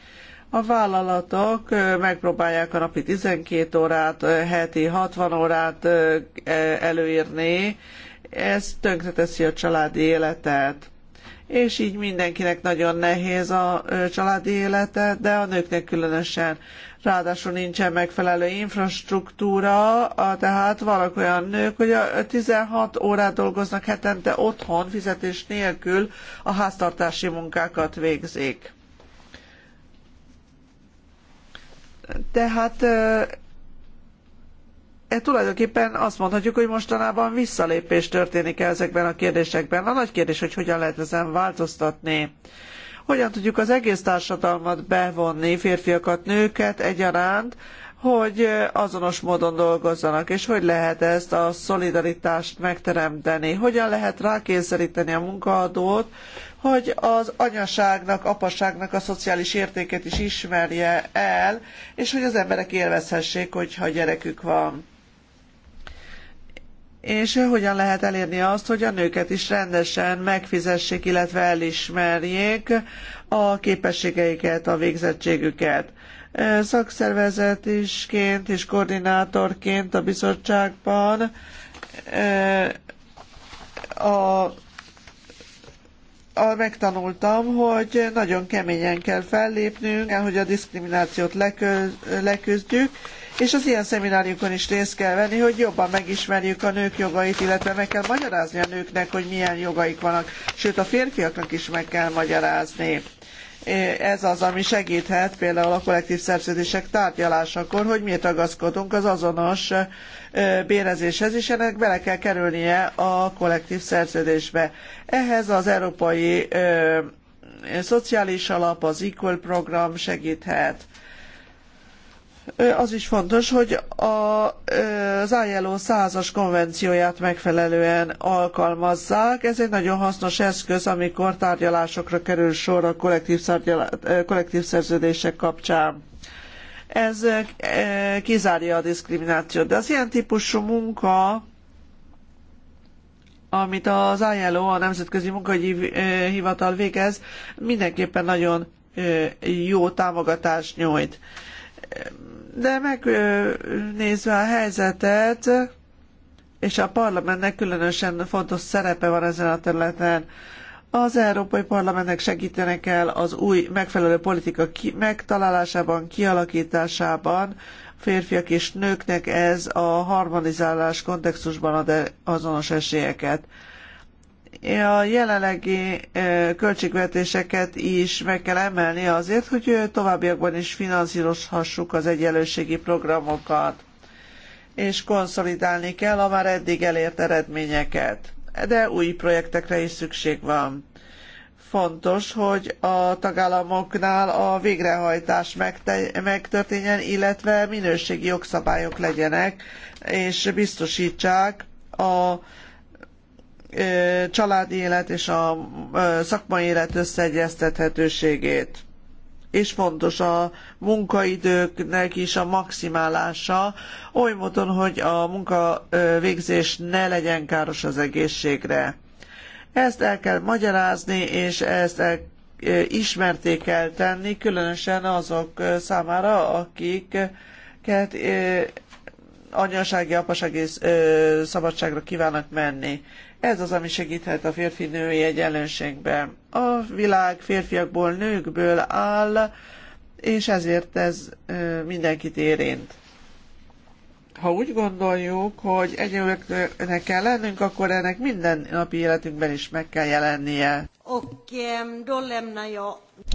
A vállalatok megpróbálják a napi 12 órát, heti 60 órát e-, előírni, ez tönkreteszi a családi életet és így mindenkinek nagyon nehéz a családi élete, de a nőknek különösen. Ráadásul nincsen megfelelő infrastruktúra, tehát vannak olyan nők, hogy a 16 órát dolgoznak hetente otthon, fizetés nélkül a háztartási munkákat végzik. Tehát e, tulajdonképpen azt mondhatjuk, hogy mostanában visszalépés történik -e ezekben a kérdésekben. A nagy kérdés, hogy hogyan lehet ezen változtatni. Hogyan tudjuk az egész társadalmat bevonni, férfiakat, nőket egyaránt, hogy azonos módon dolgozzanak, és hogy lehet ezt a szolidaritást megteremteni, hogyan lehet rákényszeríteni a munkaadót, hogy az anyaságnak, apaságnak a szociális értéket is ismerje el, és hogy az emberek élvezhessék, hogyha gyerekük van és hogyan lehet elérni azt, hogy a nőket is rendesen megfizessék, illetve elismerjék a képességeiket, a végzettségüket. Szakszervezetisként és koordinátorként a bizottságban a megtanultam, hogy nagyon keményen kell fellépnünk, hogy a diszkriminációt lekö, leküzdjük, és az ilyen szemináriumokon is részt kell venni, hogy jobban megismerjük a nők jogait, illetve meg kell magyarázni a nőknek, hogy milyen jogaik vannak, sőt a férfiaknak is meg kell magyarázni ez az, ami segíthet például a kollektív szerződések tárgyalásakor, hogy miért ragaszkodunk az azonos bérezéshez, és ennek bele kell kerülnie a kollektív szerződésbe. Ehhez az Európai Szociális Alap, az Equal Program segíthet az is fontos, hogy a, az ILO 100-as konvencióját megfelelően alkalmazzák. Ez egy nagyon hasznos eszköz, amikor tárgyalásokra kerül sor a kollektív, kollektív szerződések kapcsán. Ez kizárja a diszkriminációt. De az ilyen típusú munka, amit az ILO, a Nemzetközi Munkahogyi Hivatal végez, mindenképpen nagyon jó támogatást nyújt de megnézve a helyzetet, és a parlamentnek különösen fontos szerepe van ezen a területen, az Európai Parlamentnek segítenek kell az új megfelelő politika ki- megtalálásában, kialakításában. Férfiak és nőknek ez a harmonizálás kontextusban ad azonos esélyeket a jelenlegi költségvetéseket is meg kell emelni azért, hogy továbbiakban is finanszírozhassuk az egyenlőségi programokat, és konszolidálni kell a már eddig elért eredményeket. De új projektekre is szükség van. Fontos, hogy a tagállamoknál a végrehajtás megtörténjen, illetve minőségi jogszabályok legyenek, és biztosítsák a családi élet és a szakmai élet összeegyeztethetőségét. És fontos a munkaidőknek is a maximálása, oly módon, hogy a munka ne legyen káros az egészségre. Ezt el kell magyarázni, és ezt el ismerté kell tenni, különösen azok számára, akiket anyasági, apasági szabadságra kívánnak menni. Ez az, ami segíthet a férfi-női egyenlőségben. A világ férfiakból, nőkből áll, és ezért ez mindenkit érint. Ha úgy gondoljuk, hogy egyenlőknek kell lennünk, akkor ennek minden napi életünkben is meg kell jelennie.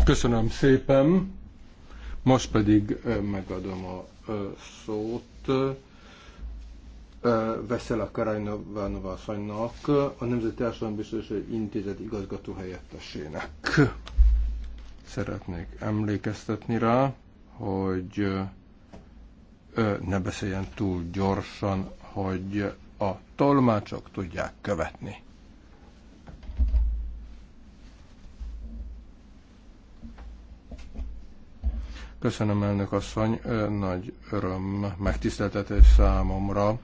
Köszönöm szépen. Most pedig megadom a szót a Karajnovanova asszonynak, a Nemzeti Társadalombiztosítási Intézet igazgató helyettesének. Szeretnék emlékeztetni rá, hogy ne beszéljen túl gyorsan, hogy a tolmácsok tudják követni. Köszönöm, elnök asszony, nagy öröm, megtiszteltetés számomra,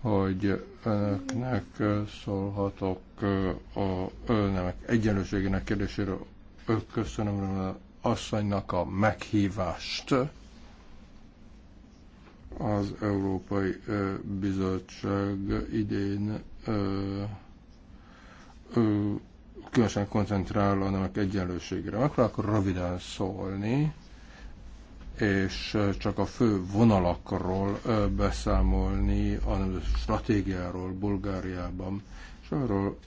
hogy önöknek szólhatok a nemek egyenlőségének kérdéséről. Köszönöm asszonynak a meghívást az Európai Bizottság idén különösen koncentrál a nemek egyenlőségére. Akkor, akkor röviden szólni és csak a fő vonalakról beszámolni a stratégiáról Bulgáriában, és arról,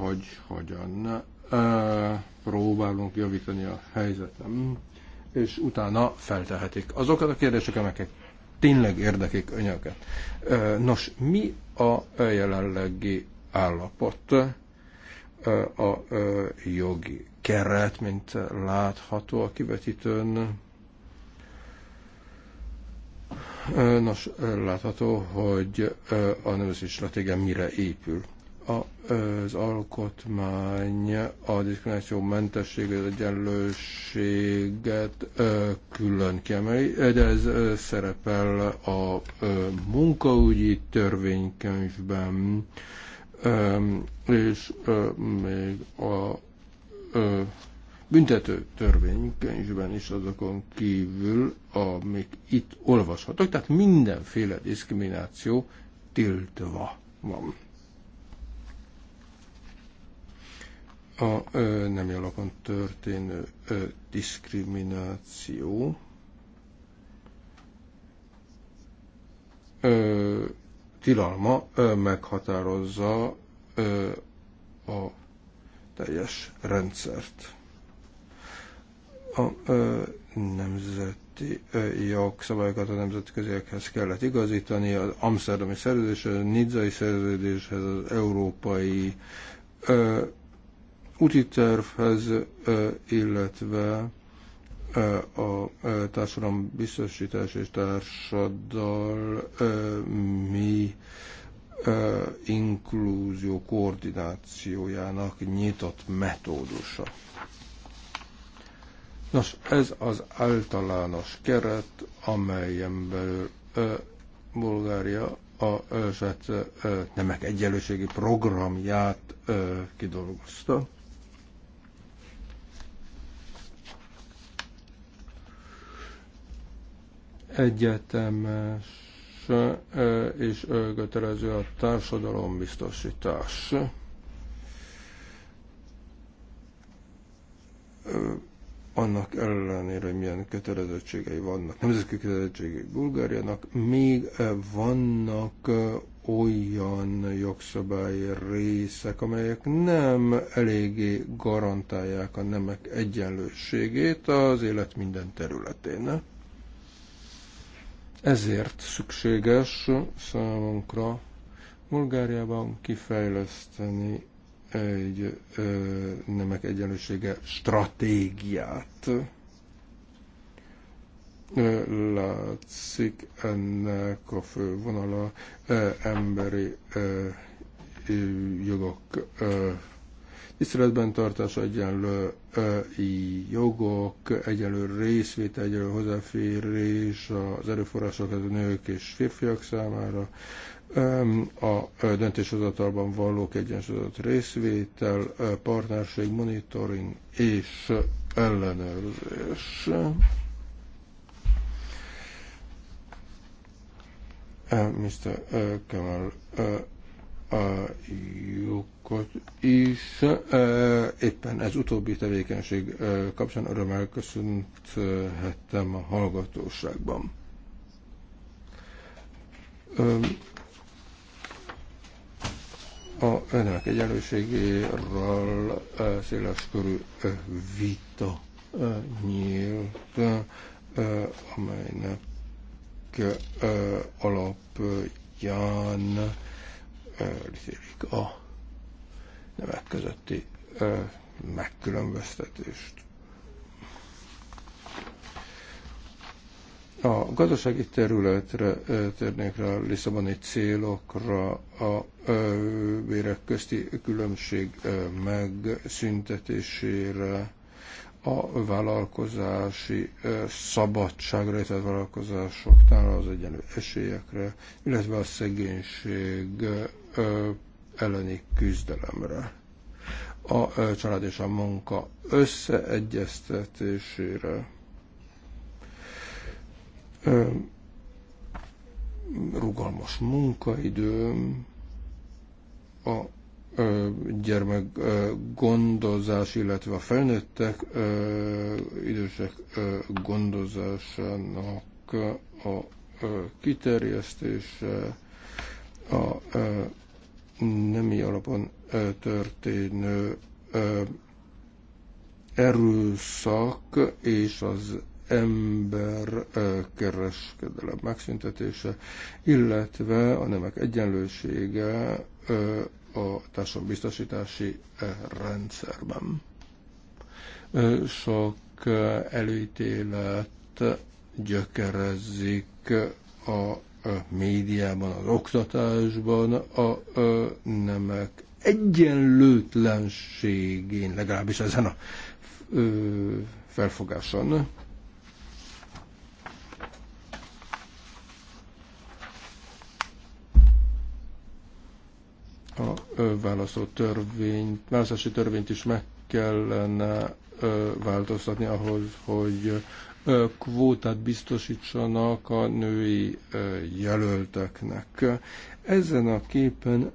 hogy hogyan próbálunk javítani a helyzetem, és utána feltehetik azokat a kérdéseket, amelyek tényleg érdekik önöket. Nos, mi a jelenlegi állapot? A jogi keret, mint látható a kivetítőn, Nos, látható, hogy a nemzeti stratégia mire épül. A, az alkotmány a diszkrimináció mentességet, egyenlőséget külön kiemeli, de ez szerepel a munkaügyi törvénykönyvben, és még a büntető törvénykönyvben is azokon kívül, amik itt olvashatok, tehát mindenféle diszkrimináció tiltva van. A ö, nem alapon történő ö, diszkrimináció ö, tilalma ö, meghatározza ö, a teljes rendszert. A nemzeti jogszabályokat a nemzetköziekhez kellett igazítani, az Amsterdami szerződéshez, a Nidzai szerződéshez, az európai úti tervhez, illetve a társadalom biztosítás és társadalmi inklúzió koordinációjának nyitott metódusa. Nos, ez az általános keret, amelyen belül ö, Bulgária a saját nemek egyenlőségi programját ö, kidolgozta. Egyetemes ö, és ö, kötelező a társadalombiztosítás. Ö, annak ellenére, hogy milyen kötelezettségei vannak, nemzetközi kötelezettségei Bulgáriának, még eh, vannak eh, olyan jogszabályi részek, amelyek nem eléggé garantálják a nemek egyenlőségét az élet minden területén. Ezért szükséges számunkra Bulgáriában kifejleszteni egy nemek egyenlősége stratégiát. Látszik ennek a fő vonala emberi jogok tiszteletben tartása, egyenlő jogok, egyenlő részvétel, egyenlő hozzáférés az erőforrásokhoz a nők és férfiak számára, a döntéshozatalban való egyensúlyozott részvétel, partnerség, monitoring és ellenőrzés. Mr. Kemal a lyukot is. Éppen ez utóbbi tevékenység kapcsán örömmel köszönhettem a hallgatóságban a önök egyenlőségéről körű vita nyílt, amelynek alapján a nevek közötti megkülönböztetést. A gazdasági területre térnék rá Lisszaboni célokra, a bérek közti különbség megszüntetésére, a vállalkozási szabadságra, illetve a vállalkozásoknál az egyenlő esélyekre, illetve a szegénység elleni küzdelemre a család és a munka összeegyeztetésére, rugalmas munkaidő, a gyermek gondozás, illetve a felnőttek idősek gondozásának a kiterjesztése, a nemi alapon történő erőszak és az ember kereskedelem megszüntetése, illetve a nemek egyenlősége a biztosítási rendszerben. Sok előítélet gyökerezik a médiában, az oktatásban, a nemek egyenlőtlenségén, legalábbis ezen a felfogáson A választó törvényt, választási törvényt is meg kellene változtatni ahhoz, hogy kvótát biztosítsanak a női jelölteknek. Ezen a képen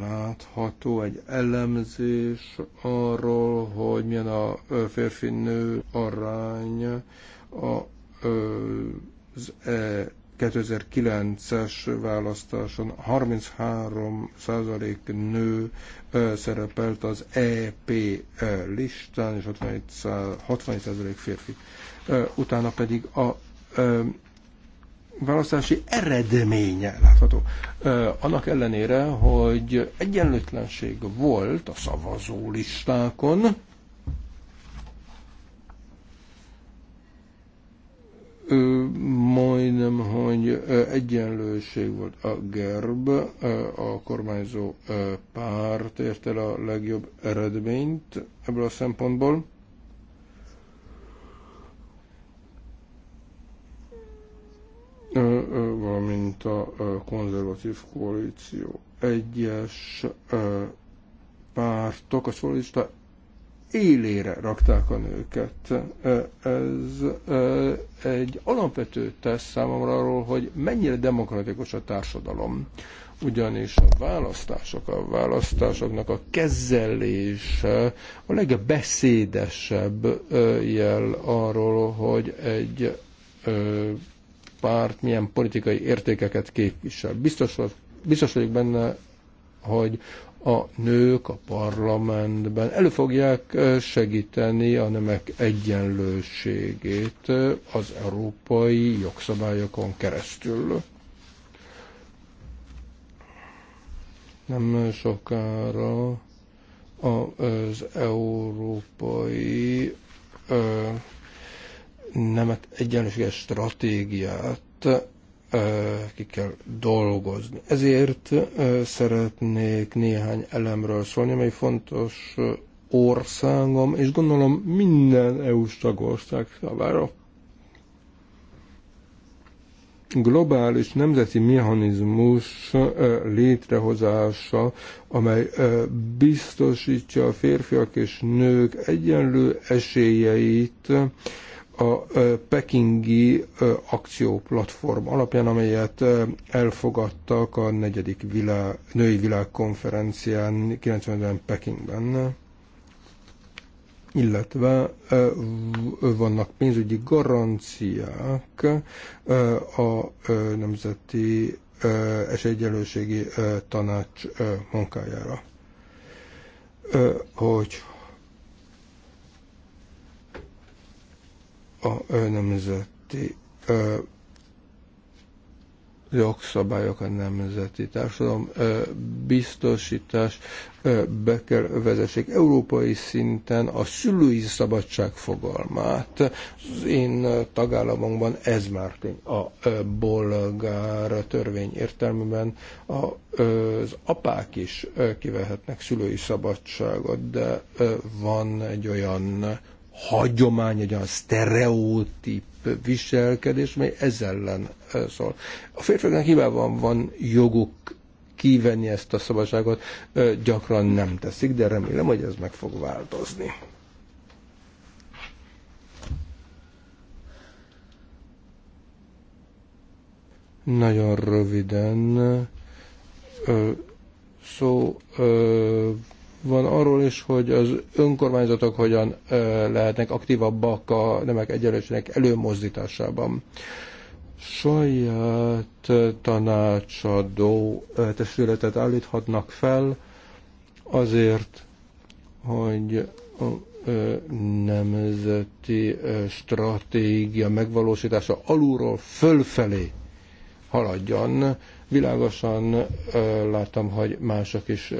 látható egy elemzés arról, hogy milyen a férfi-nő arány az 2009-es választáson 33% nő szerepelt az EP listán, és 61% férfi. Utána pedig a választási eredménye látható. Annak ellenére, hogy egyenlőtlenség volt a szavazólistákon, majdnem, hogy egyenlőség volt a GERB, a kormányzó párt ért el a legjobb eredményt ebből a szempontból. valamint a konzervatív koalíció. Egyes pártok, a szolista élére rakták a nőket. Ez egy alapvető tesz számomra arról, hogy mennyire demokratikus a társadalom. Ugyanis a választások, a választásoknak a kezelése a legbeszédesebb jel arról, hogy egy párt milyen politikai értékeket képvisel. Biztos, biztos vagyok benne, hogy a nők a parlamentben elő fogják eh, segíteni a nemek egyenlőségét eh, az európai jogszabályokon keresztül. Nem sokára az európai eh, nemet egyenlőséges stratégiát ki kell dolgozni. Ezért szeretnék néhány elemről szólni, amely fontos országom, és gondolom minden EU-s tagország számára. Globális nemzeti mechanizmus létrehozása, amely biztosítja a férfiak és nők egyenlő esélyeit, a pekingi akcióplatform alapján, amelyet elfogadtak a negyedik világ, női világkonferencián 90-ben Pekingben, illetve vannak pénzügyi garanciák a Nemzeti Esélyegyenlőségi Tanács munkájára. Hogy a nemzeti ö, jogszabályok a nemzeti társadalom ö, biztosítás ö, be kell vezessék európai szinten a szülői szabadság fogalmát. Az én tagállamomban ez már tény. A ö, bolgár törvény értelmében a, ö, az apák is ö, kivehetnek szülői szabadságot, de ö, van egy olyan hagyomány, egy olyan sztereotíp viselkedés, mely ezzel ellen szól. A férfiaknak hibában van joguk kivenni ezt a szabadságot, gyakran nem teszik, de remélem, hogy ez meg fog változni. Nagyon röviden szó van arról is, hogy az önkormányzatok hogyan lehetnek aktívabbak a nemek egyenlőségnek előmozdításában. Saját tanácsadó testületet állíthatnak fel azért, hogy a nemzeti stratégia megvalósítása alulról fölfelé haladjon, Világosan láttam, hogy mások is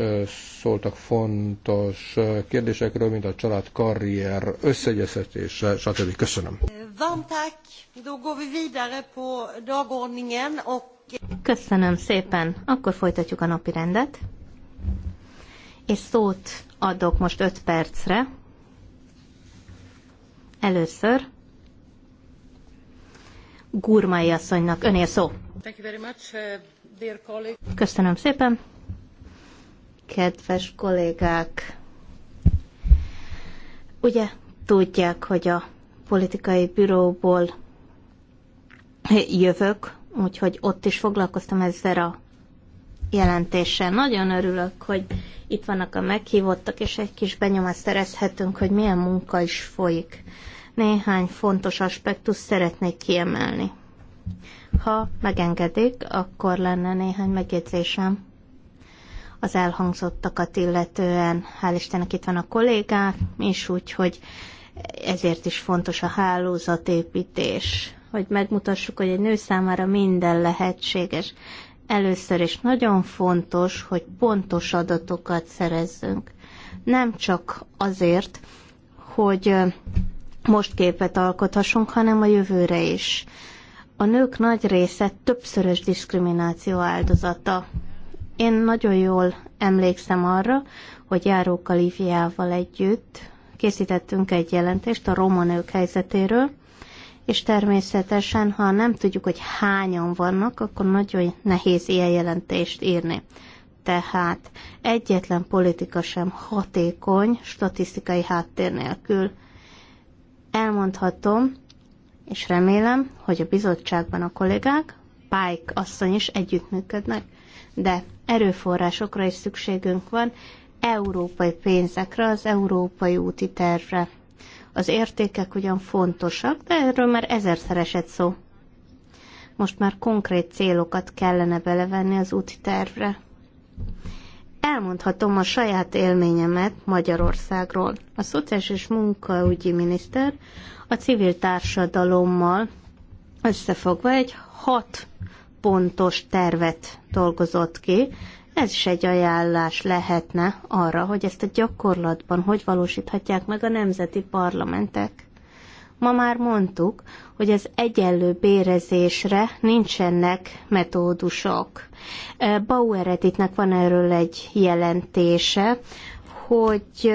szóltak fontos kérdésekről, mint a család karrier összegyeztetése, stb. Köszönöm. Köszönöm szépen. Akkor folytatjuk a napi rendet. És szót adok most 5 percre. Először Gurmai asszonynak önél szó. Thank you very much. Köszönöm szépen. Kedves kollégák, ugye tudják, hogy a politikai büróból jövök, úgyhogy ott is foglalkoztam ezzel a jelentéssel. Nagyon örülök, hogy itt vannak a meghívottak, és egy kis benyomást szerezhetünk, hogy milyen munka is folyik. Néhány fontos aspektus szeretnék kiemelni. Ha megengedik, akkor lenne néhány megjegyzésem az elhangzottakat illetően. Hál' Istennek itt van a kollégák, és úgy, hogy ezért is fontos a hálózatépítés, hogy megmutassuk, hogy egy nő számára minden lehetséges. Először is nagyon fontos, hogy pontos adatokat szerezzünk. Nem csak azért, hogy most képet alkothassunk, hanem a jövőre is. A nők nagy része többszörös diszkrimináció áldozata. Én nagyon jól emlékszem arra, hogy Járó Kalifiával együtt készítettünk egy jelentést a roma nők helyzetéről, és természetesen, ha nem tudjuk, hogy hányan vannak, akkor nagyon nehéz ilyen jelentést írni. Tehát egyetlen politika sem hatékony statisztikai háttér nélkül. Elmondhatom, és remélem, hogy a bizottságban a kollégák, Pike asszony is együttműködnek, de erőforrásokra is szükségünk van, európai pénzekre, az európai úti tervre. Az értékek ugyan fontosak, de erről már ezerszer esett szó. Most már konkrét célokat kellene belevenni az úti tervre. Elmondhatom a saját élményemet Magyarországról. A szociális és munkaügyi miniszter a civil társadalommal összefogva egy hat pontos tervet dolgozott ki. Ez is egy ajánlás lehetne arra, hogy ezt a gyakorlatban hogy valósíthatják meg a nemzeti parlamentek. Ma már mondtuk, hogy az egyenlő bérezésre nincsenek metódusok. E, Bauer Editnek van erről egy jelentése, hogy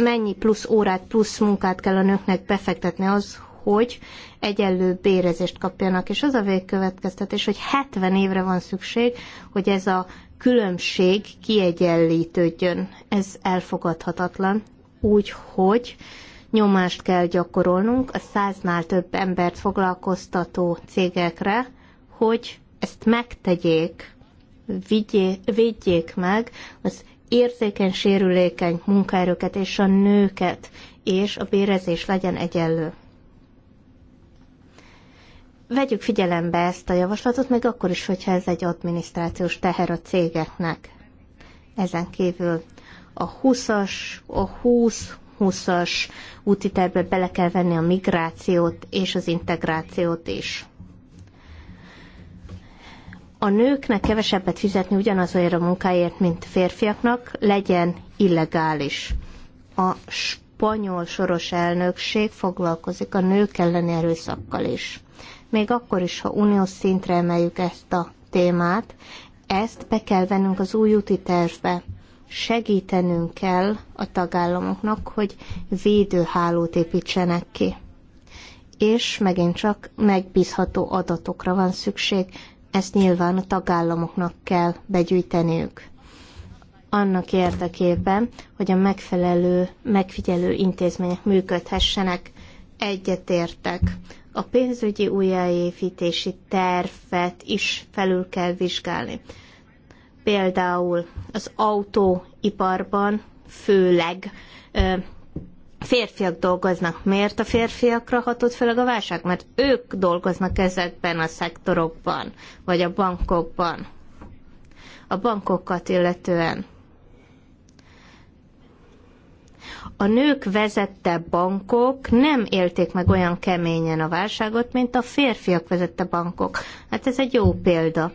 mennyi plusz órát, plusz munkát kell a nőknek befektetni az, hogy egyenlő bérezést kapjanak. És az a végkövetkeztetés, hogy 70 évre van szükség, hogy ez a különbség kiegyenlítődjön. Ez elfogadhatatlan. Úgyhogy nyomást kell gyakorolnunk a száznál több embert foglalkoztató cégekre, hogy ezt megtegyék, vigyék, védjék meg az érzékeny, sérülékeny munkaerőket és a nőket, és a bérezés legyen egyenlő. Vegyük figyelembe ezt a javaslatot, meg akkor is, hogyha ez egy adminisztrációs teher a cégeknek. Ezen kívül a 20-as, a 20-20-as úti tervbe bele kell venni a migrációt és az integrációt is a nőknek kevesebbet fizetni ugyanazért a munkáért, mint férfiaknak, legyen illegális. A spanyol soros elnökség foglalkozik a nők elleni erőszakkal is. Még akkor is, ha uniós szintre emeljük ezt a témát, ezt be kell vennünk az új úti tervbe. Segítenünk kell a tagállamoknak, hogy védőhálót építsenek ki. És megint csak megbízható adatokra van szükség, ezt nyilván a tagállamoknak kell begyűjteniük. Annak érdekében, hogy a megfelelő megfigyelő intézmények működhessenek, egyetértek. A pénzügyi újjáépítési tervet is felül kell vizsgálni. Például az autóiparban főleg férfiak dolgoznak. Miért a férfiakra hatott főleg a válság? Mert ők dolgoznak ezekben a szektorokban, vagy a bankokban. A bankokat illetően. A nők vezette bankok nem élték meg olyan keményen a válságot, mint a férfiak vezette bankok. Hát ez egy jó példa.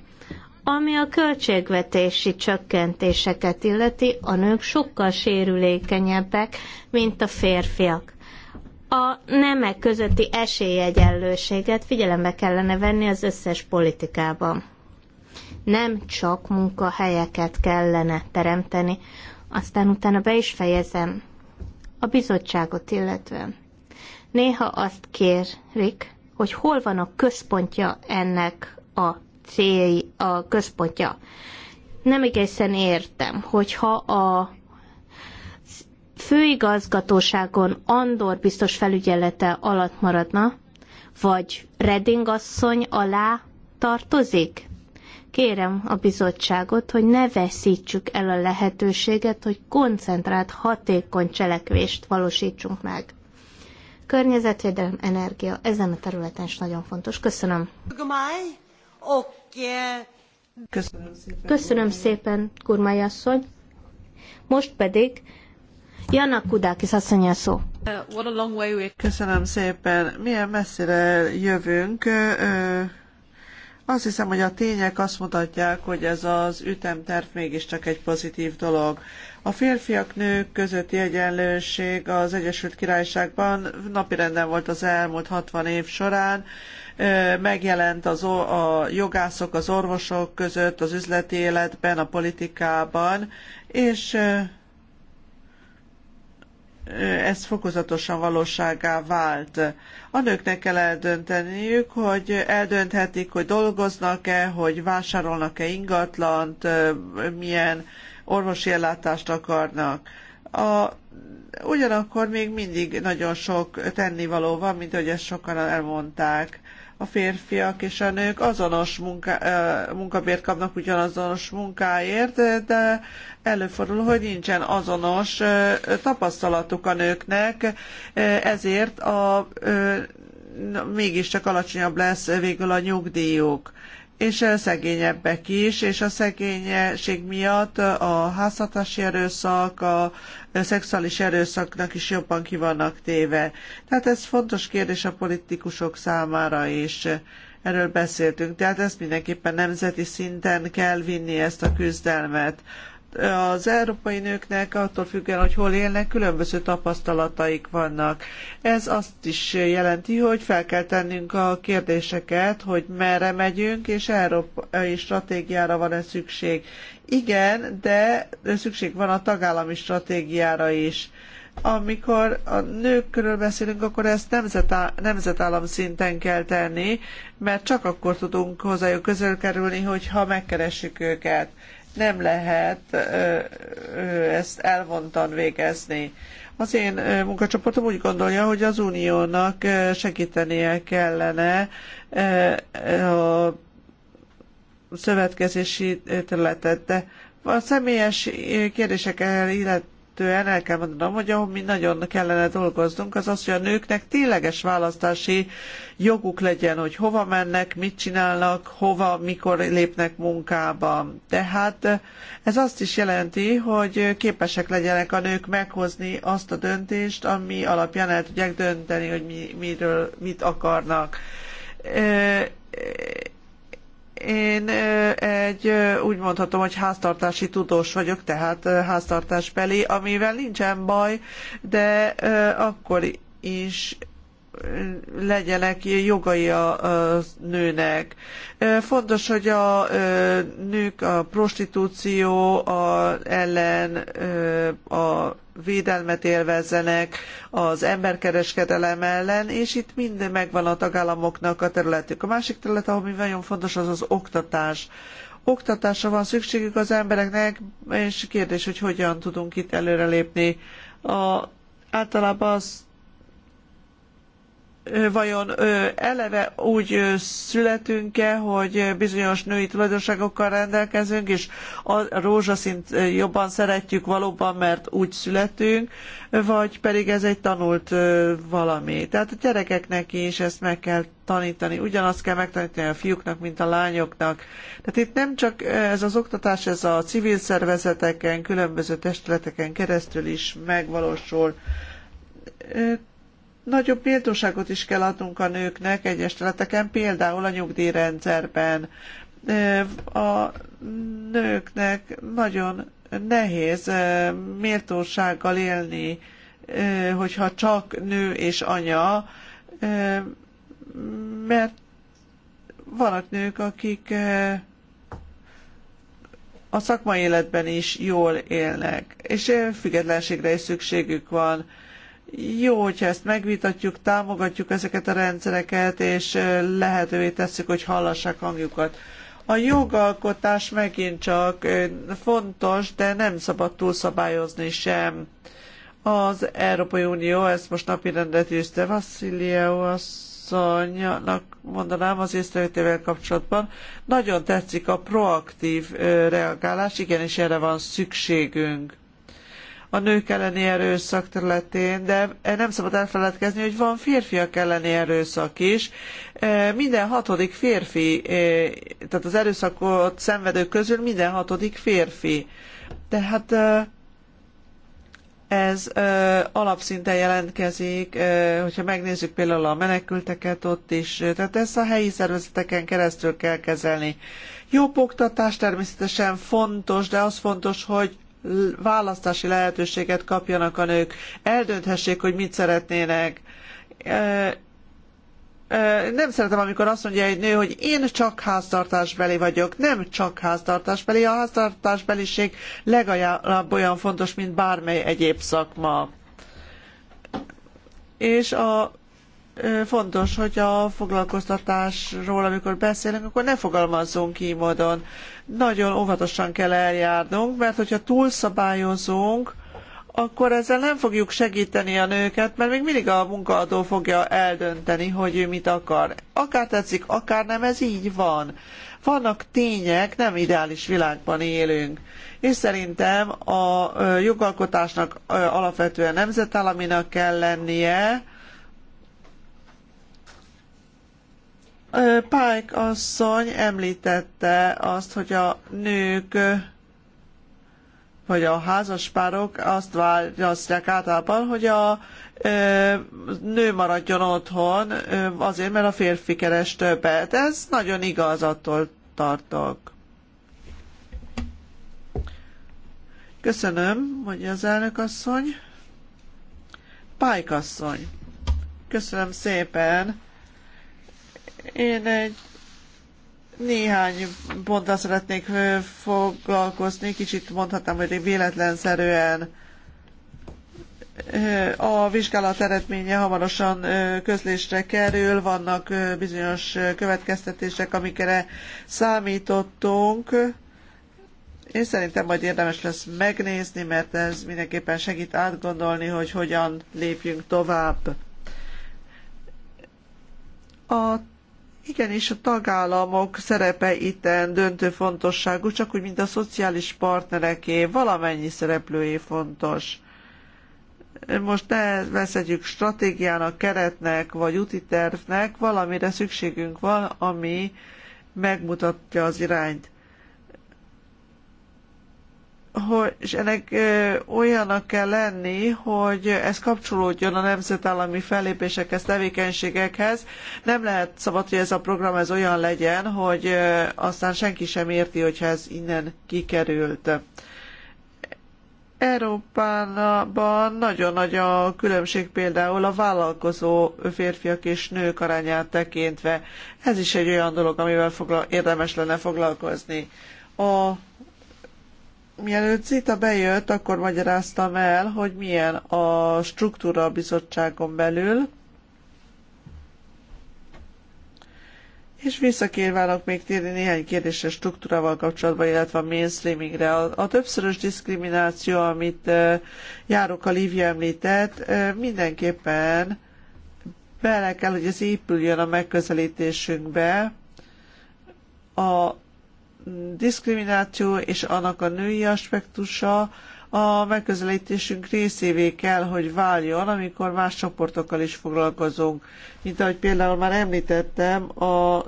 Ami a költségvetési csökkentéseket illeti, a nők sokkal sérülékenyebbek, mint a férfiak. A nemek közötti esélyegyenlőséget figyelembe kellene venni az összes politikában. Nem csak munkahelyeket kellene teremteni, aztán utána be is fejezem a bizottságot illetően. Néha azt kérik, hogy hol van a központja ennek a cél, a központja. Nem igazán értem, hogyha a főigazgatóságon Andor biztos felügyelete alatt maradna, vagy Reding asszony alá tartozik? Kérem a bizottságot, hogy ne veszítsük el a lehetőséget, hogy koncentrált, hatékony cselekvést valósítsunk meg. Környezetvédelem, energia, ezen a területen is nagyon fontos. Köszönöm. Eh, Köszönöm szépen, Kurmai asszony. Most pedig Jana Kudákis asszony a szó. Köszönöm szépen. Milyen messzire jövünk. Azt hiszem, hogy a tények azt mutatják, hogy ez az ütemterv mégiscsak egy pozitív dolog. A férfiak-nők közötti egyenlőség az Egyesült Királyságban napirenden volt az elmúlt 60 év során, megjelent az, a jogászok, az orvosok között, az üzleti életben, a politikában, és ez fokozatosan valóságá vált. A nőknek kell eldönteniük, hogy eldönthetik, hogy dolgoznak-e, hogy vásárolnak-e ingatlant, milyen orvosi ellátást akarnak. A, ugyanakkor még mindig nagyon sok tennivaló van, mint ahogy ezt sokan elmondták a férfiak és a nők azonos munka, munkabért kapnak ugyanazonos munkáért, de előfordul, hogy nincsen azonos tapasztalatuk a nőknek, ezért a mégiscsak alacsonyabb lesz végül a nyugdíjuk és szegényebbek is, és a szegénység miatt a házhatási erőszak, a szexuális erőszaknak is jobban ki vannak téve. Tehát ez fontos kérdés a politikusok számára is. Erről beszéltünk, tehát ezt mindenképpen nemzeti szinten kell vinni ezt a küzdelmet az európai nőknek attól függően, hogy hol élnek, különböző tapasztalataik vannak. Ez azt is jelenti, hogy fel kell tennünk a kérdéseket, hogy merre megyünk, és európai stratégiára van-e szükség. Igen, de szükség van a tagállami stratégiára is amikor a nőkről beszélünk, akkor ezt nemzetállam szinten kell tenni, mert csak akkor tudunk hozzájuk közel kerülni, hogyha megkeressük őket nem lehet ezt elvontan végezni. Az én munkacsoportom úgy gondolja, hogy az uniónak segítenie kellene a szövetkezési területet, de a személyes kérdésekkel illet, illetően el kell mondanom, hogy ahol mi nagyon kellene dolgoznunk, az az, hogy a nőknek tényleges választási joguk legyen, hogy hova mennek, mit csinálnak, hova, mikor lépnek munkába. Tehát ez azt is jelenti, hogy képesek legyenek a nők meghozni azt a döntést, ami alapján el tudják dönteni, hogy mi, miről, mit akarnak én egy úgy mondhatom, hogy háztartási tudós vagyok, tehát háztartásbeli, amivel nincsen baj, de akkor is legyenek jogai a, nőnek. Fontos, hogy a nők a prostitúció a, ellen a védelmet élvezzenek az emberkereskedelem ellen, és itt minden megvan a tagállamoknak a területük. A másik terület, ami nagyon fontos, az az oktatás oktatásra van szükségük az embereknek, és kérdés, hogy hogyan tudunk itt előrelépni. A, általában azt vajon eleve úgy születünk-e, hogy bizonyos női tulajdonságokkal rendelkezünk, és a rózsaszint jobban szeretjük valóban, mert úgy születünk, vagy pedig ez egy tanult valami. Tehát a gyerekeknek is ezt meg kell tanítani, ugyanazt kell megtanítani a fiúknak, mint a lányoknak. Tehát itt nem csak ez az oktatás, ez a civil szervezeteken, különböző testületeken keresztül is megvalósul Nagyobb méltóságot is kell adnunk a nőknek egyes területeken, például a nyugdíjrendszerben. A nőknek nagyon nehéz méltósággal élni, hogyha csak nő és anya, mert vannak nők, akik a szakmai életben is jól élnek, és függetlenségre is szükségük van. Jó, hogyha ezt megvitatjuk, támogatjuk ezeket a rendszereket, és lehetővé tesszük, hogy hallassák hangjukat. A jogalkotás megint csak fontos, de nem szabad túlszabályozni sem. Az Európai Unió ezt most napirendre tűzte. Vasszilieu asszonynak mondanám az észrevétével kapcsolatban. Nagyon tetszik a proaktív reagálás, igenis erre van szükségünk a nők elleni erőszak területén, de e, nem szabad elfeledkezni, hogy van férfiak elleni erőszak is. E, minden hatodik férfi, e, tehát az erőszakot szenvedők közül minden hatodik férfi. Tehát ez alapszinten jelentkezik, hogyha megnézzük például a menekülteket ott is, tehát ezt a helyi szervezeteken keresztül kell kezelni. Jobb oktatás természetesen fontos, de az fontos, hogy választási lehetőséget kapjanak a nők, eldönthessék, hogy mit szeretnének. E, e, nem szeretem, amikor azt mondja egy nő, hogy én csak háztartásbeli vagyok. Nem csak háztartásbeli, a háztartásbeliség legalább olyan fontos, mint bármely egyéb szakma. És a fontos, hogy a foglalkoztatásról, amikor beszélünk, akkor ne fogalmazzunk így módon. Nagyon óvatosan kell eljárnunk, mert hogyha túlszabályozunk, akkor ezzel nem fogjuk segíteni a nőket, mert még mindig a munkaadó fogja eldönteni, hogy ő mit akar. Akár tetszik, akár nem, ez így van. Vannak tények, nem ideális világban élünk. És szerintem a jogalkotásnak alapvetően nemzetállaminak kell lennie, Pike asszony említette azt, hogy a nők vagy a házaspárok azt választják általában, hogy a nő maradjon otthon azért, mert a férfi keres többet. Ez nagyon igaz, attól tartok. Köszönöm, mondja az elnök asszony. Pályk asszony. Köszönöm szépen. Én egy néhány ponttal szeretnék foglalkozni, kicsit mondhatnám, hogy véletlenszerűen a vizsgálat eredménye hamarosan közlésre kerül, vannak bizonyos következtetések, amikre számítottunk. Én szerintem majd érdemes lesz megnézni, mert ez mindenképpen segít átgondolni, hogy hogyan lépjünk tovább. A Igenis, a tagállamok szerepe itten döntő fontosságú, csak úgy, mint a szociális partnereké, valamennyi szereplőé fontos. Most ne veszedjük stratégiának, keretnek vagy úti tervnek, valamire szükségünk van, ami megmutatja az irányt hogy, és ennek olyannak kell lenni, hogy ez kapcsolódjon a nemzetállami fellépésekhez, tevékenységekhez. Nem lehet szabad, hogy ez a program ez olyan legyen, hogy aztán senki sem érti, hogy ez innen kikerült. Európában nagyon nagy a különbség például a vállalkozó férfiak és nők arányát tekintve. Ez is egy olyan dolog, amivel fogla- érdemes lenne foglalkozni. A Mielőtt Zita bejött, akkor magyaráztam el, hogy milyen a struktúra a bizottságon belül, És visszakérvánok még térni néhány kérdésre struktúrával kapcsolatban, illetve a mainstreamingre. A, a többszörös diszkrimináció, amit uh, eh, Járóka Lívia említett, uh, mindenképpen bele kell, hogy ez épüljön a megközelítésünkbe. A diszkrimináció és annak a női aspektusa a megközelítésünk részévé kell, hogy váljon, amikor más csoportokkal is foglalkozunk. Mint ahogy például már említettem, a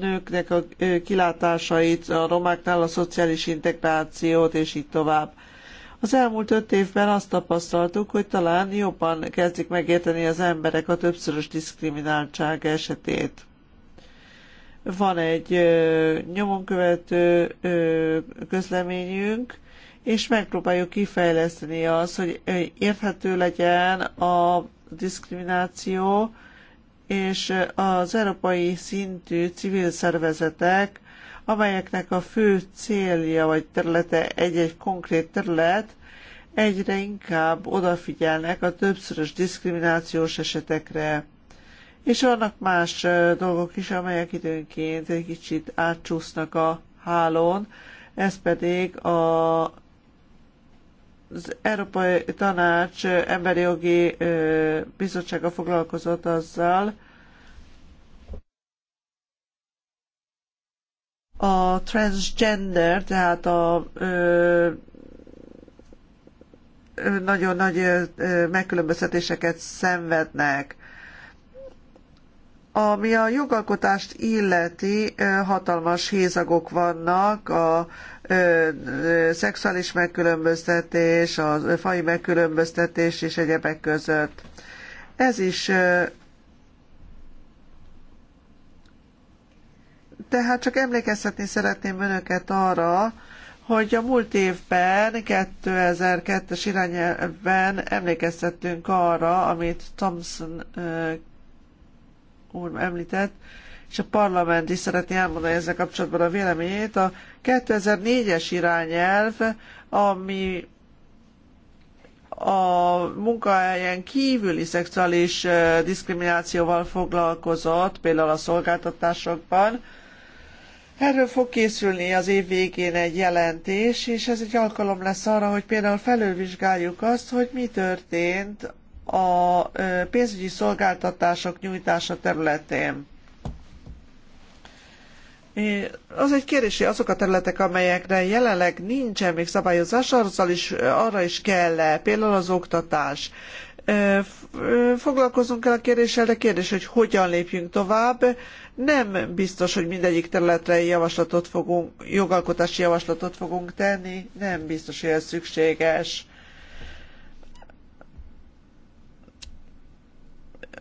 nőknek a kilátásait, a romáknál a szociális integrációt, és így tovább. Az elmúlt öt évben azt tapasztaltuk, hogy talán jobban kezdik megérteni az emberek a többszörös diszkrimináltság esetét. Van egy nyomonkövető közleményünk, és megpróbáljuk kifejleszteni azt, hogy érthető legyen a diszkrimináció, és az európai szintű civil szervezetek, amelyeknek a fő célja vagy területe egy-egy konkrét terület, egyre inkább odafigyelnek a többszörös diszkriminációs esetekre és vannak más dolgok is, amelyek időnként egy kicsit átcsúsznak a hálón, ez pedig a, az Európai Tanács Emberi Jogi Bizottsága foglalkozott azzal, a transgender, tehát a ö, nagyon nagy megkülönböztetéseket szenvednek. Ami a jogalkotást illeti, hatalmas hézagok vannak a ö, ö, szexuális megkülönböztetés, a fai megkülönböztetés és egyebek között. Ez is ö, tehát csak emlékeztetni szeretném önöket arra, hogy a múlt évben, 2002-es irányelvben emlékeztettünk arra, amit Thompson úr említett, és a parlament is szeretné elmondani ezzel kapcsolatban a véleményét. A 2004-es irányelv, ami a munkahelyen kívüli szexuális diszkriminációval foglalkozott, például a szolgáltatásokban, Erről fog készülni az év végén egy jelentés, és ez egy alkalom lesz arra, hogy például felülvizsgáljuk azt, hogy mi történt a pénzügyi szolgáltatások nyújtása területén. Az egy kérdési azok a területek, amelyekre jelenleg nincsen még szabályozás, is, arra is kell -e, például az oktatás. Foglalkozunk el a kérdéssel, de kérdés, hogy hogyan lépjünk tovább. Nem biztos, hogy mindegyik területre javaslatot fogunk, jogalkotási javaslatot fogunk tenni, nem biztos, hogy ez szükséges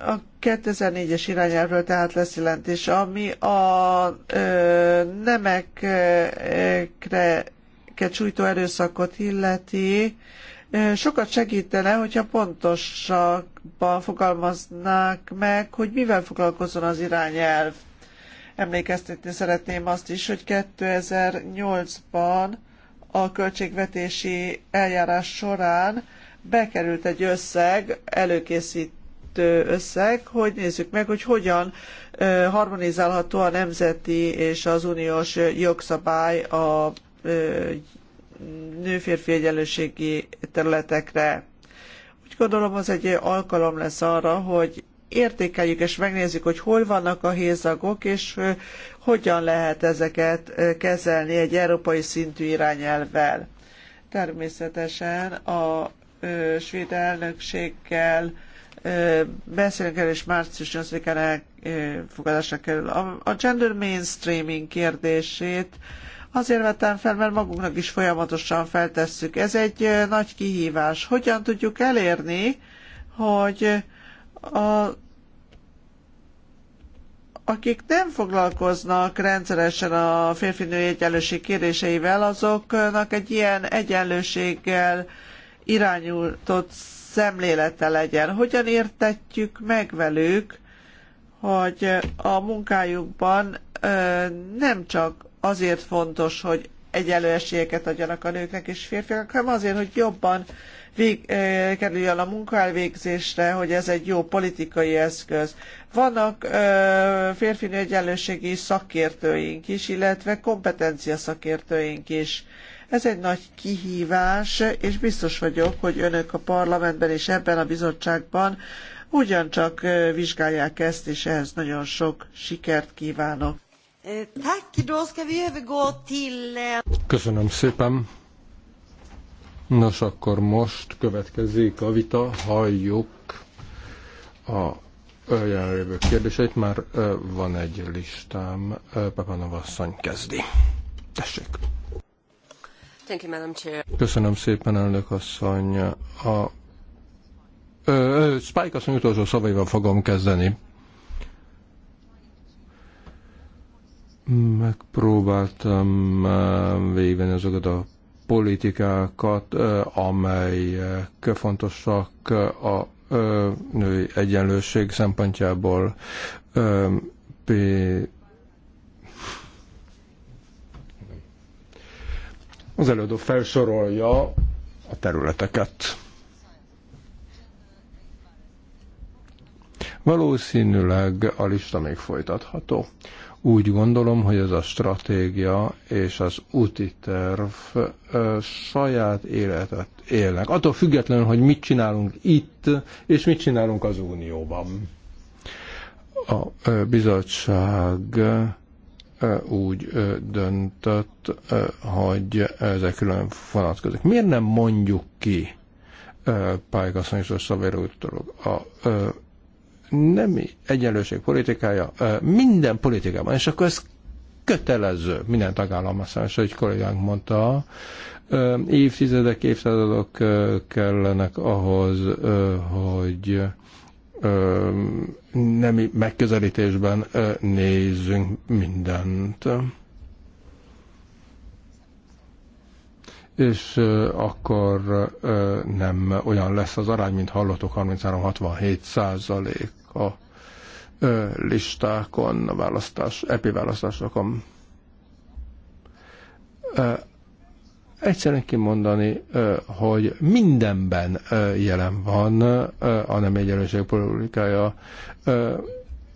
A 2004-es irányelvről tehát lesz jelentés, ami a ö, nemekre sújtó erőszakot illeti. Sokat segítene, hogyha pontosabban fogalmaznák meg, hogy mivel foglalkozzon az irányelv. Emlékeztetni szeretném azt is, hogy 2008-ban a költségvetési eljárás során bekerült egy összeg előkészít összeg, hogy nézzük meg, hogy hogyan harmonizálható a nemzeti és az uniós jogszabály a nő-férfi egyenlőségi területekre. Úgy gondolom, az egy alkalom lesz arra, hogy értékeljük és megnézzük, hogy hol vannak a hézagok, és hogyan lehet ezeket kezelni egy európai szintű irányelvvel. Természetesen a svéd elnökséggel beszélünk el, és március 8-án elfogadásra kerül. A, a gender mainstreaming kérdését azért vettem fel, mert magunknak is folyamatosan feltesszük. Ez egy nagy kihívás. Hogyan tudjuk elérni, hogy a, akik nem foglalkoznak rendszeresen a női egyenlőség kérdéseivel azoknak egy ilyen egyenlőséggel irányultott szemlélete legyen. Hogyan értetjük meg velük, hogy a munkájukban nem csak azért fontos, hogy egyenlő esélyeket adjanak a nőknek és férfiaknak, hanem azért, hogy jobban vég, kerüljön a munka elvégzésre, hogy ez egy jó politikai eszköz. Vannak férfi férfinő egyenlőségi szakértőink is, illetve kompetencia szakértőink is. Ez egy nagy kihívás, és biztos vagyok, hogy önök a parlamentben és ebben a bizottságban ugyancsak vizsgálják ezt, és ehhez nagyon sok sikert kívánok. Eh, eh, Köszönöm szépen. Nos, akkor most következik a vita, halljuk a jelenlévő kérdéseit. Már van egy listám, Papanov asszony kezdi. Tessék! Köszönöm szépen, elnök asszony. A ö, Spike asszony utolsó szavaival fogom kezdeni. Megpróbáltam végigvenni azokat a politikákat, amelyek fontosak a női egyenlőség szempontjából Az előadó felsorolja a területeket. Valószínűleg a lista még folytatható. Úgy gondolom, hogy ez a stratégia és az úti terv ö, saját életet élnek. Attól függetlenül, hogy mit csinálunk itt, és mit csinálunk az Unióban. A ö, bizottság úgy döntött, hogy ezek külön vonatkozik. Miért nem mondjuk ki Pálykasszony és a Szavér a nemi egyenlőség politikája minden politikában, és akkor ez kötelező minden tagállam számára, és egy kollégánk mondta, évtizedek, évszázadok kellenek ahhoz, hogy nemi megközelítésben nézzünk mindent. És akkor nem olyan lesz az arány, mint hallottuk, 33-67 százalék a listákon, a választás, epi választásokon Egyszerűen kimondani, hogy mindenben jelen van a nem egyenlőség politikája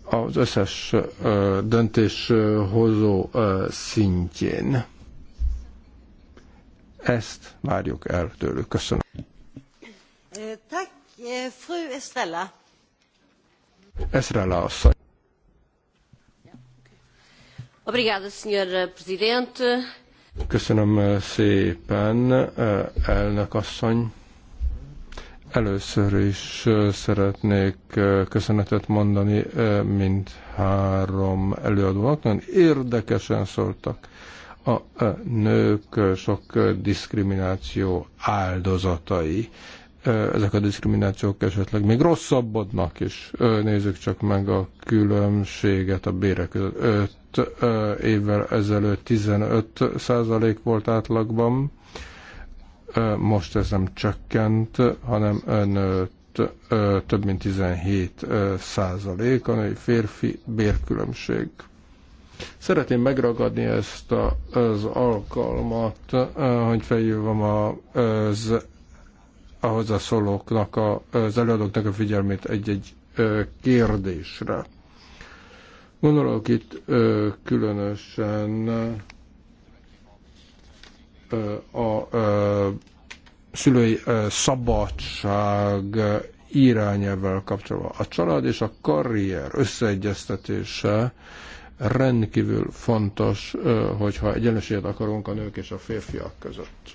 az összes döntéshozó szintjén. Ezt várjuk el tőlük. Köszönöm. Estrella asszony. Obrigada, Sr. Presidente. Köszönöm eh, szépen, eh, elnök asszony. Először is eh, szeretnék köszönetet mondani mind három előadónak. Nagyon érdekesen szóltak. A nők sok diszkrimináció áldozatai. Ezek a diszkriminációk esetleg még rosszabbodnak is. Nézzük csak meg a különbséget a bérek között évvel ezelőtt 15 százalék volt átlagban, most ez nem csökkent, hanem nőtt több mint 17 százalék, a női férfi bérkülönbség. Szeretném megragadni ezt a, az alkalmat, hogy felhívom az a hozzászólóknak, az előadóknak a figyelmét egy-egy kérdésre. Gondolok itt ö, különösen ö, a ö, szülői ö, szabadság irányával kapcsolatban. A család és a karrier összeegyeztetése rendkívül fontos, ö, hogyha egyenlőséget akarunk a nők és a férfiak között.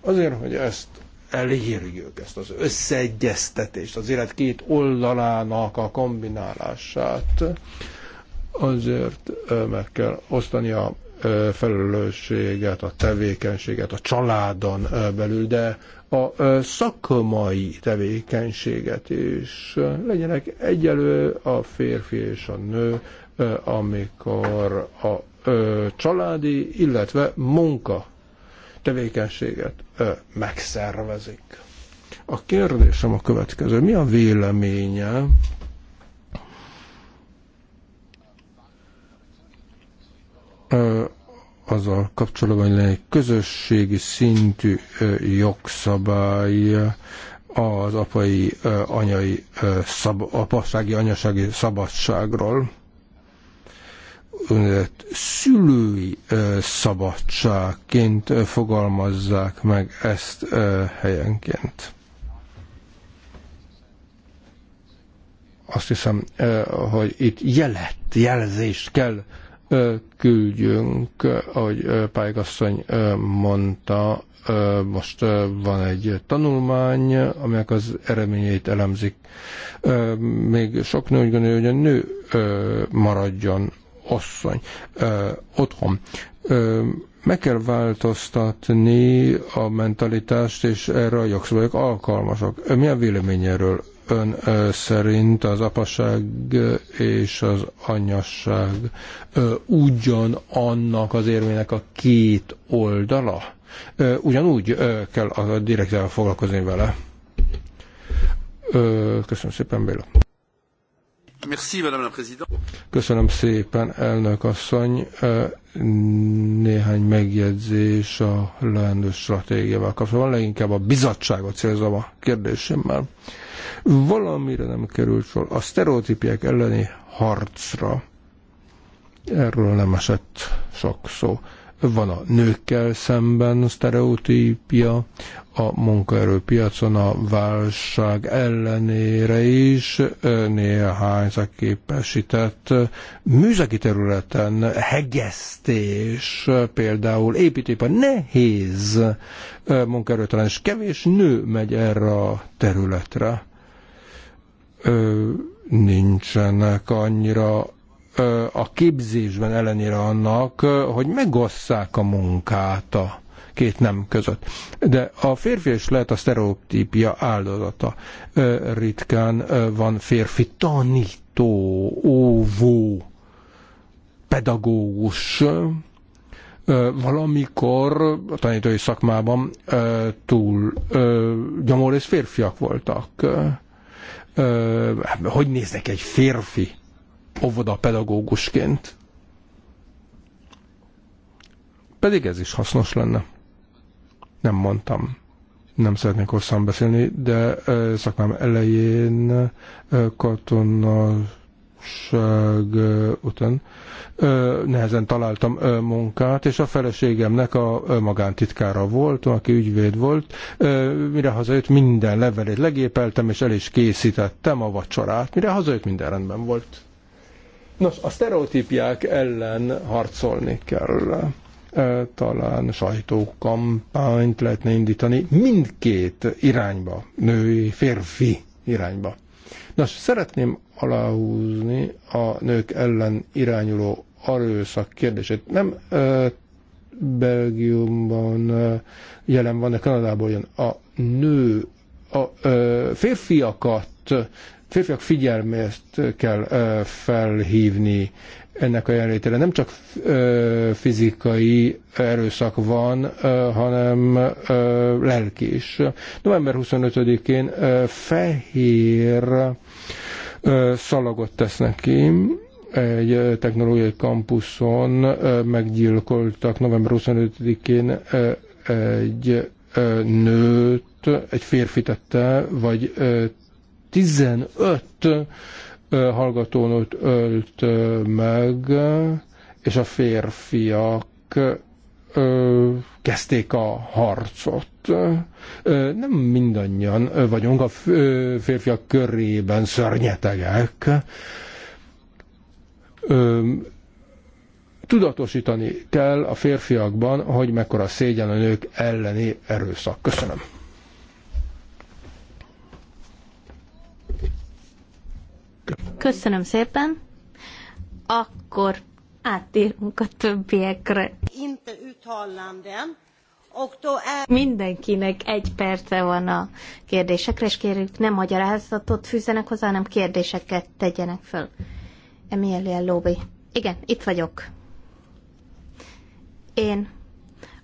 Azért, hogy ezt elérjük ezt az összeegyeztetést, az élet két oldalának a kombinálását, azért meg kell osztani a felelősséget, a tevékenységet a családon belül, de a szakmai tevékenységet is. Legyenek egyelő a férfi és a nő, amikor a családi, illetve munka tevékenységet megszervezik. A kérdésem a következő. Mi a véleménye a kapcsolatban, hogy egy közösségi szintű jogszabály az apai, anyai, szab, apassági, anyasági szabadságról, szülői szabadságként fogalmazzák meg ezt helyenként. Azt hiszem, hogy itt jelet, jelzést kell küldjünk, ahogy Pálygasszony mondta, most van egy tanulmány, amelyek az eredményeit elemzik. Még sok nő úgy gondolja, hogy a nő maradjon asszony otthon. Meg kell változtatni a mentalitást, és erre a jogszabályok alkalmasak. a vélemény erről ön szerint az apaság és az anyasság ugyanannak az érvének a két oldala? Ugyanúgy kell a direktel foglalkozni vele. Köszönöm szépen, Béla. Köszönöm szépen, elnök asszony. Néhány megjegyzés a leendő stratégiával kapcsolatban, leginkább a bizottságot célzom a kérdésemmel. Valamire nem került sor. A sztereotípiek elleni harcra. Erről nem esett sok szó van a nőkkel szemben a sztereotípia, a munkaerőpiacon a válság ellenére is néhány képesített műszaki területen hegesztés, például építőipar nehéz munkaerőtelen, és kevés nő megy erre a területre. Nincsenek annyira a képzésben ellenére annak, hogy megosszák a munkát a két nem között. De a férfi is lehet a sztereotípia áldozata. Ritkán van férfi tanító, óvó, pedagógus, valamikor a tanítói szakmában túl gyomorész férfiak voltak. Hogy néznek egy férfi óvodapedagógusként. Pedig ez is hasznos lenne. Nem mondtam. Nem szeretnék hosszan beszélni, de szakmám elején katonaság után nehezen találtam munkát, és a feleségemnek a magántitkára volt, aki ügyvéd volt. Mire hazajött, minden levelét legépeltem, és el is készítettem a vacsorát. Mire hazajött, minden rendben volt. Nos, a sztereotípiák ellen harcolni kell. Talán sajtókampányt lehetne indítani mindkét irányba, női, férfi irányba. Nos, szeretném aláhúzni a nők ellen irányuló erőszak kérdését. Nem ö, Belgiumban ö, jelen van, de Kanadában jön. A nő a ö, férfiakat férfiak figyelmét kell felhívni ennek a jelenlétére. Nem csak fizikai erőszak van, hanem lelki is. November 25-én fehér szalagot tesznek ki, egy technológiai kampuszon meggyilkoltak november 25-én egy nőt, egy férfi tette, vagy 15 hallgatónőt ölt meg, és a férfiak kezdték a harcot. Nem mindannyian vagyunk a férfiak körében szörnyetegek. Tudatosítani kell a férfiakban, hogy mekkora szégyen a nők elleni erőszak. Köszönöm. Köszönöm szépen. Akkor áttérünk a többiekre. Mindenkinek egy perce van a kérdésekre, és kérjük, nem magyarázatot fűzenek hozzá, hanem kérdéseket tegyenek föl. Emilia Lóbi. Igen, itt vagyok. Én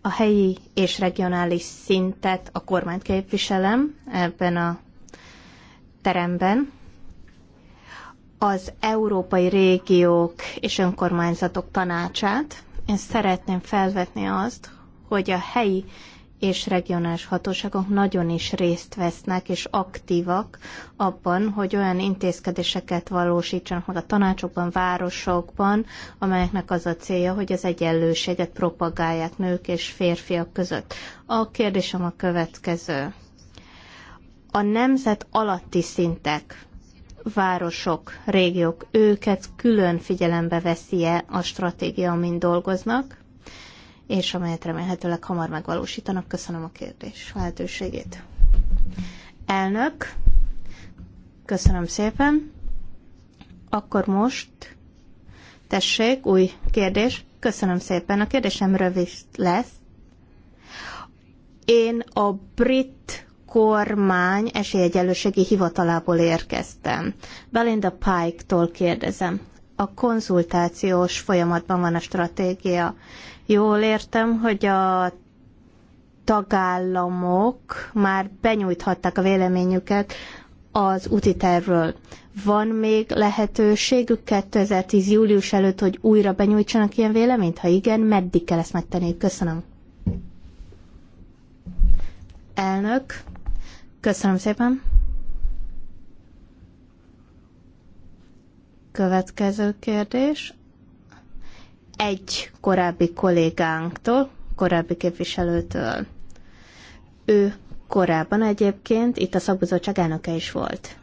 a helyi és regionális szintet, a kormányt képviselem ebben a teremben, az Európai Régiók és Önkormányzatok Tanácsát. Én szeretném felvetni azt, hogy a helyi és regionális hatóságok nagyon is részt vesznek és aktívak abban, hogy olyan intézkedéseket valósítsanak meg a tanácsokban, városokban, amelyeknek az a célja, hogy az egyenlőséget propagálják nők és férfiak között. A kérdésem a következő. A nemzet alatti szintek városok, régiók, őket külön figyelembe veszi-e a stratégia, amin dolgoznak, és amelyet remélhetőleg hamar megvalósítanak. Köszönöm a kérdés lehetőségét. Elnök, köszönöm szépen. Akkor most, tessék, új kérdés. Köszönöm szépen. A kérdésem rövid lesz. Én a brit kormány esélyegyelőségi hivatalából érkeztem. Belinda Pike-tól kérdezem. A konzultációs folyamatban van a stratégia. Jól értem, hogy a tagállamok már benyújthatták a véleményüket az úti tervről. Van még lehetőségük 2010. július előtt, hogy újra benyújtsanak ilyen véleményt? Ha igen, meddig kell ezt megtenni? Köszönöm. Elnök, Köszönöm szépen. Következő kérdés. Egy korábbi kollégánktól, korábbi képviselőtől. Ő korábban egyébként itt a szakbizottság elnöke is volt.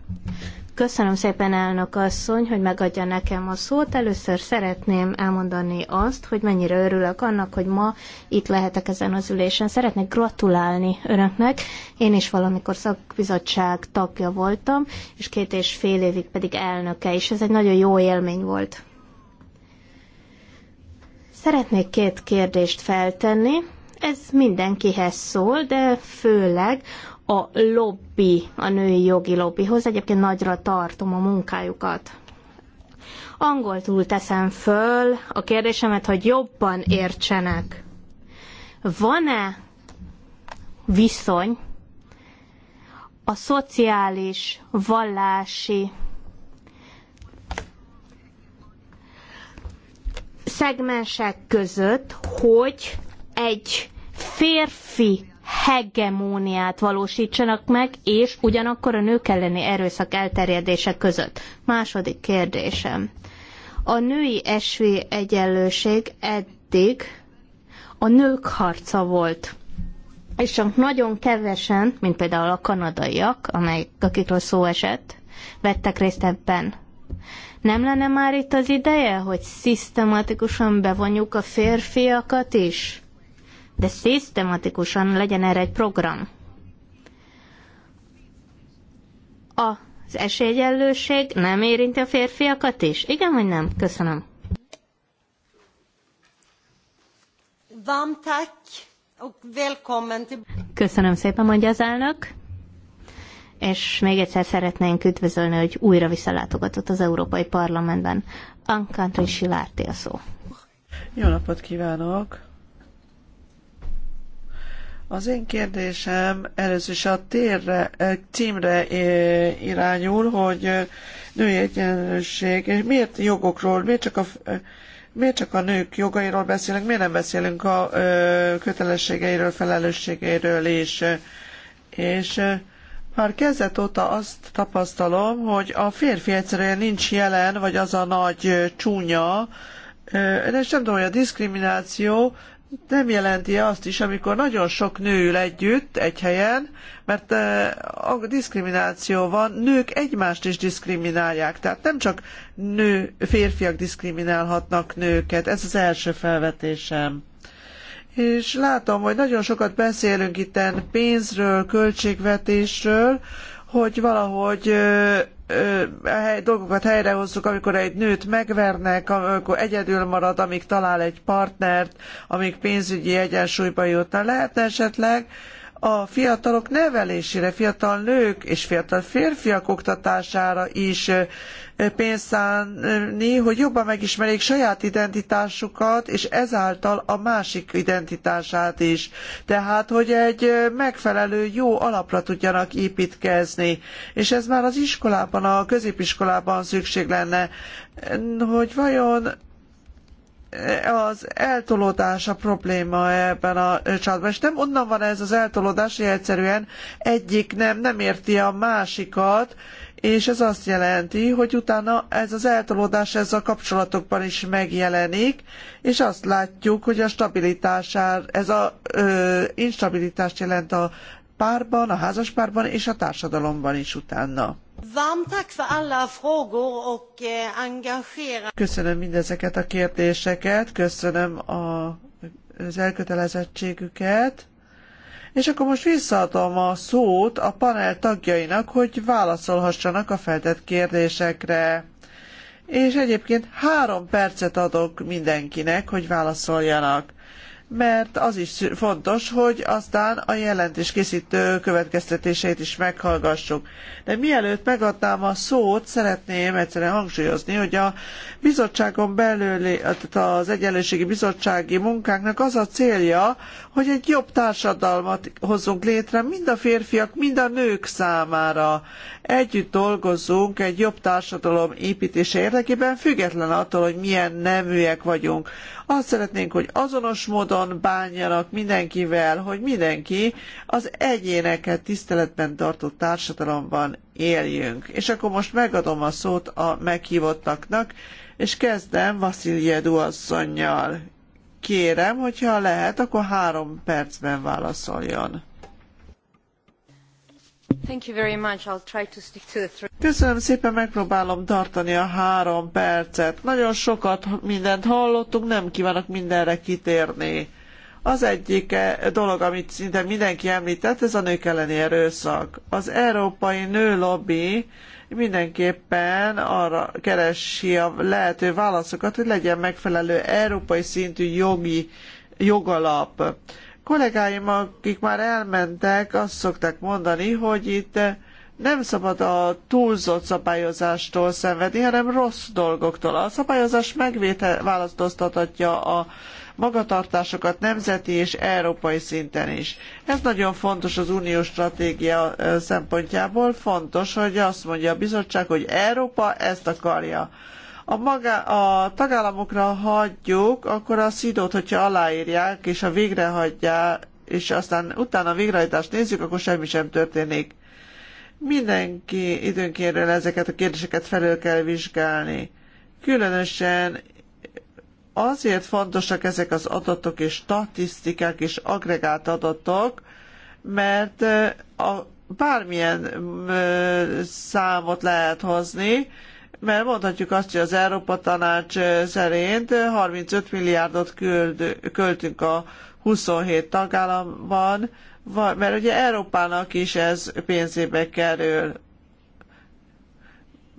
Köszönöm szépen, elnök asszony, hogy megadja nekem a szót. Először szeretném elmondani azt, hogy mennyire örülök annak, hogy ma itt lehetek ezen az ülésen. Szeretnék gratulálni önöknek. Én is valamikor szakbizottság tagja voltam, és két és fél évig pedig elnöke is. Ez egy nagyon jó élmény volt. Szeretnék két kérdést feltenni. Ez mindenkihez szól, de főleg a lobby, a női jogi lobbyhoz. Egyébként nagyra tartom a munkájukat. Angoltul teszem föl a kérdésemet, hogy jobban értsenek. Van-e viszony a szociális, vallási szegmensek között, hogy egy férfi hegemóniát valósítsanak meg, és ugyanakkor a nők elleni erőszak elterjedése között. Második kérdésem. A női esvi egyenlőség eddig a nők harca volt. És csak nagyon kevesen, mint például a kanadaiak, amely, akikről szó esett, vettek részt ebben. Nem lenne már itt az ideje, hogy szisztematikusan bevonjuk a férfiakat is? de szisztematikusan legyen erre egy program. Az esélyegyenlőség nem érinti a férfiakat is? Igen vagy nem? Köszönöm. Köszönöm szépen, mondja az elnök. És még egyszer szeretnénk üdvözölni, hogy újra visszalátogatott az Európai Parlamentben. Ankantri Silárti a szó. Jó napot kívánok! Az én kérdésem először is a térre, eh, címre eh, irányul, hogy eh, női egyenlőség, és miért jogokról, miért csak a miért csak a nők jogairól beszélünk, miért nem beszélünk a kötelességeiről, felelősségeiről is. És már kezdet óta azt tapasztalom, hogy a férfi egyszerűen nincs jelen, vagy az a nagy csúnya, ö, sem nem tudom, hogy a diszkrimináció nem jelenti azt is, amikor nagyon sok nő ül együtt egy helyen, mert a diszkrimináció van, nők egymást is diszkriminálják, tehát nem csak nő, férfiak diszkriminálhatnak nőket, ez az első felvetésem. És látom, hogy nagyon sokat beszélünk itten pénzről, költségvetésről, hogy valahogy a hely, dolgokat helyrehozzuk, amikor egy nőt megvernek, amikor egyedül marad, amíg talál egy partnert, amíg pénzügyi egyensúlyba jutna. Lehetne esetleg a fiatalok nevelésére, fiatal nők és fiatal férfiak oktatására is pénzt szánni, hogy jobban megismerjék saját identitásukat, és ezáltal a másik identitását is. Tehát, hogy egy megfelelő jó alapra tudjanak építkezni. És ez már az iskolában, a középiskolában szükség lenne, hogy vajon az eltolódás a probléma ebben a csatban, és nem onnan van ez az eltolódás, hogy egyszerűen egyik nem, nem érti a másikat, és ez azt jelenti, hogy utána ez az eltolódás ez a kapcsolatokban is megjelenik, és azt látjuk, hogy a stabilitásár, ez a ö, instabilitást jelent a párban, a házaspárban és a társadalomban is utána. Eh, köszönöm mindezeket a kérdéseket, köszönöm a, az elkötelezettségüket. És akkor most visszaadom a szót a panel tagjainak, hogy válaszolhassanak a feltett kérdésekre. És egyébként három percet adok mindenkinek, hogy válaszoljanak mert az is fontos, hogy aztán a jelentés készítő következtetéseit is meghallgassuk. De mielőtt megadnám a szót, szeretném egyszerűen hangsúlyozni, hogy a bizottságon belül, az Egyenlőségi Bizottsági munkánknak az a célja, hogy egy jobb társadalmat hozzunk létre mind a férfiak, mind a nők számára. Együtt dolgozzunk egy jobb társadalom építése érdekében, független attól, hogy milyen neműek vagyunk. Azt szeretnénk, hogy azonos módon módon bánjanak mindenkivel, hogy mindenki az egyéneket tiszteletben tartó társadalomban éljünk. És akkor most megadom a szót a meghívottaknak, és kezdem Vasiljedu asszonynal. Kérem, hogyha lehet, akkor három percben válaszoljon. Köszönöm szépen, megpróbálom tartani a három percet. Nagyon sokat mindent hallottunk, nem kívánok mindenre kitérni. Az egyik e dolog, amit szinte mindenki említett, ez a nők elleni erőszak. Az Európai Nőlobbi mindenképpen arra keresi a lehető válaszokat, hogy legyen megfelelő európai szintű jogi jogalap kollégáim, akik már elmentek, azt szokták mondani, hogy itt nem szabad a túlzott szabályozástól szenvedni, hanem rossz dolgoktól. A szabályozás megváltoztathatja a magatartásokat nemzeti és európai szinten is. Ez nagyon fontos az uniós stratégia szempontjából. Fontos, hogy azt mondja a bizottság, hogy Európa ezt akarja a, maga, a tagállamokra hagyjuk, akkor a szidót, hogyha aláírják, és a végrehajtja, és aztán utána a végrehajtást nézzük, akkor semmi sem történik. Mindenki időnként ezeket a kérdéseket felül kell vizsgálni. Különösen azért fontosak ezek az adatok és statisztikák és agregált adatok, mert a bármilyen számot lehet hozni, mert mondhatjuk azt, hogy az Európa Tanács szerint 35 milliárdot küld, költünk a 27 tagállamban, mert ugye Európának is ez pénzébe kerül,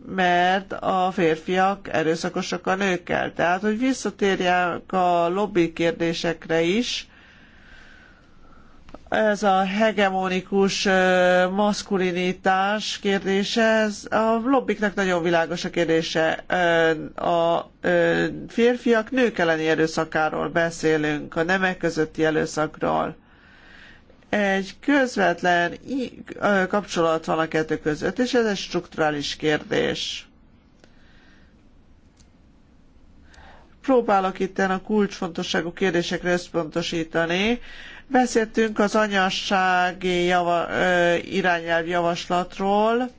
mert a férfiak erőszakosak a nőkkel. Tehát, hogy visszatérjek a lobby kérdésekre is, ez a hegemonikus maszkulinitás kérdése, ez a lobbiknak nagyon világos a kérdése. A férfiak nők elleni erőszakáról beszélünk, a nemek közötti erőszakról. Egy közvetlen kapcsolat van a kettő között, és ez egy strukturális kérdés. Próbálok itt a kulcsfontosságú kérdésekre összpontosítani Beszéltünk az anyassági java, irányelv javaslatról.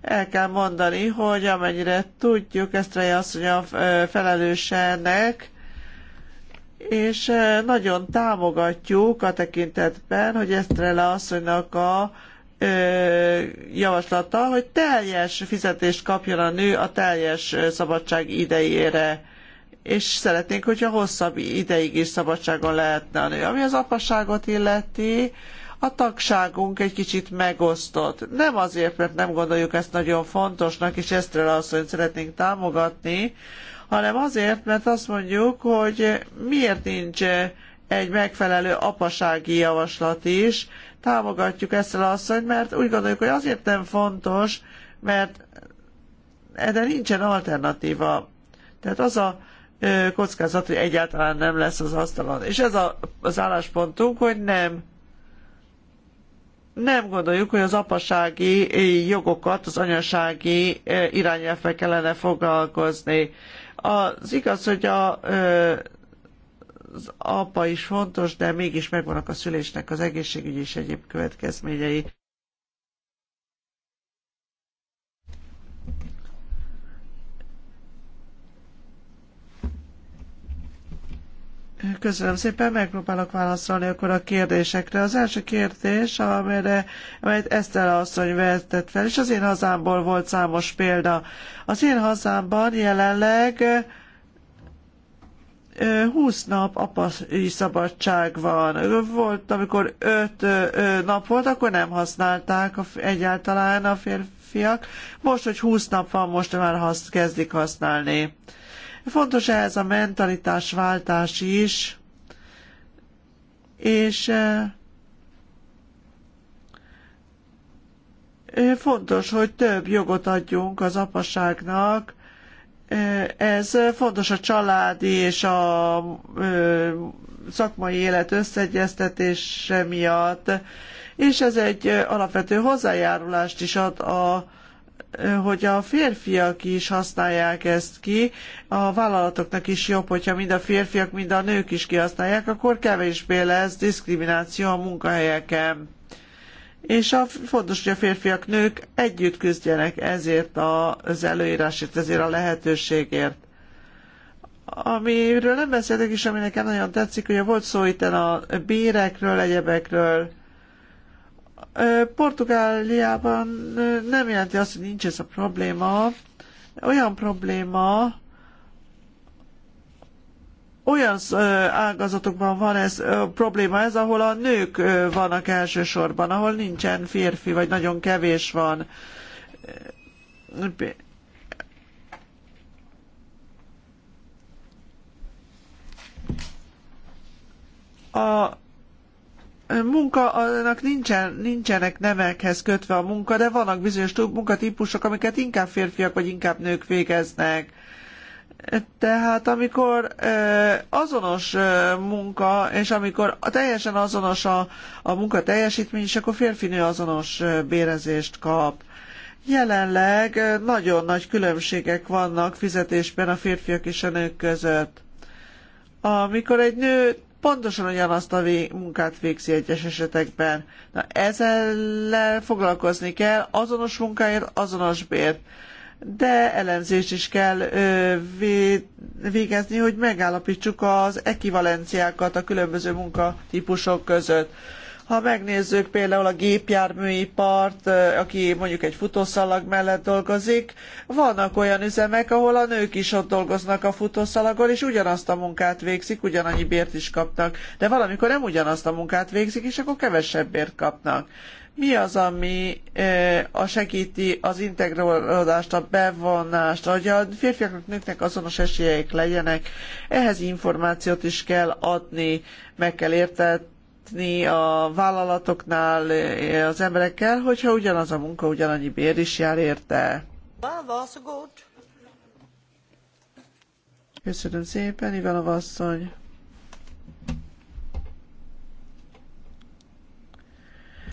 El kell mondani, hogy amennyire tudjuk, ezt asszony a felelős ennek, és nagyon támogatjuk a tekintetben, hogy Esztrele asszonynak a javaslata, hogy teljes fizetést kapjon a nő a teljes szabadság idejére és szeretnénk, hogyha hosszabb ideig is szabadságon lehetne a nő. Ami az apaságot illeti, a tagságunk egy kicsit megosztott. Nem azért, mert nem gondoljuk ezt nagyon fontosnak, és ezt asszonyt szeretnénk támogatni, hanem azért, mert azt mondjuk, hogy miért nincs egy megfelelő apasági javaslat is. Támogatjuk ezt asszonyt, mert úgy gondoljuk, hogy azért nem fontos, mert erre nincsen alternatíva. Tehát az a kockázat, hogy egyáltalán nem lesz az asztalon. És ez a, az álláspontunk, hogy nem nem gondoljuk, hogy az apasági jogokat az anyasági irányelvbe kellene foglalkozni. Az igaz, hogy a, az apa is fontos, de mégis megvannak a szülésnek az egészségügyi és egyéb következményei. Köszönöm szépen, megpróbálok válaszolni akkor a kérdésekre. Az első kérdés, amelyre, amelyet Eszter asszony vetett fel, és az én hazámból volt számos példa. Az én hazámban jelenleg 20 nap apai szabadság van. Volt, amikor 5 nap volt, akkor nem használták egyáltalán a férfiak. Most, hogy 20 nap van, most már kezdik használni. Fontos ez a mentalitásváltás is, és eh, eh, fontos, hogy több jogot adjunk az apaságnak, eh, ez fontos a családi és a szakmai élet összeegyeztetése miatt, és ez egy alapvető hozzájárulást is ad a hogy a férfiak is használják ezt ki, a vállalatoknak is jobb, hogyha mind a férfiak, mind a nők is kihasználják, akkor kevésbé lesz diszkrimináció a munkahelyeken. És a, fontos, hogy a férfiak, nők együtt küzdjenek ezért a, az előírásért, ezért a lehetőségért. Amiről nem beszéltek is, ami nekem nagyon tetszik, ugye volt szó itt a bérekről, egyebekről, Portugáliában nem jelenti azt, hogy nincs ez a probléma. Olyan probléma, olyan ágazatokban van ez a probléma, ez ahol a nők vannak elsősorban, ahol nincsen férfi, vagy nagyon kevés van. A munkának nincsen, nincsenek nemekhez kötve a munka, de vannak bizonyos munkatípusok, amiket inkább férfiak vagy inkább nők végeznek. Tehát amikor azonos munka, és amikor teljesen azonos a, a munka teljesítmény, és akkor férfinő azonos bérezést kap. Jelenleg nagyon nagy különbségek vannak fizetésben a férfiak és a nők között. Amikor egy nő pontosan azt a vég, munkát végzi egyes esetekben. Na ezzel foglalkozni kell, azonos munkáért, azonos bért. De elemzést is kell ö, vé, végezni, hogy megállapítsuk az ekivalenciákat a különböző munkatípusok között ha megnézzük például a gépjárműipart, aki mondjuk egy futószalag mellett dolgozik, vannak olyan üzemek, ahol a nők is ott dolgoznak a futószalagon, és ugyanazt a munkát végzik, ugyanannyi bért is kapnak. De valamikor nem ugyanazt a munkát végzik, és akkor kevesebb bért kapnak mi az, ami a segíti az integrálódást, a bevonást, hogy a férfiaknak, nőknek azonos esélyeik legyenek. Ehhez információt is kell adni, meg kell értet, látni a vállalatoknál eh, az emberekkel, hogyha ugyanaz a munka, ugyanannyi bér is jár érte. Köszönöm szépen, Ivanov asszony.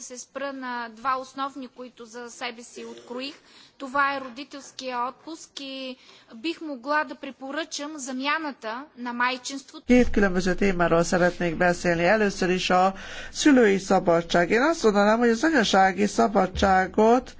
се спра на два основни, които за себе си откроих. Това е родителския отпуск и бих могла да препоръчам замяната на майчинството. Két különböző témáról szeretnék beszélni. Először is a szülői szabadság. Én azt mondanám, hogy az anyasági szabadságot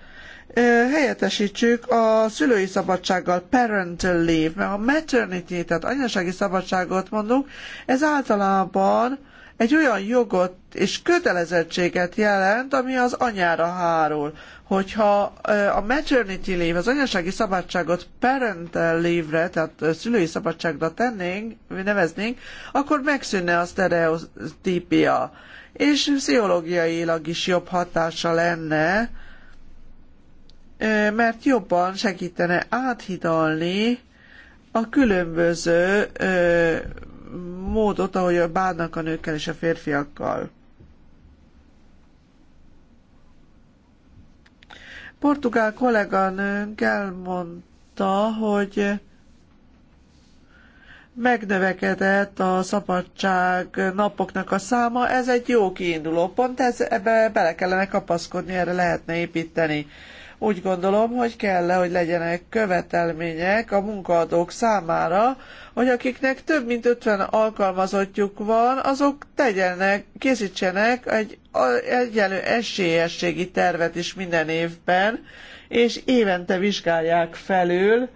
helyettesítsük a szülői szabadsággal, parental leave, mert a maternity, tehát anyasági szabadságot mondunk, ez általában egy olyan jogot és kötelezettséget jelent, ami az anyára hárul. Hogyha a maternity leave, az anyasági szabadságot parental leave-re, tehát szülői szabadságra tennénk, neveznénk, akkor megszűnne a sztereotípia. És pszichológiailag is jobb hatása lenne, mert jobban segítene áthidalni a különböző módot, ahogy bánnak a nőkkel és a férfiakkal. Portugál kolléganőnk elmondta, hogy megnövekedett a szabadság napoknak a száma, ez egy jó kiinduló pont, ez, ebbe bele kellene kapaszkodni, erre lehetne építeni. Úgy gondolom, hogy kell -e, hogy legyenek követelmények a munkaadók számára, hogy akiknek több mint 50 alkalmazottjuk van, azok tegyenek, készítsenek egy egyenlő esélyességi tervet is minden évben, és évente vizsgálják felül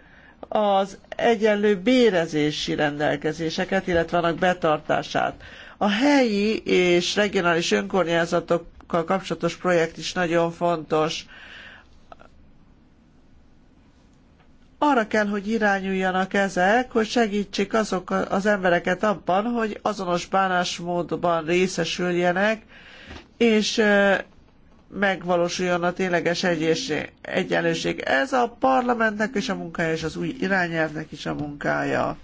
az egyenlő bérezési rendelkezéseket, illetve annak betartását. A helyi és regionális önkormányzatokkal kapcsolatos projekt is nagyon fontos. arra kell, hogy irányuljanak ezek, hogy segítsék azok az embereket abban, hogy azonos bánásmódban részesüljenek, és megvalósuljon a tényleges egyenlőség. Ez a parlamentnek és a munkája, és az új irányelvnek is a munkája.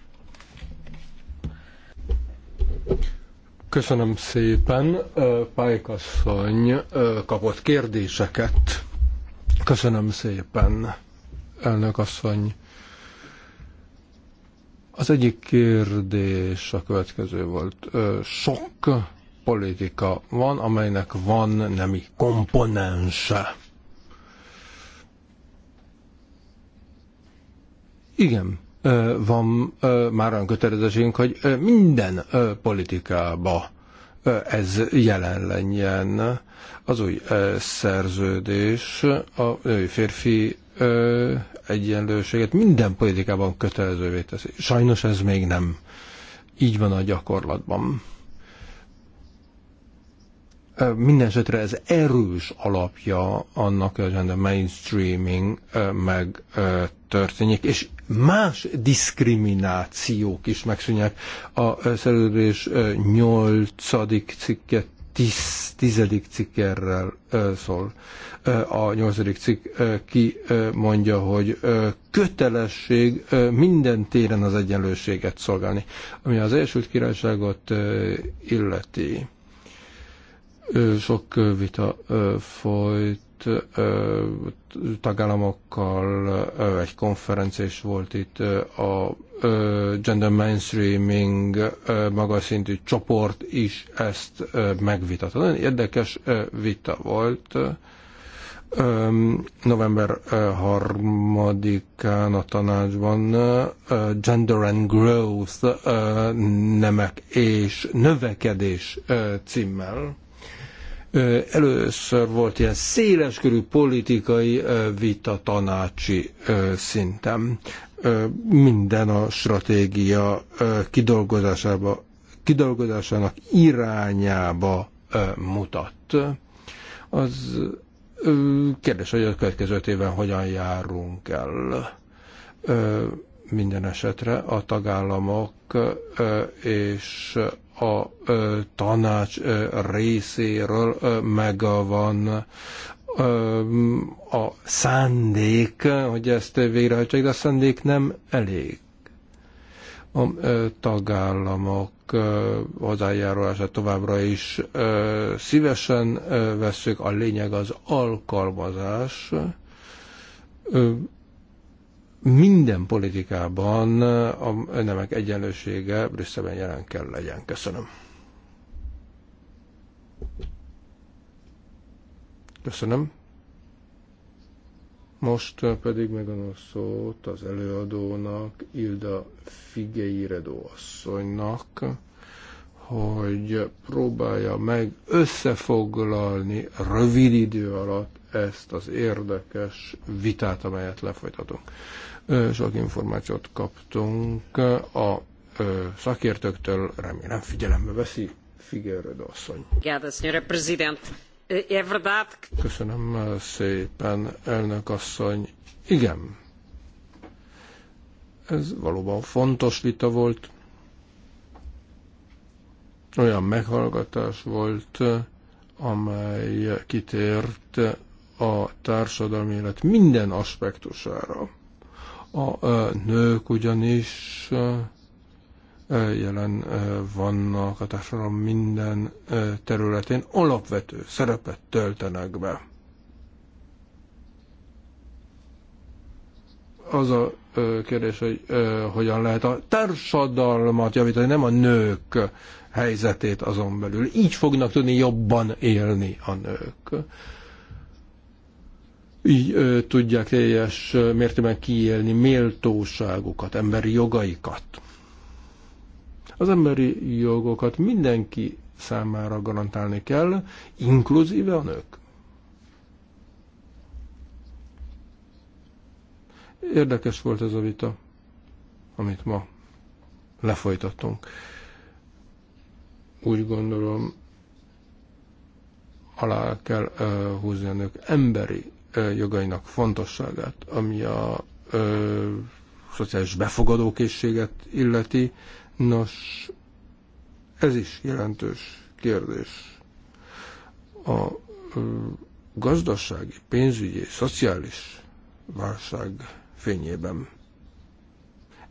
Köszönöm szépen. Pálykasszony kapott kérdéseket. Köszönöm szépen elnök asszony. Az egyik kérdés a következő volt. Sok politika van, amelynek van nemi komponense. Igen, van már olyan kötelezettségünk, hogy minden politikába ez jelen legyen. Az új szerződés a női férfi ö, egyenlőséget minden politikában kötelezővé teszi. Sajnos ez még nem így van a gyakorlatban. Mindenesetre ez erős alapja annak, hogy a mainstreaming meg történik, és más diszkriminációk is megszűnnek. A szerződés 8. cikket tíz, tizedik cikkerrel szól. A nyolcadik cikk ki mondja, hogy kötelesség minden téren az egyenlőséget szolgálni, ami az Egyesült Királyságot illeti. Sok vita folyt volt tagállamokkal, egy konferencia is volt itt a gender mainstreaming magas szintű csoport is ezt megvitatta. Nagyon érdekes vita volt. November 3-án a tanácsban Gender and Growth nemek és növekedés címmel Először volt ilyen széleskörű politikai vita tanácsi szinten. Minden a stratégia kidolgozásába, kidolgozásának irányába mutat. Az kérdés, hogy a következő évben hogyan járunk el minden esetre a tagállamok és a tanács részéről megvan a szándék, hogy ezt végrehajtsák, de a szándék nem elég. A tagállamok hozzájárulása továbbra is szívesen veszük, a lényeg az alkalmazás minden politikában a nemek egyenlősége Brüsszelben jelen kell legyen. Köszönöm. Köszönöm. Most pedig megadom a szót az előadónak, Ilda Figeiredó asszonynak, hogy próbálja meg összefoglalni rövid idő alatt ezt az érdekes vitát, amelyet lefolytatunk. Sok információt kaptunk a szakértőktől, remélem figyelembe veszi Figueredo asszony. Köszönöm szépen, elnök asszony. Igen, ez valóban fontos vita volt, olyan meghallgatás volt, amely kitért a társadalmi élet minden aspektusára. A nők ugyanis jelen vannak a társadalom minden területén, alapvető szerepet töltenek be. Az a kérdés, hogy hogyan lehet a társadalmat javítani, nem a nők helyzetét azon belül. Így fognak tudni jobban élni a nők így ö, tudják teljes mértében kiélni méltóságukat, emberi jogaikat. Az emberi jogokat mindenki számára garantálni kell, inkluzíve a nők. Érdekes volt ez a vita, amit ma lefolytattunk. Úgy gondolom, alá kell uh, húzni a nők emberi jogainak fontosságát, ami a ö, szociális befogadókészséget illeti. Nos, ez is jelentős kérdés. A ö, gazdasági, pénzügyi, szociális válság fényében.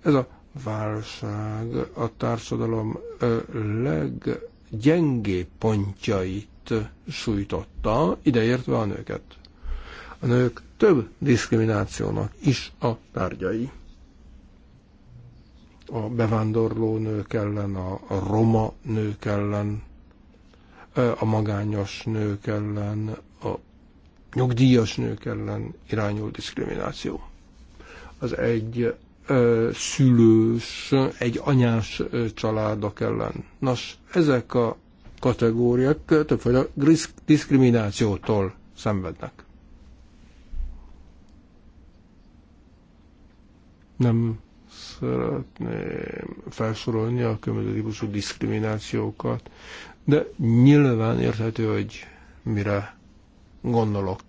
Ez a válság a társadalom gyengé pontjait sújtotta, ideértve a nőket. A nők több diszkriminációnak is a tárgyai. A bevándorló nők ellen, a roma nők ellen, a magányos nők ellen, a nyugdíjas nők ellen irányul diszkrimináció. Az egy szülős, egy anyás családok ellen. Nos, ezek a kategóriák többfajta diszkriminációtól szenvednek. Nem szeretném felsorolni a különböző típusú diszkriminációkat, de nyilván érthető, hogy mire gondolok.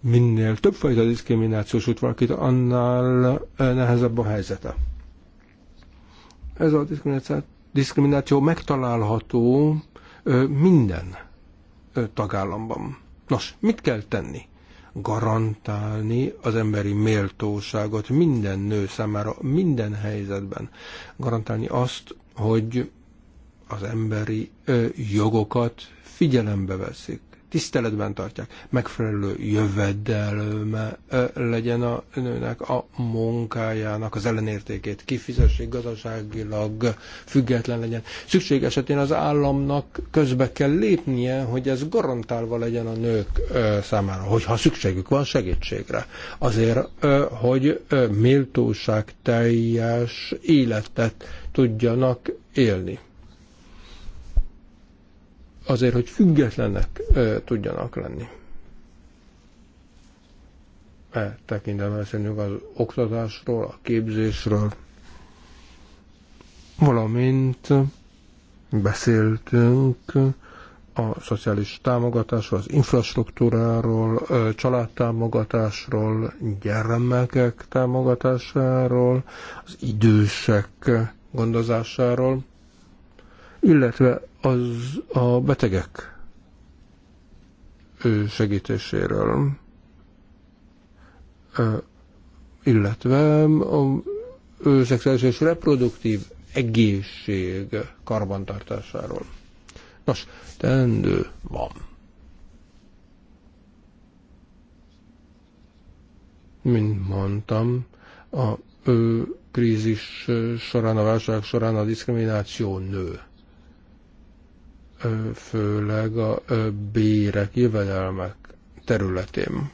Minél többfajta diszkriminációs út valakit, annál nehezebb a helyzete. Ez a diszkrimináció megtalálható minden tagállamban. Nos, mit kell tenni? garantálni az emberi méltóságot minden nő számára, minden helyzetben. Garantálni azt, hogy az emberi ö, jogokat figyelembe veszik tiszteletben tartják. Megfelelő jövedelme legyen a nőnek a munkájának az ellenértékét, kifizessék gazdaságilag, független legyen. Szükség esetén az államnak közbe kell lépnie, hogy ez garantálva legyen a nők számára, hogyha szükségük van segítségre. Azért, hogy méltóság teljes életet tudjanak élni azért, hogy függetlenek tudjanak lenni. E tekintetben beszélünk az oktatásról, a képzésről, valamint beszéltünk a szociális támogatásról, az infrastruktúráról, családtámogatásról, gyermekek támogatásáról, az idősek gondozásáról, illetve az a betegek segítéséről, illetve a szexuális és reproduktív egészség karbantartásáról. Nos, teendő van. Mint mondtam, a ő krízis során, a válság során a diszkrimináció nő főleg a bérek, jövedelmek területén.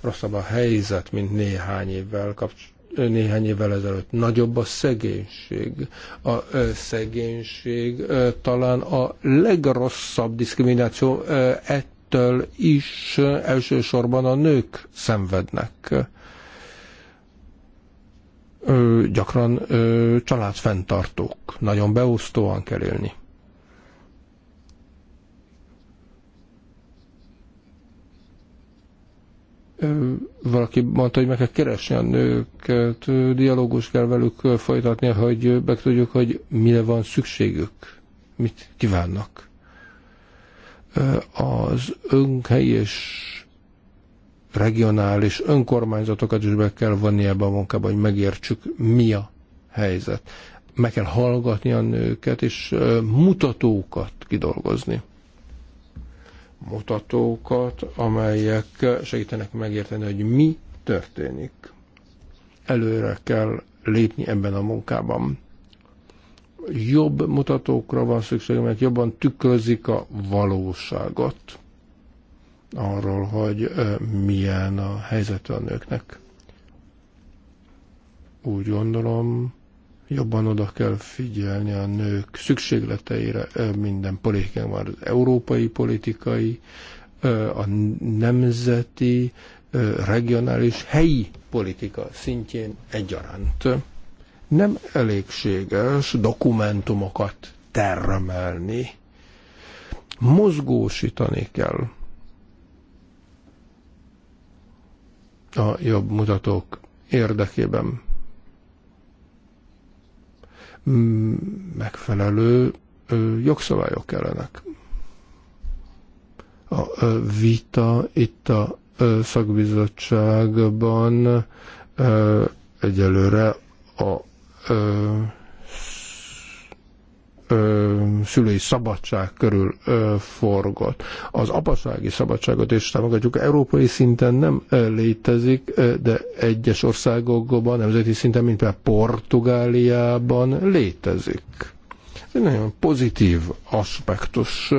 Rosszabb a helyzet, mint néhány évvel kapcs- néhány évvel ezelőtt. Nagyobb a szegénység. A szegénység talán a legrosszabb diszkrimináció ettől is elsősorban a nők szenvednek. Gyakran családfenntartók. Nagyon beosztóan kell élni. valaki mondta, hogy meg kell keresni a nőket, dialógus kell velük folytatni, hogy tudjuk, hogy mire van szükségük, mit kívánnak. Az önhelyi és regionális önkormányzatokat is be kell vonni ebbe a munkába, hogy megértsük, mi a helyzet. Meg kell hallgatni a nőket, és mutatókat kidolgozni mutatókat, amelyek segítenek megérteni, hogy mi történik. Előre kell lépni ebben a munkában. Jobb mutatókra van szükség, mert jobban tükrözik a valóságot arról, hogy milyen a helyzet a nőknek. Úgy gondolom, jobban oda kell figyelni a nők szükségleteire minden politikán van, az európai politikai, a nemzeti, regionális, helyi politika szintjén egyaránt. Nem elégséges dokumentumokat termelni. Mozgósítani kell a jobb mutatók érdekében Mm, megfelelő jogszabályok kellenek. A vita itt a szakbizottságban egyelőre a ö, szülői szabadság körül ö, forgott. Az apasági szabadságot is támogatjuk. Európai szinten nem létezik, de egyes országokban, nemzeti szinten, mint például Portugáliában létezik. Ez egy nagyon pozitív aspektus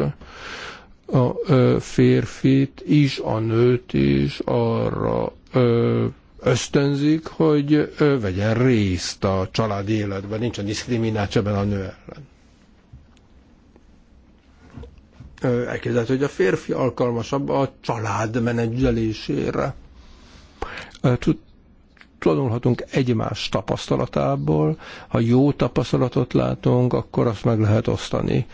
a férfit is, a nőt is arra ösztönzik, hogy vegyen részt a családi életben, nincs a diszkrimináció ebben a nő ellen elképzelhető, hogy a férfi alkalmasabb a család menedzselésére. Tanulhatunk egymás tapasztalatából, ha jó tapasztalatot látunk, akkor azt meg lehet osztani.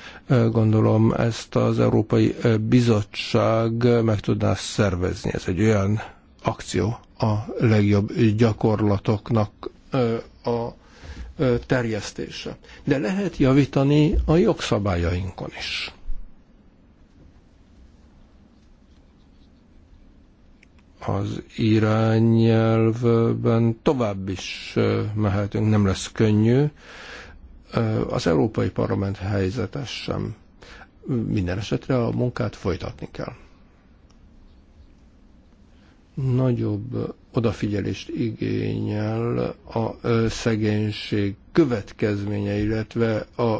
Gondolom ezt az Európai Bizottság meg tudná szervezni. Ez egy olyan akció a legjobb gyakorlatoknak a terjesztése. De lehet javítani a jogszabályainkon is. az irányelvben tovább is mehetünk, nem lesz könnyű. Az Európai Parlament helyzetes sem. Minden esetre a munkát folytatni kell. Nagyobb odafigyelést igényel a szegénység következménye, illetve a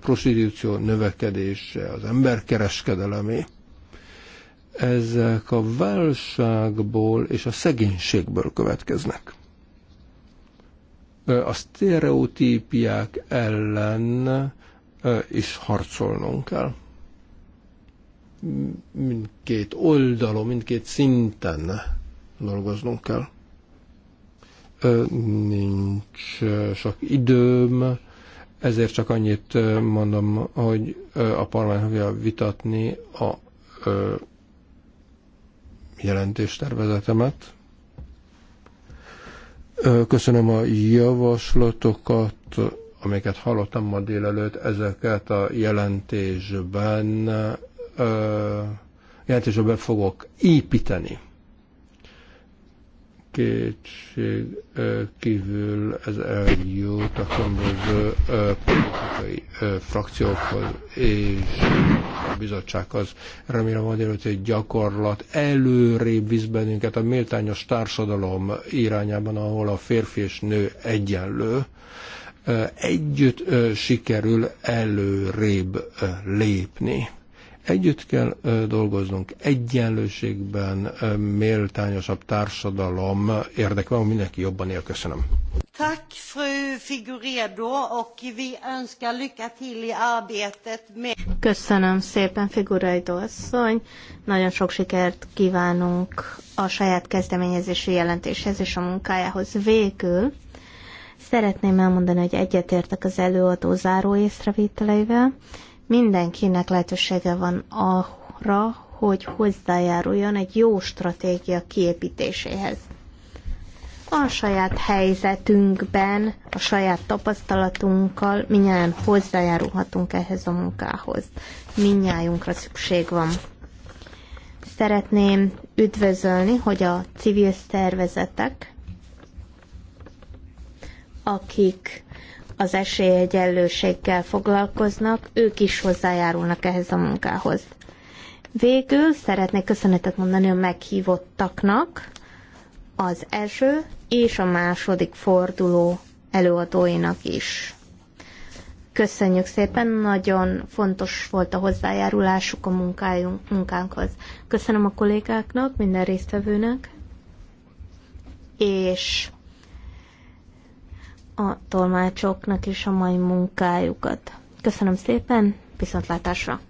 prostitúció növekedése, az emberkereskedelemi ezek a válságból és a szegénységből következnek. A sztereotípiák ellen is harcolnunk kell. Mindkét oldalon, mindkét szinten dolgoznunk kell. Nincs sok időm, ezért csak annyit mondom, hogy a parlament fogja vitatni a jelentéstervezetemet. Köszönöm a javaslatokat, amiket hallottam ma délelőtt, ezeket a jelentésben jelentésben fogok építeni kétség kívül ez eljut a különböző politikai frakciókhoz és a bizottsághoz. Remélem, hogy előtt egy gyakorlat előrébb visz bennünket a méltányos társadalom irányában, ahol a férfi és nő egyenlő, együtt sikerül előrébb lépni. Együtt kell dolgoznunk egyenlőségben, méltányosabb társadalom érdekben, ahol mindenki jobban él. Köszönöm. Tack fru Figuredo och vi önskar lycka till i arbetet med... Köszönöm szépen Figuredo asszony. Nagyon sok sikert kívánunk a saját kezdeményezési jelentéshez és a munkájához végül. Szeretném elmondani, hogy egyetértek az előadó záró észrevételeivel, mindenkinek lehetősége van arra, hogy hozzájáruljon egy jó stratégia kiépítéséhez. A saját helyzetünkben, a saját tapasztalatunkkal minnyáján hozzájárulhatunk ehhez a munkához. Minnyájunkra szükség van. Szeretném üdvözölni, hogy a civil szervezetek, akik az esélyegyenlőséggel foglalkoznak, ők is hozzájárulnak ehhez a munkához. Végül szeretnék köszönetet mondani a meghívottaknak, az első és a második forduló előadóinak is. Köszönjük szépen, nagyon fontos volt a hozzájárulásuk a munkájunk, munkánkhoz. Köszönöm a kollégáknak, minden résztvevőnek, és a tolmácsoknak is a mai munkájukat. Köszönöm szépen, viszontlátásra!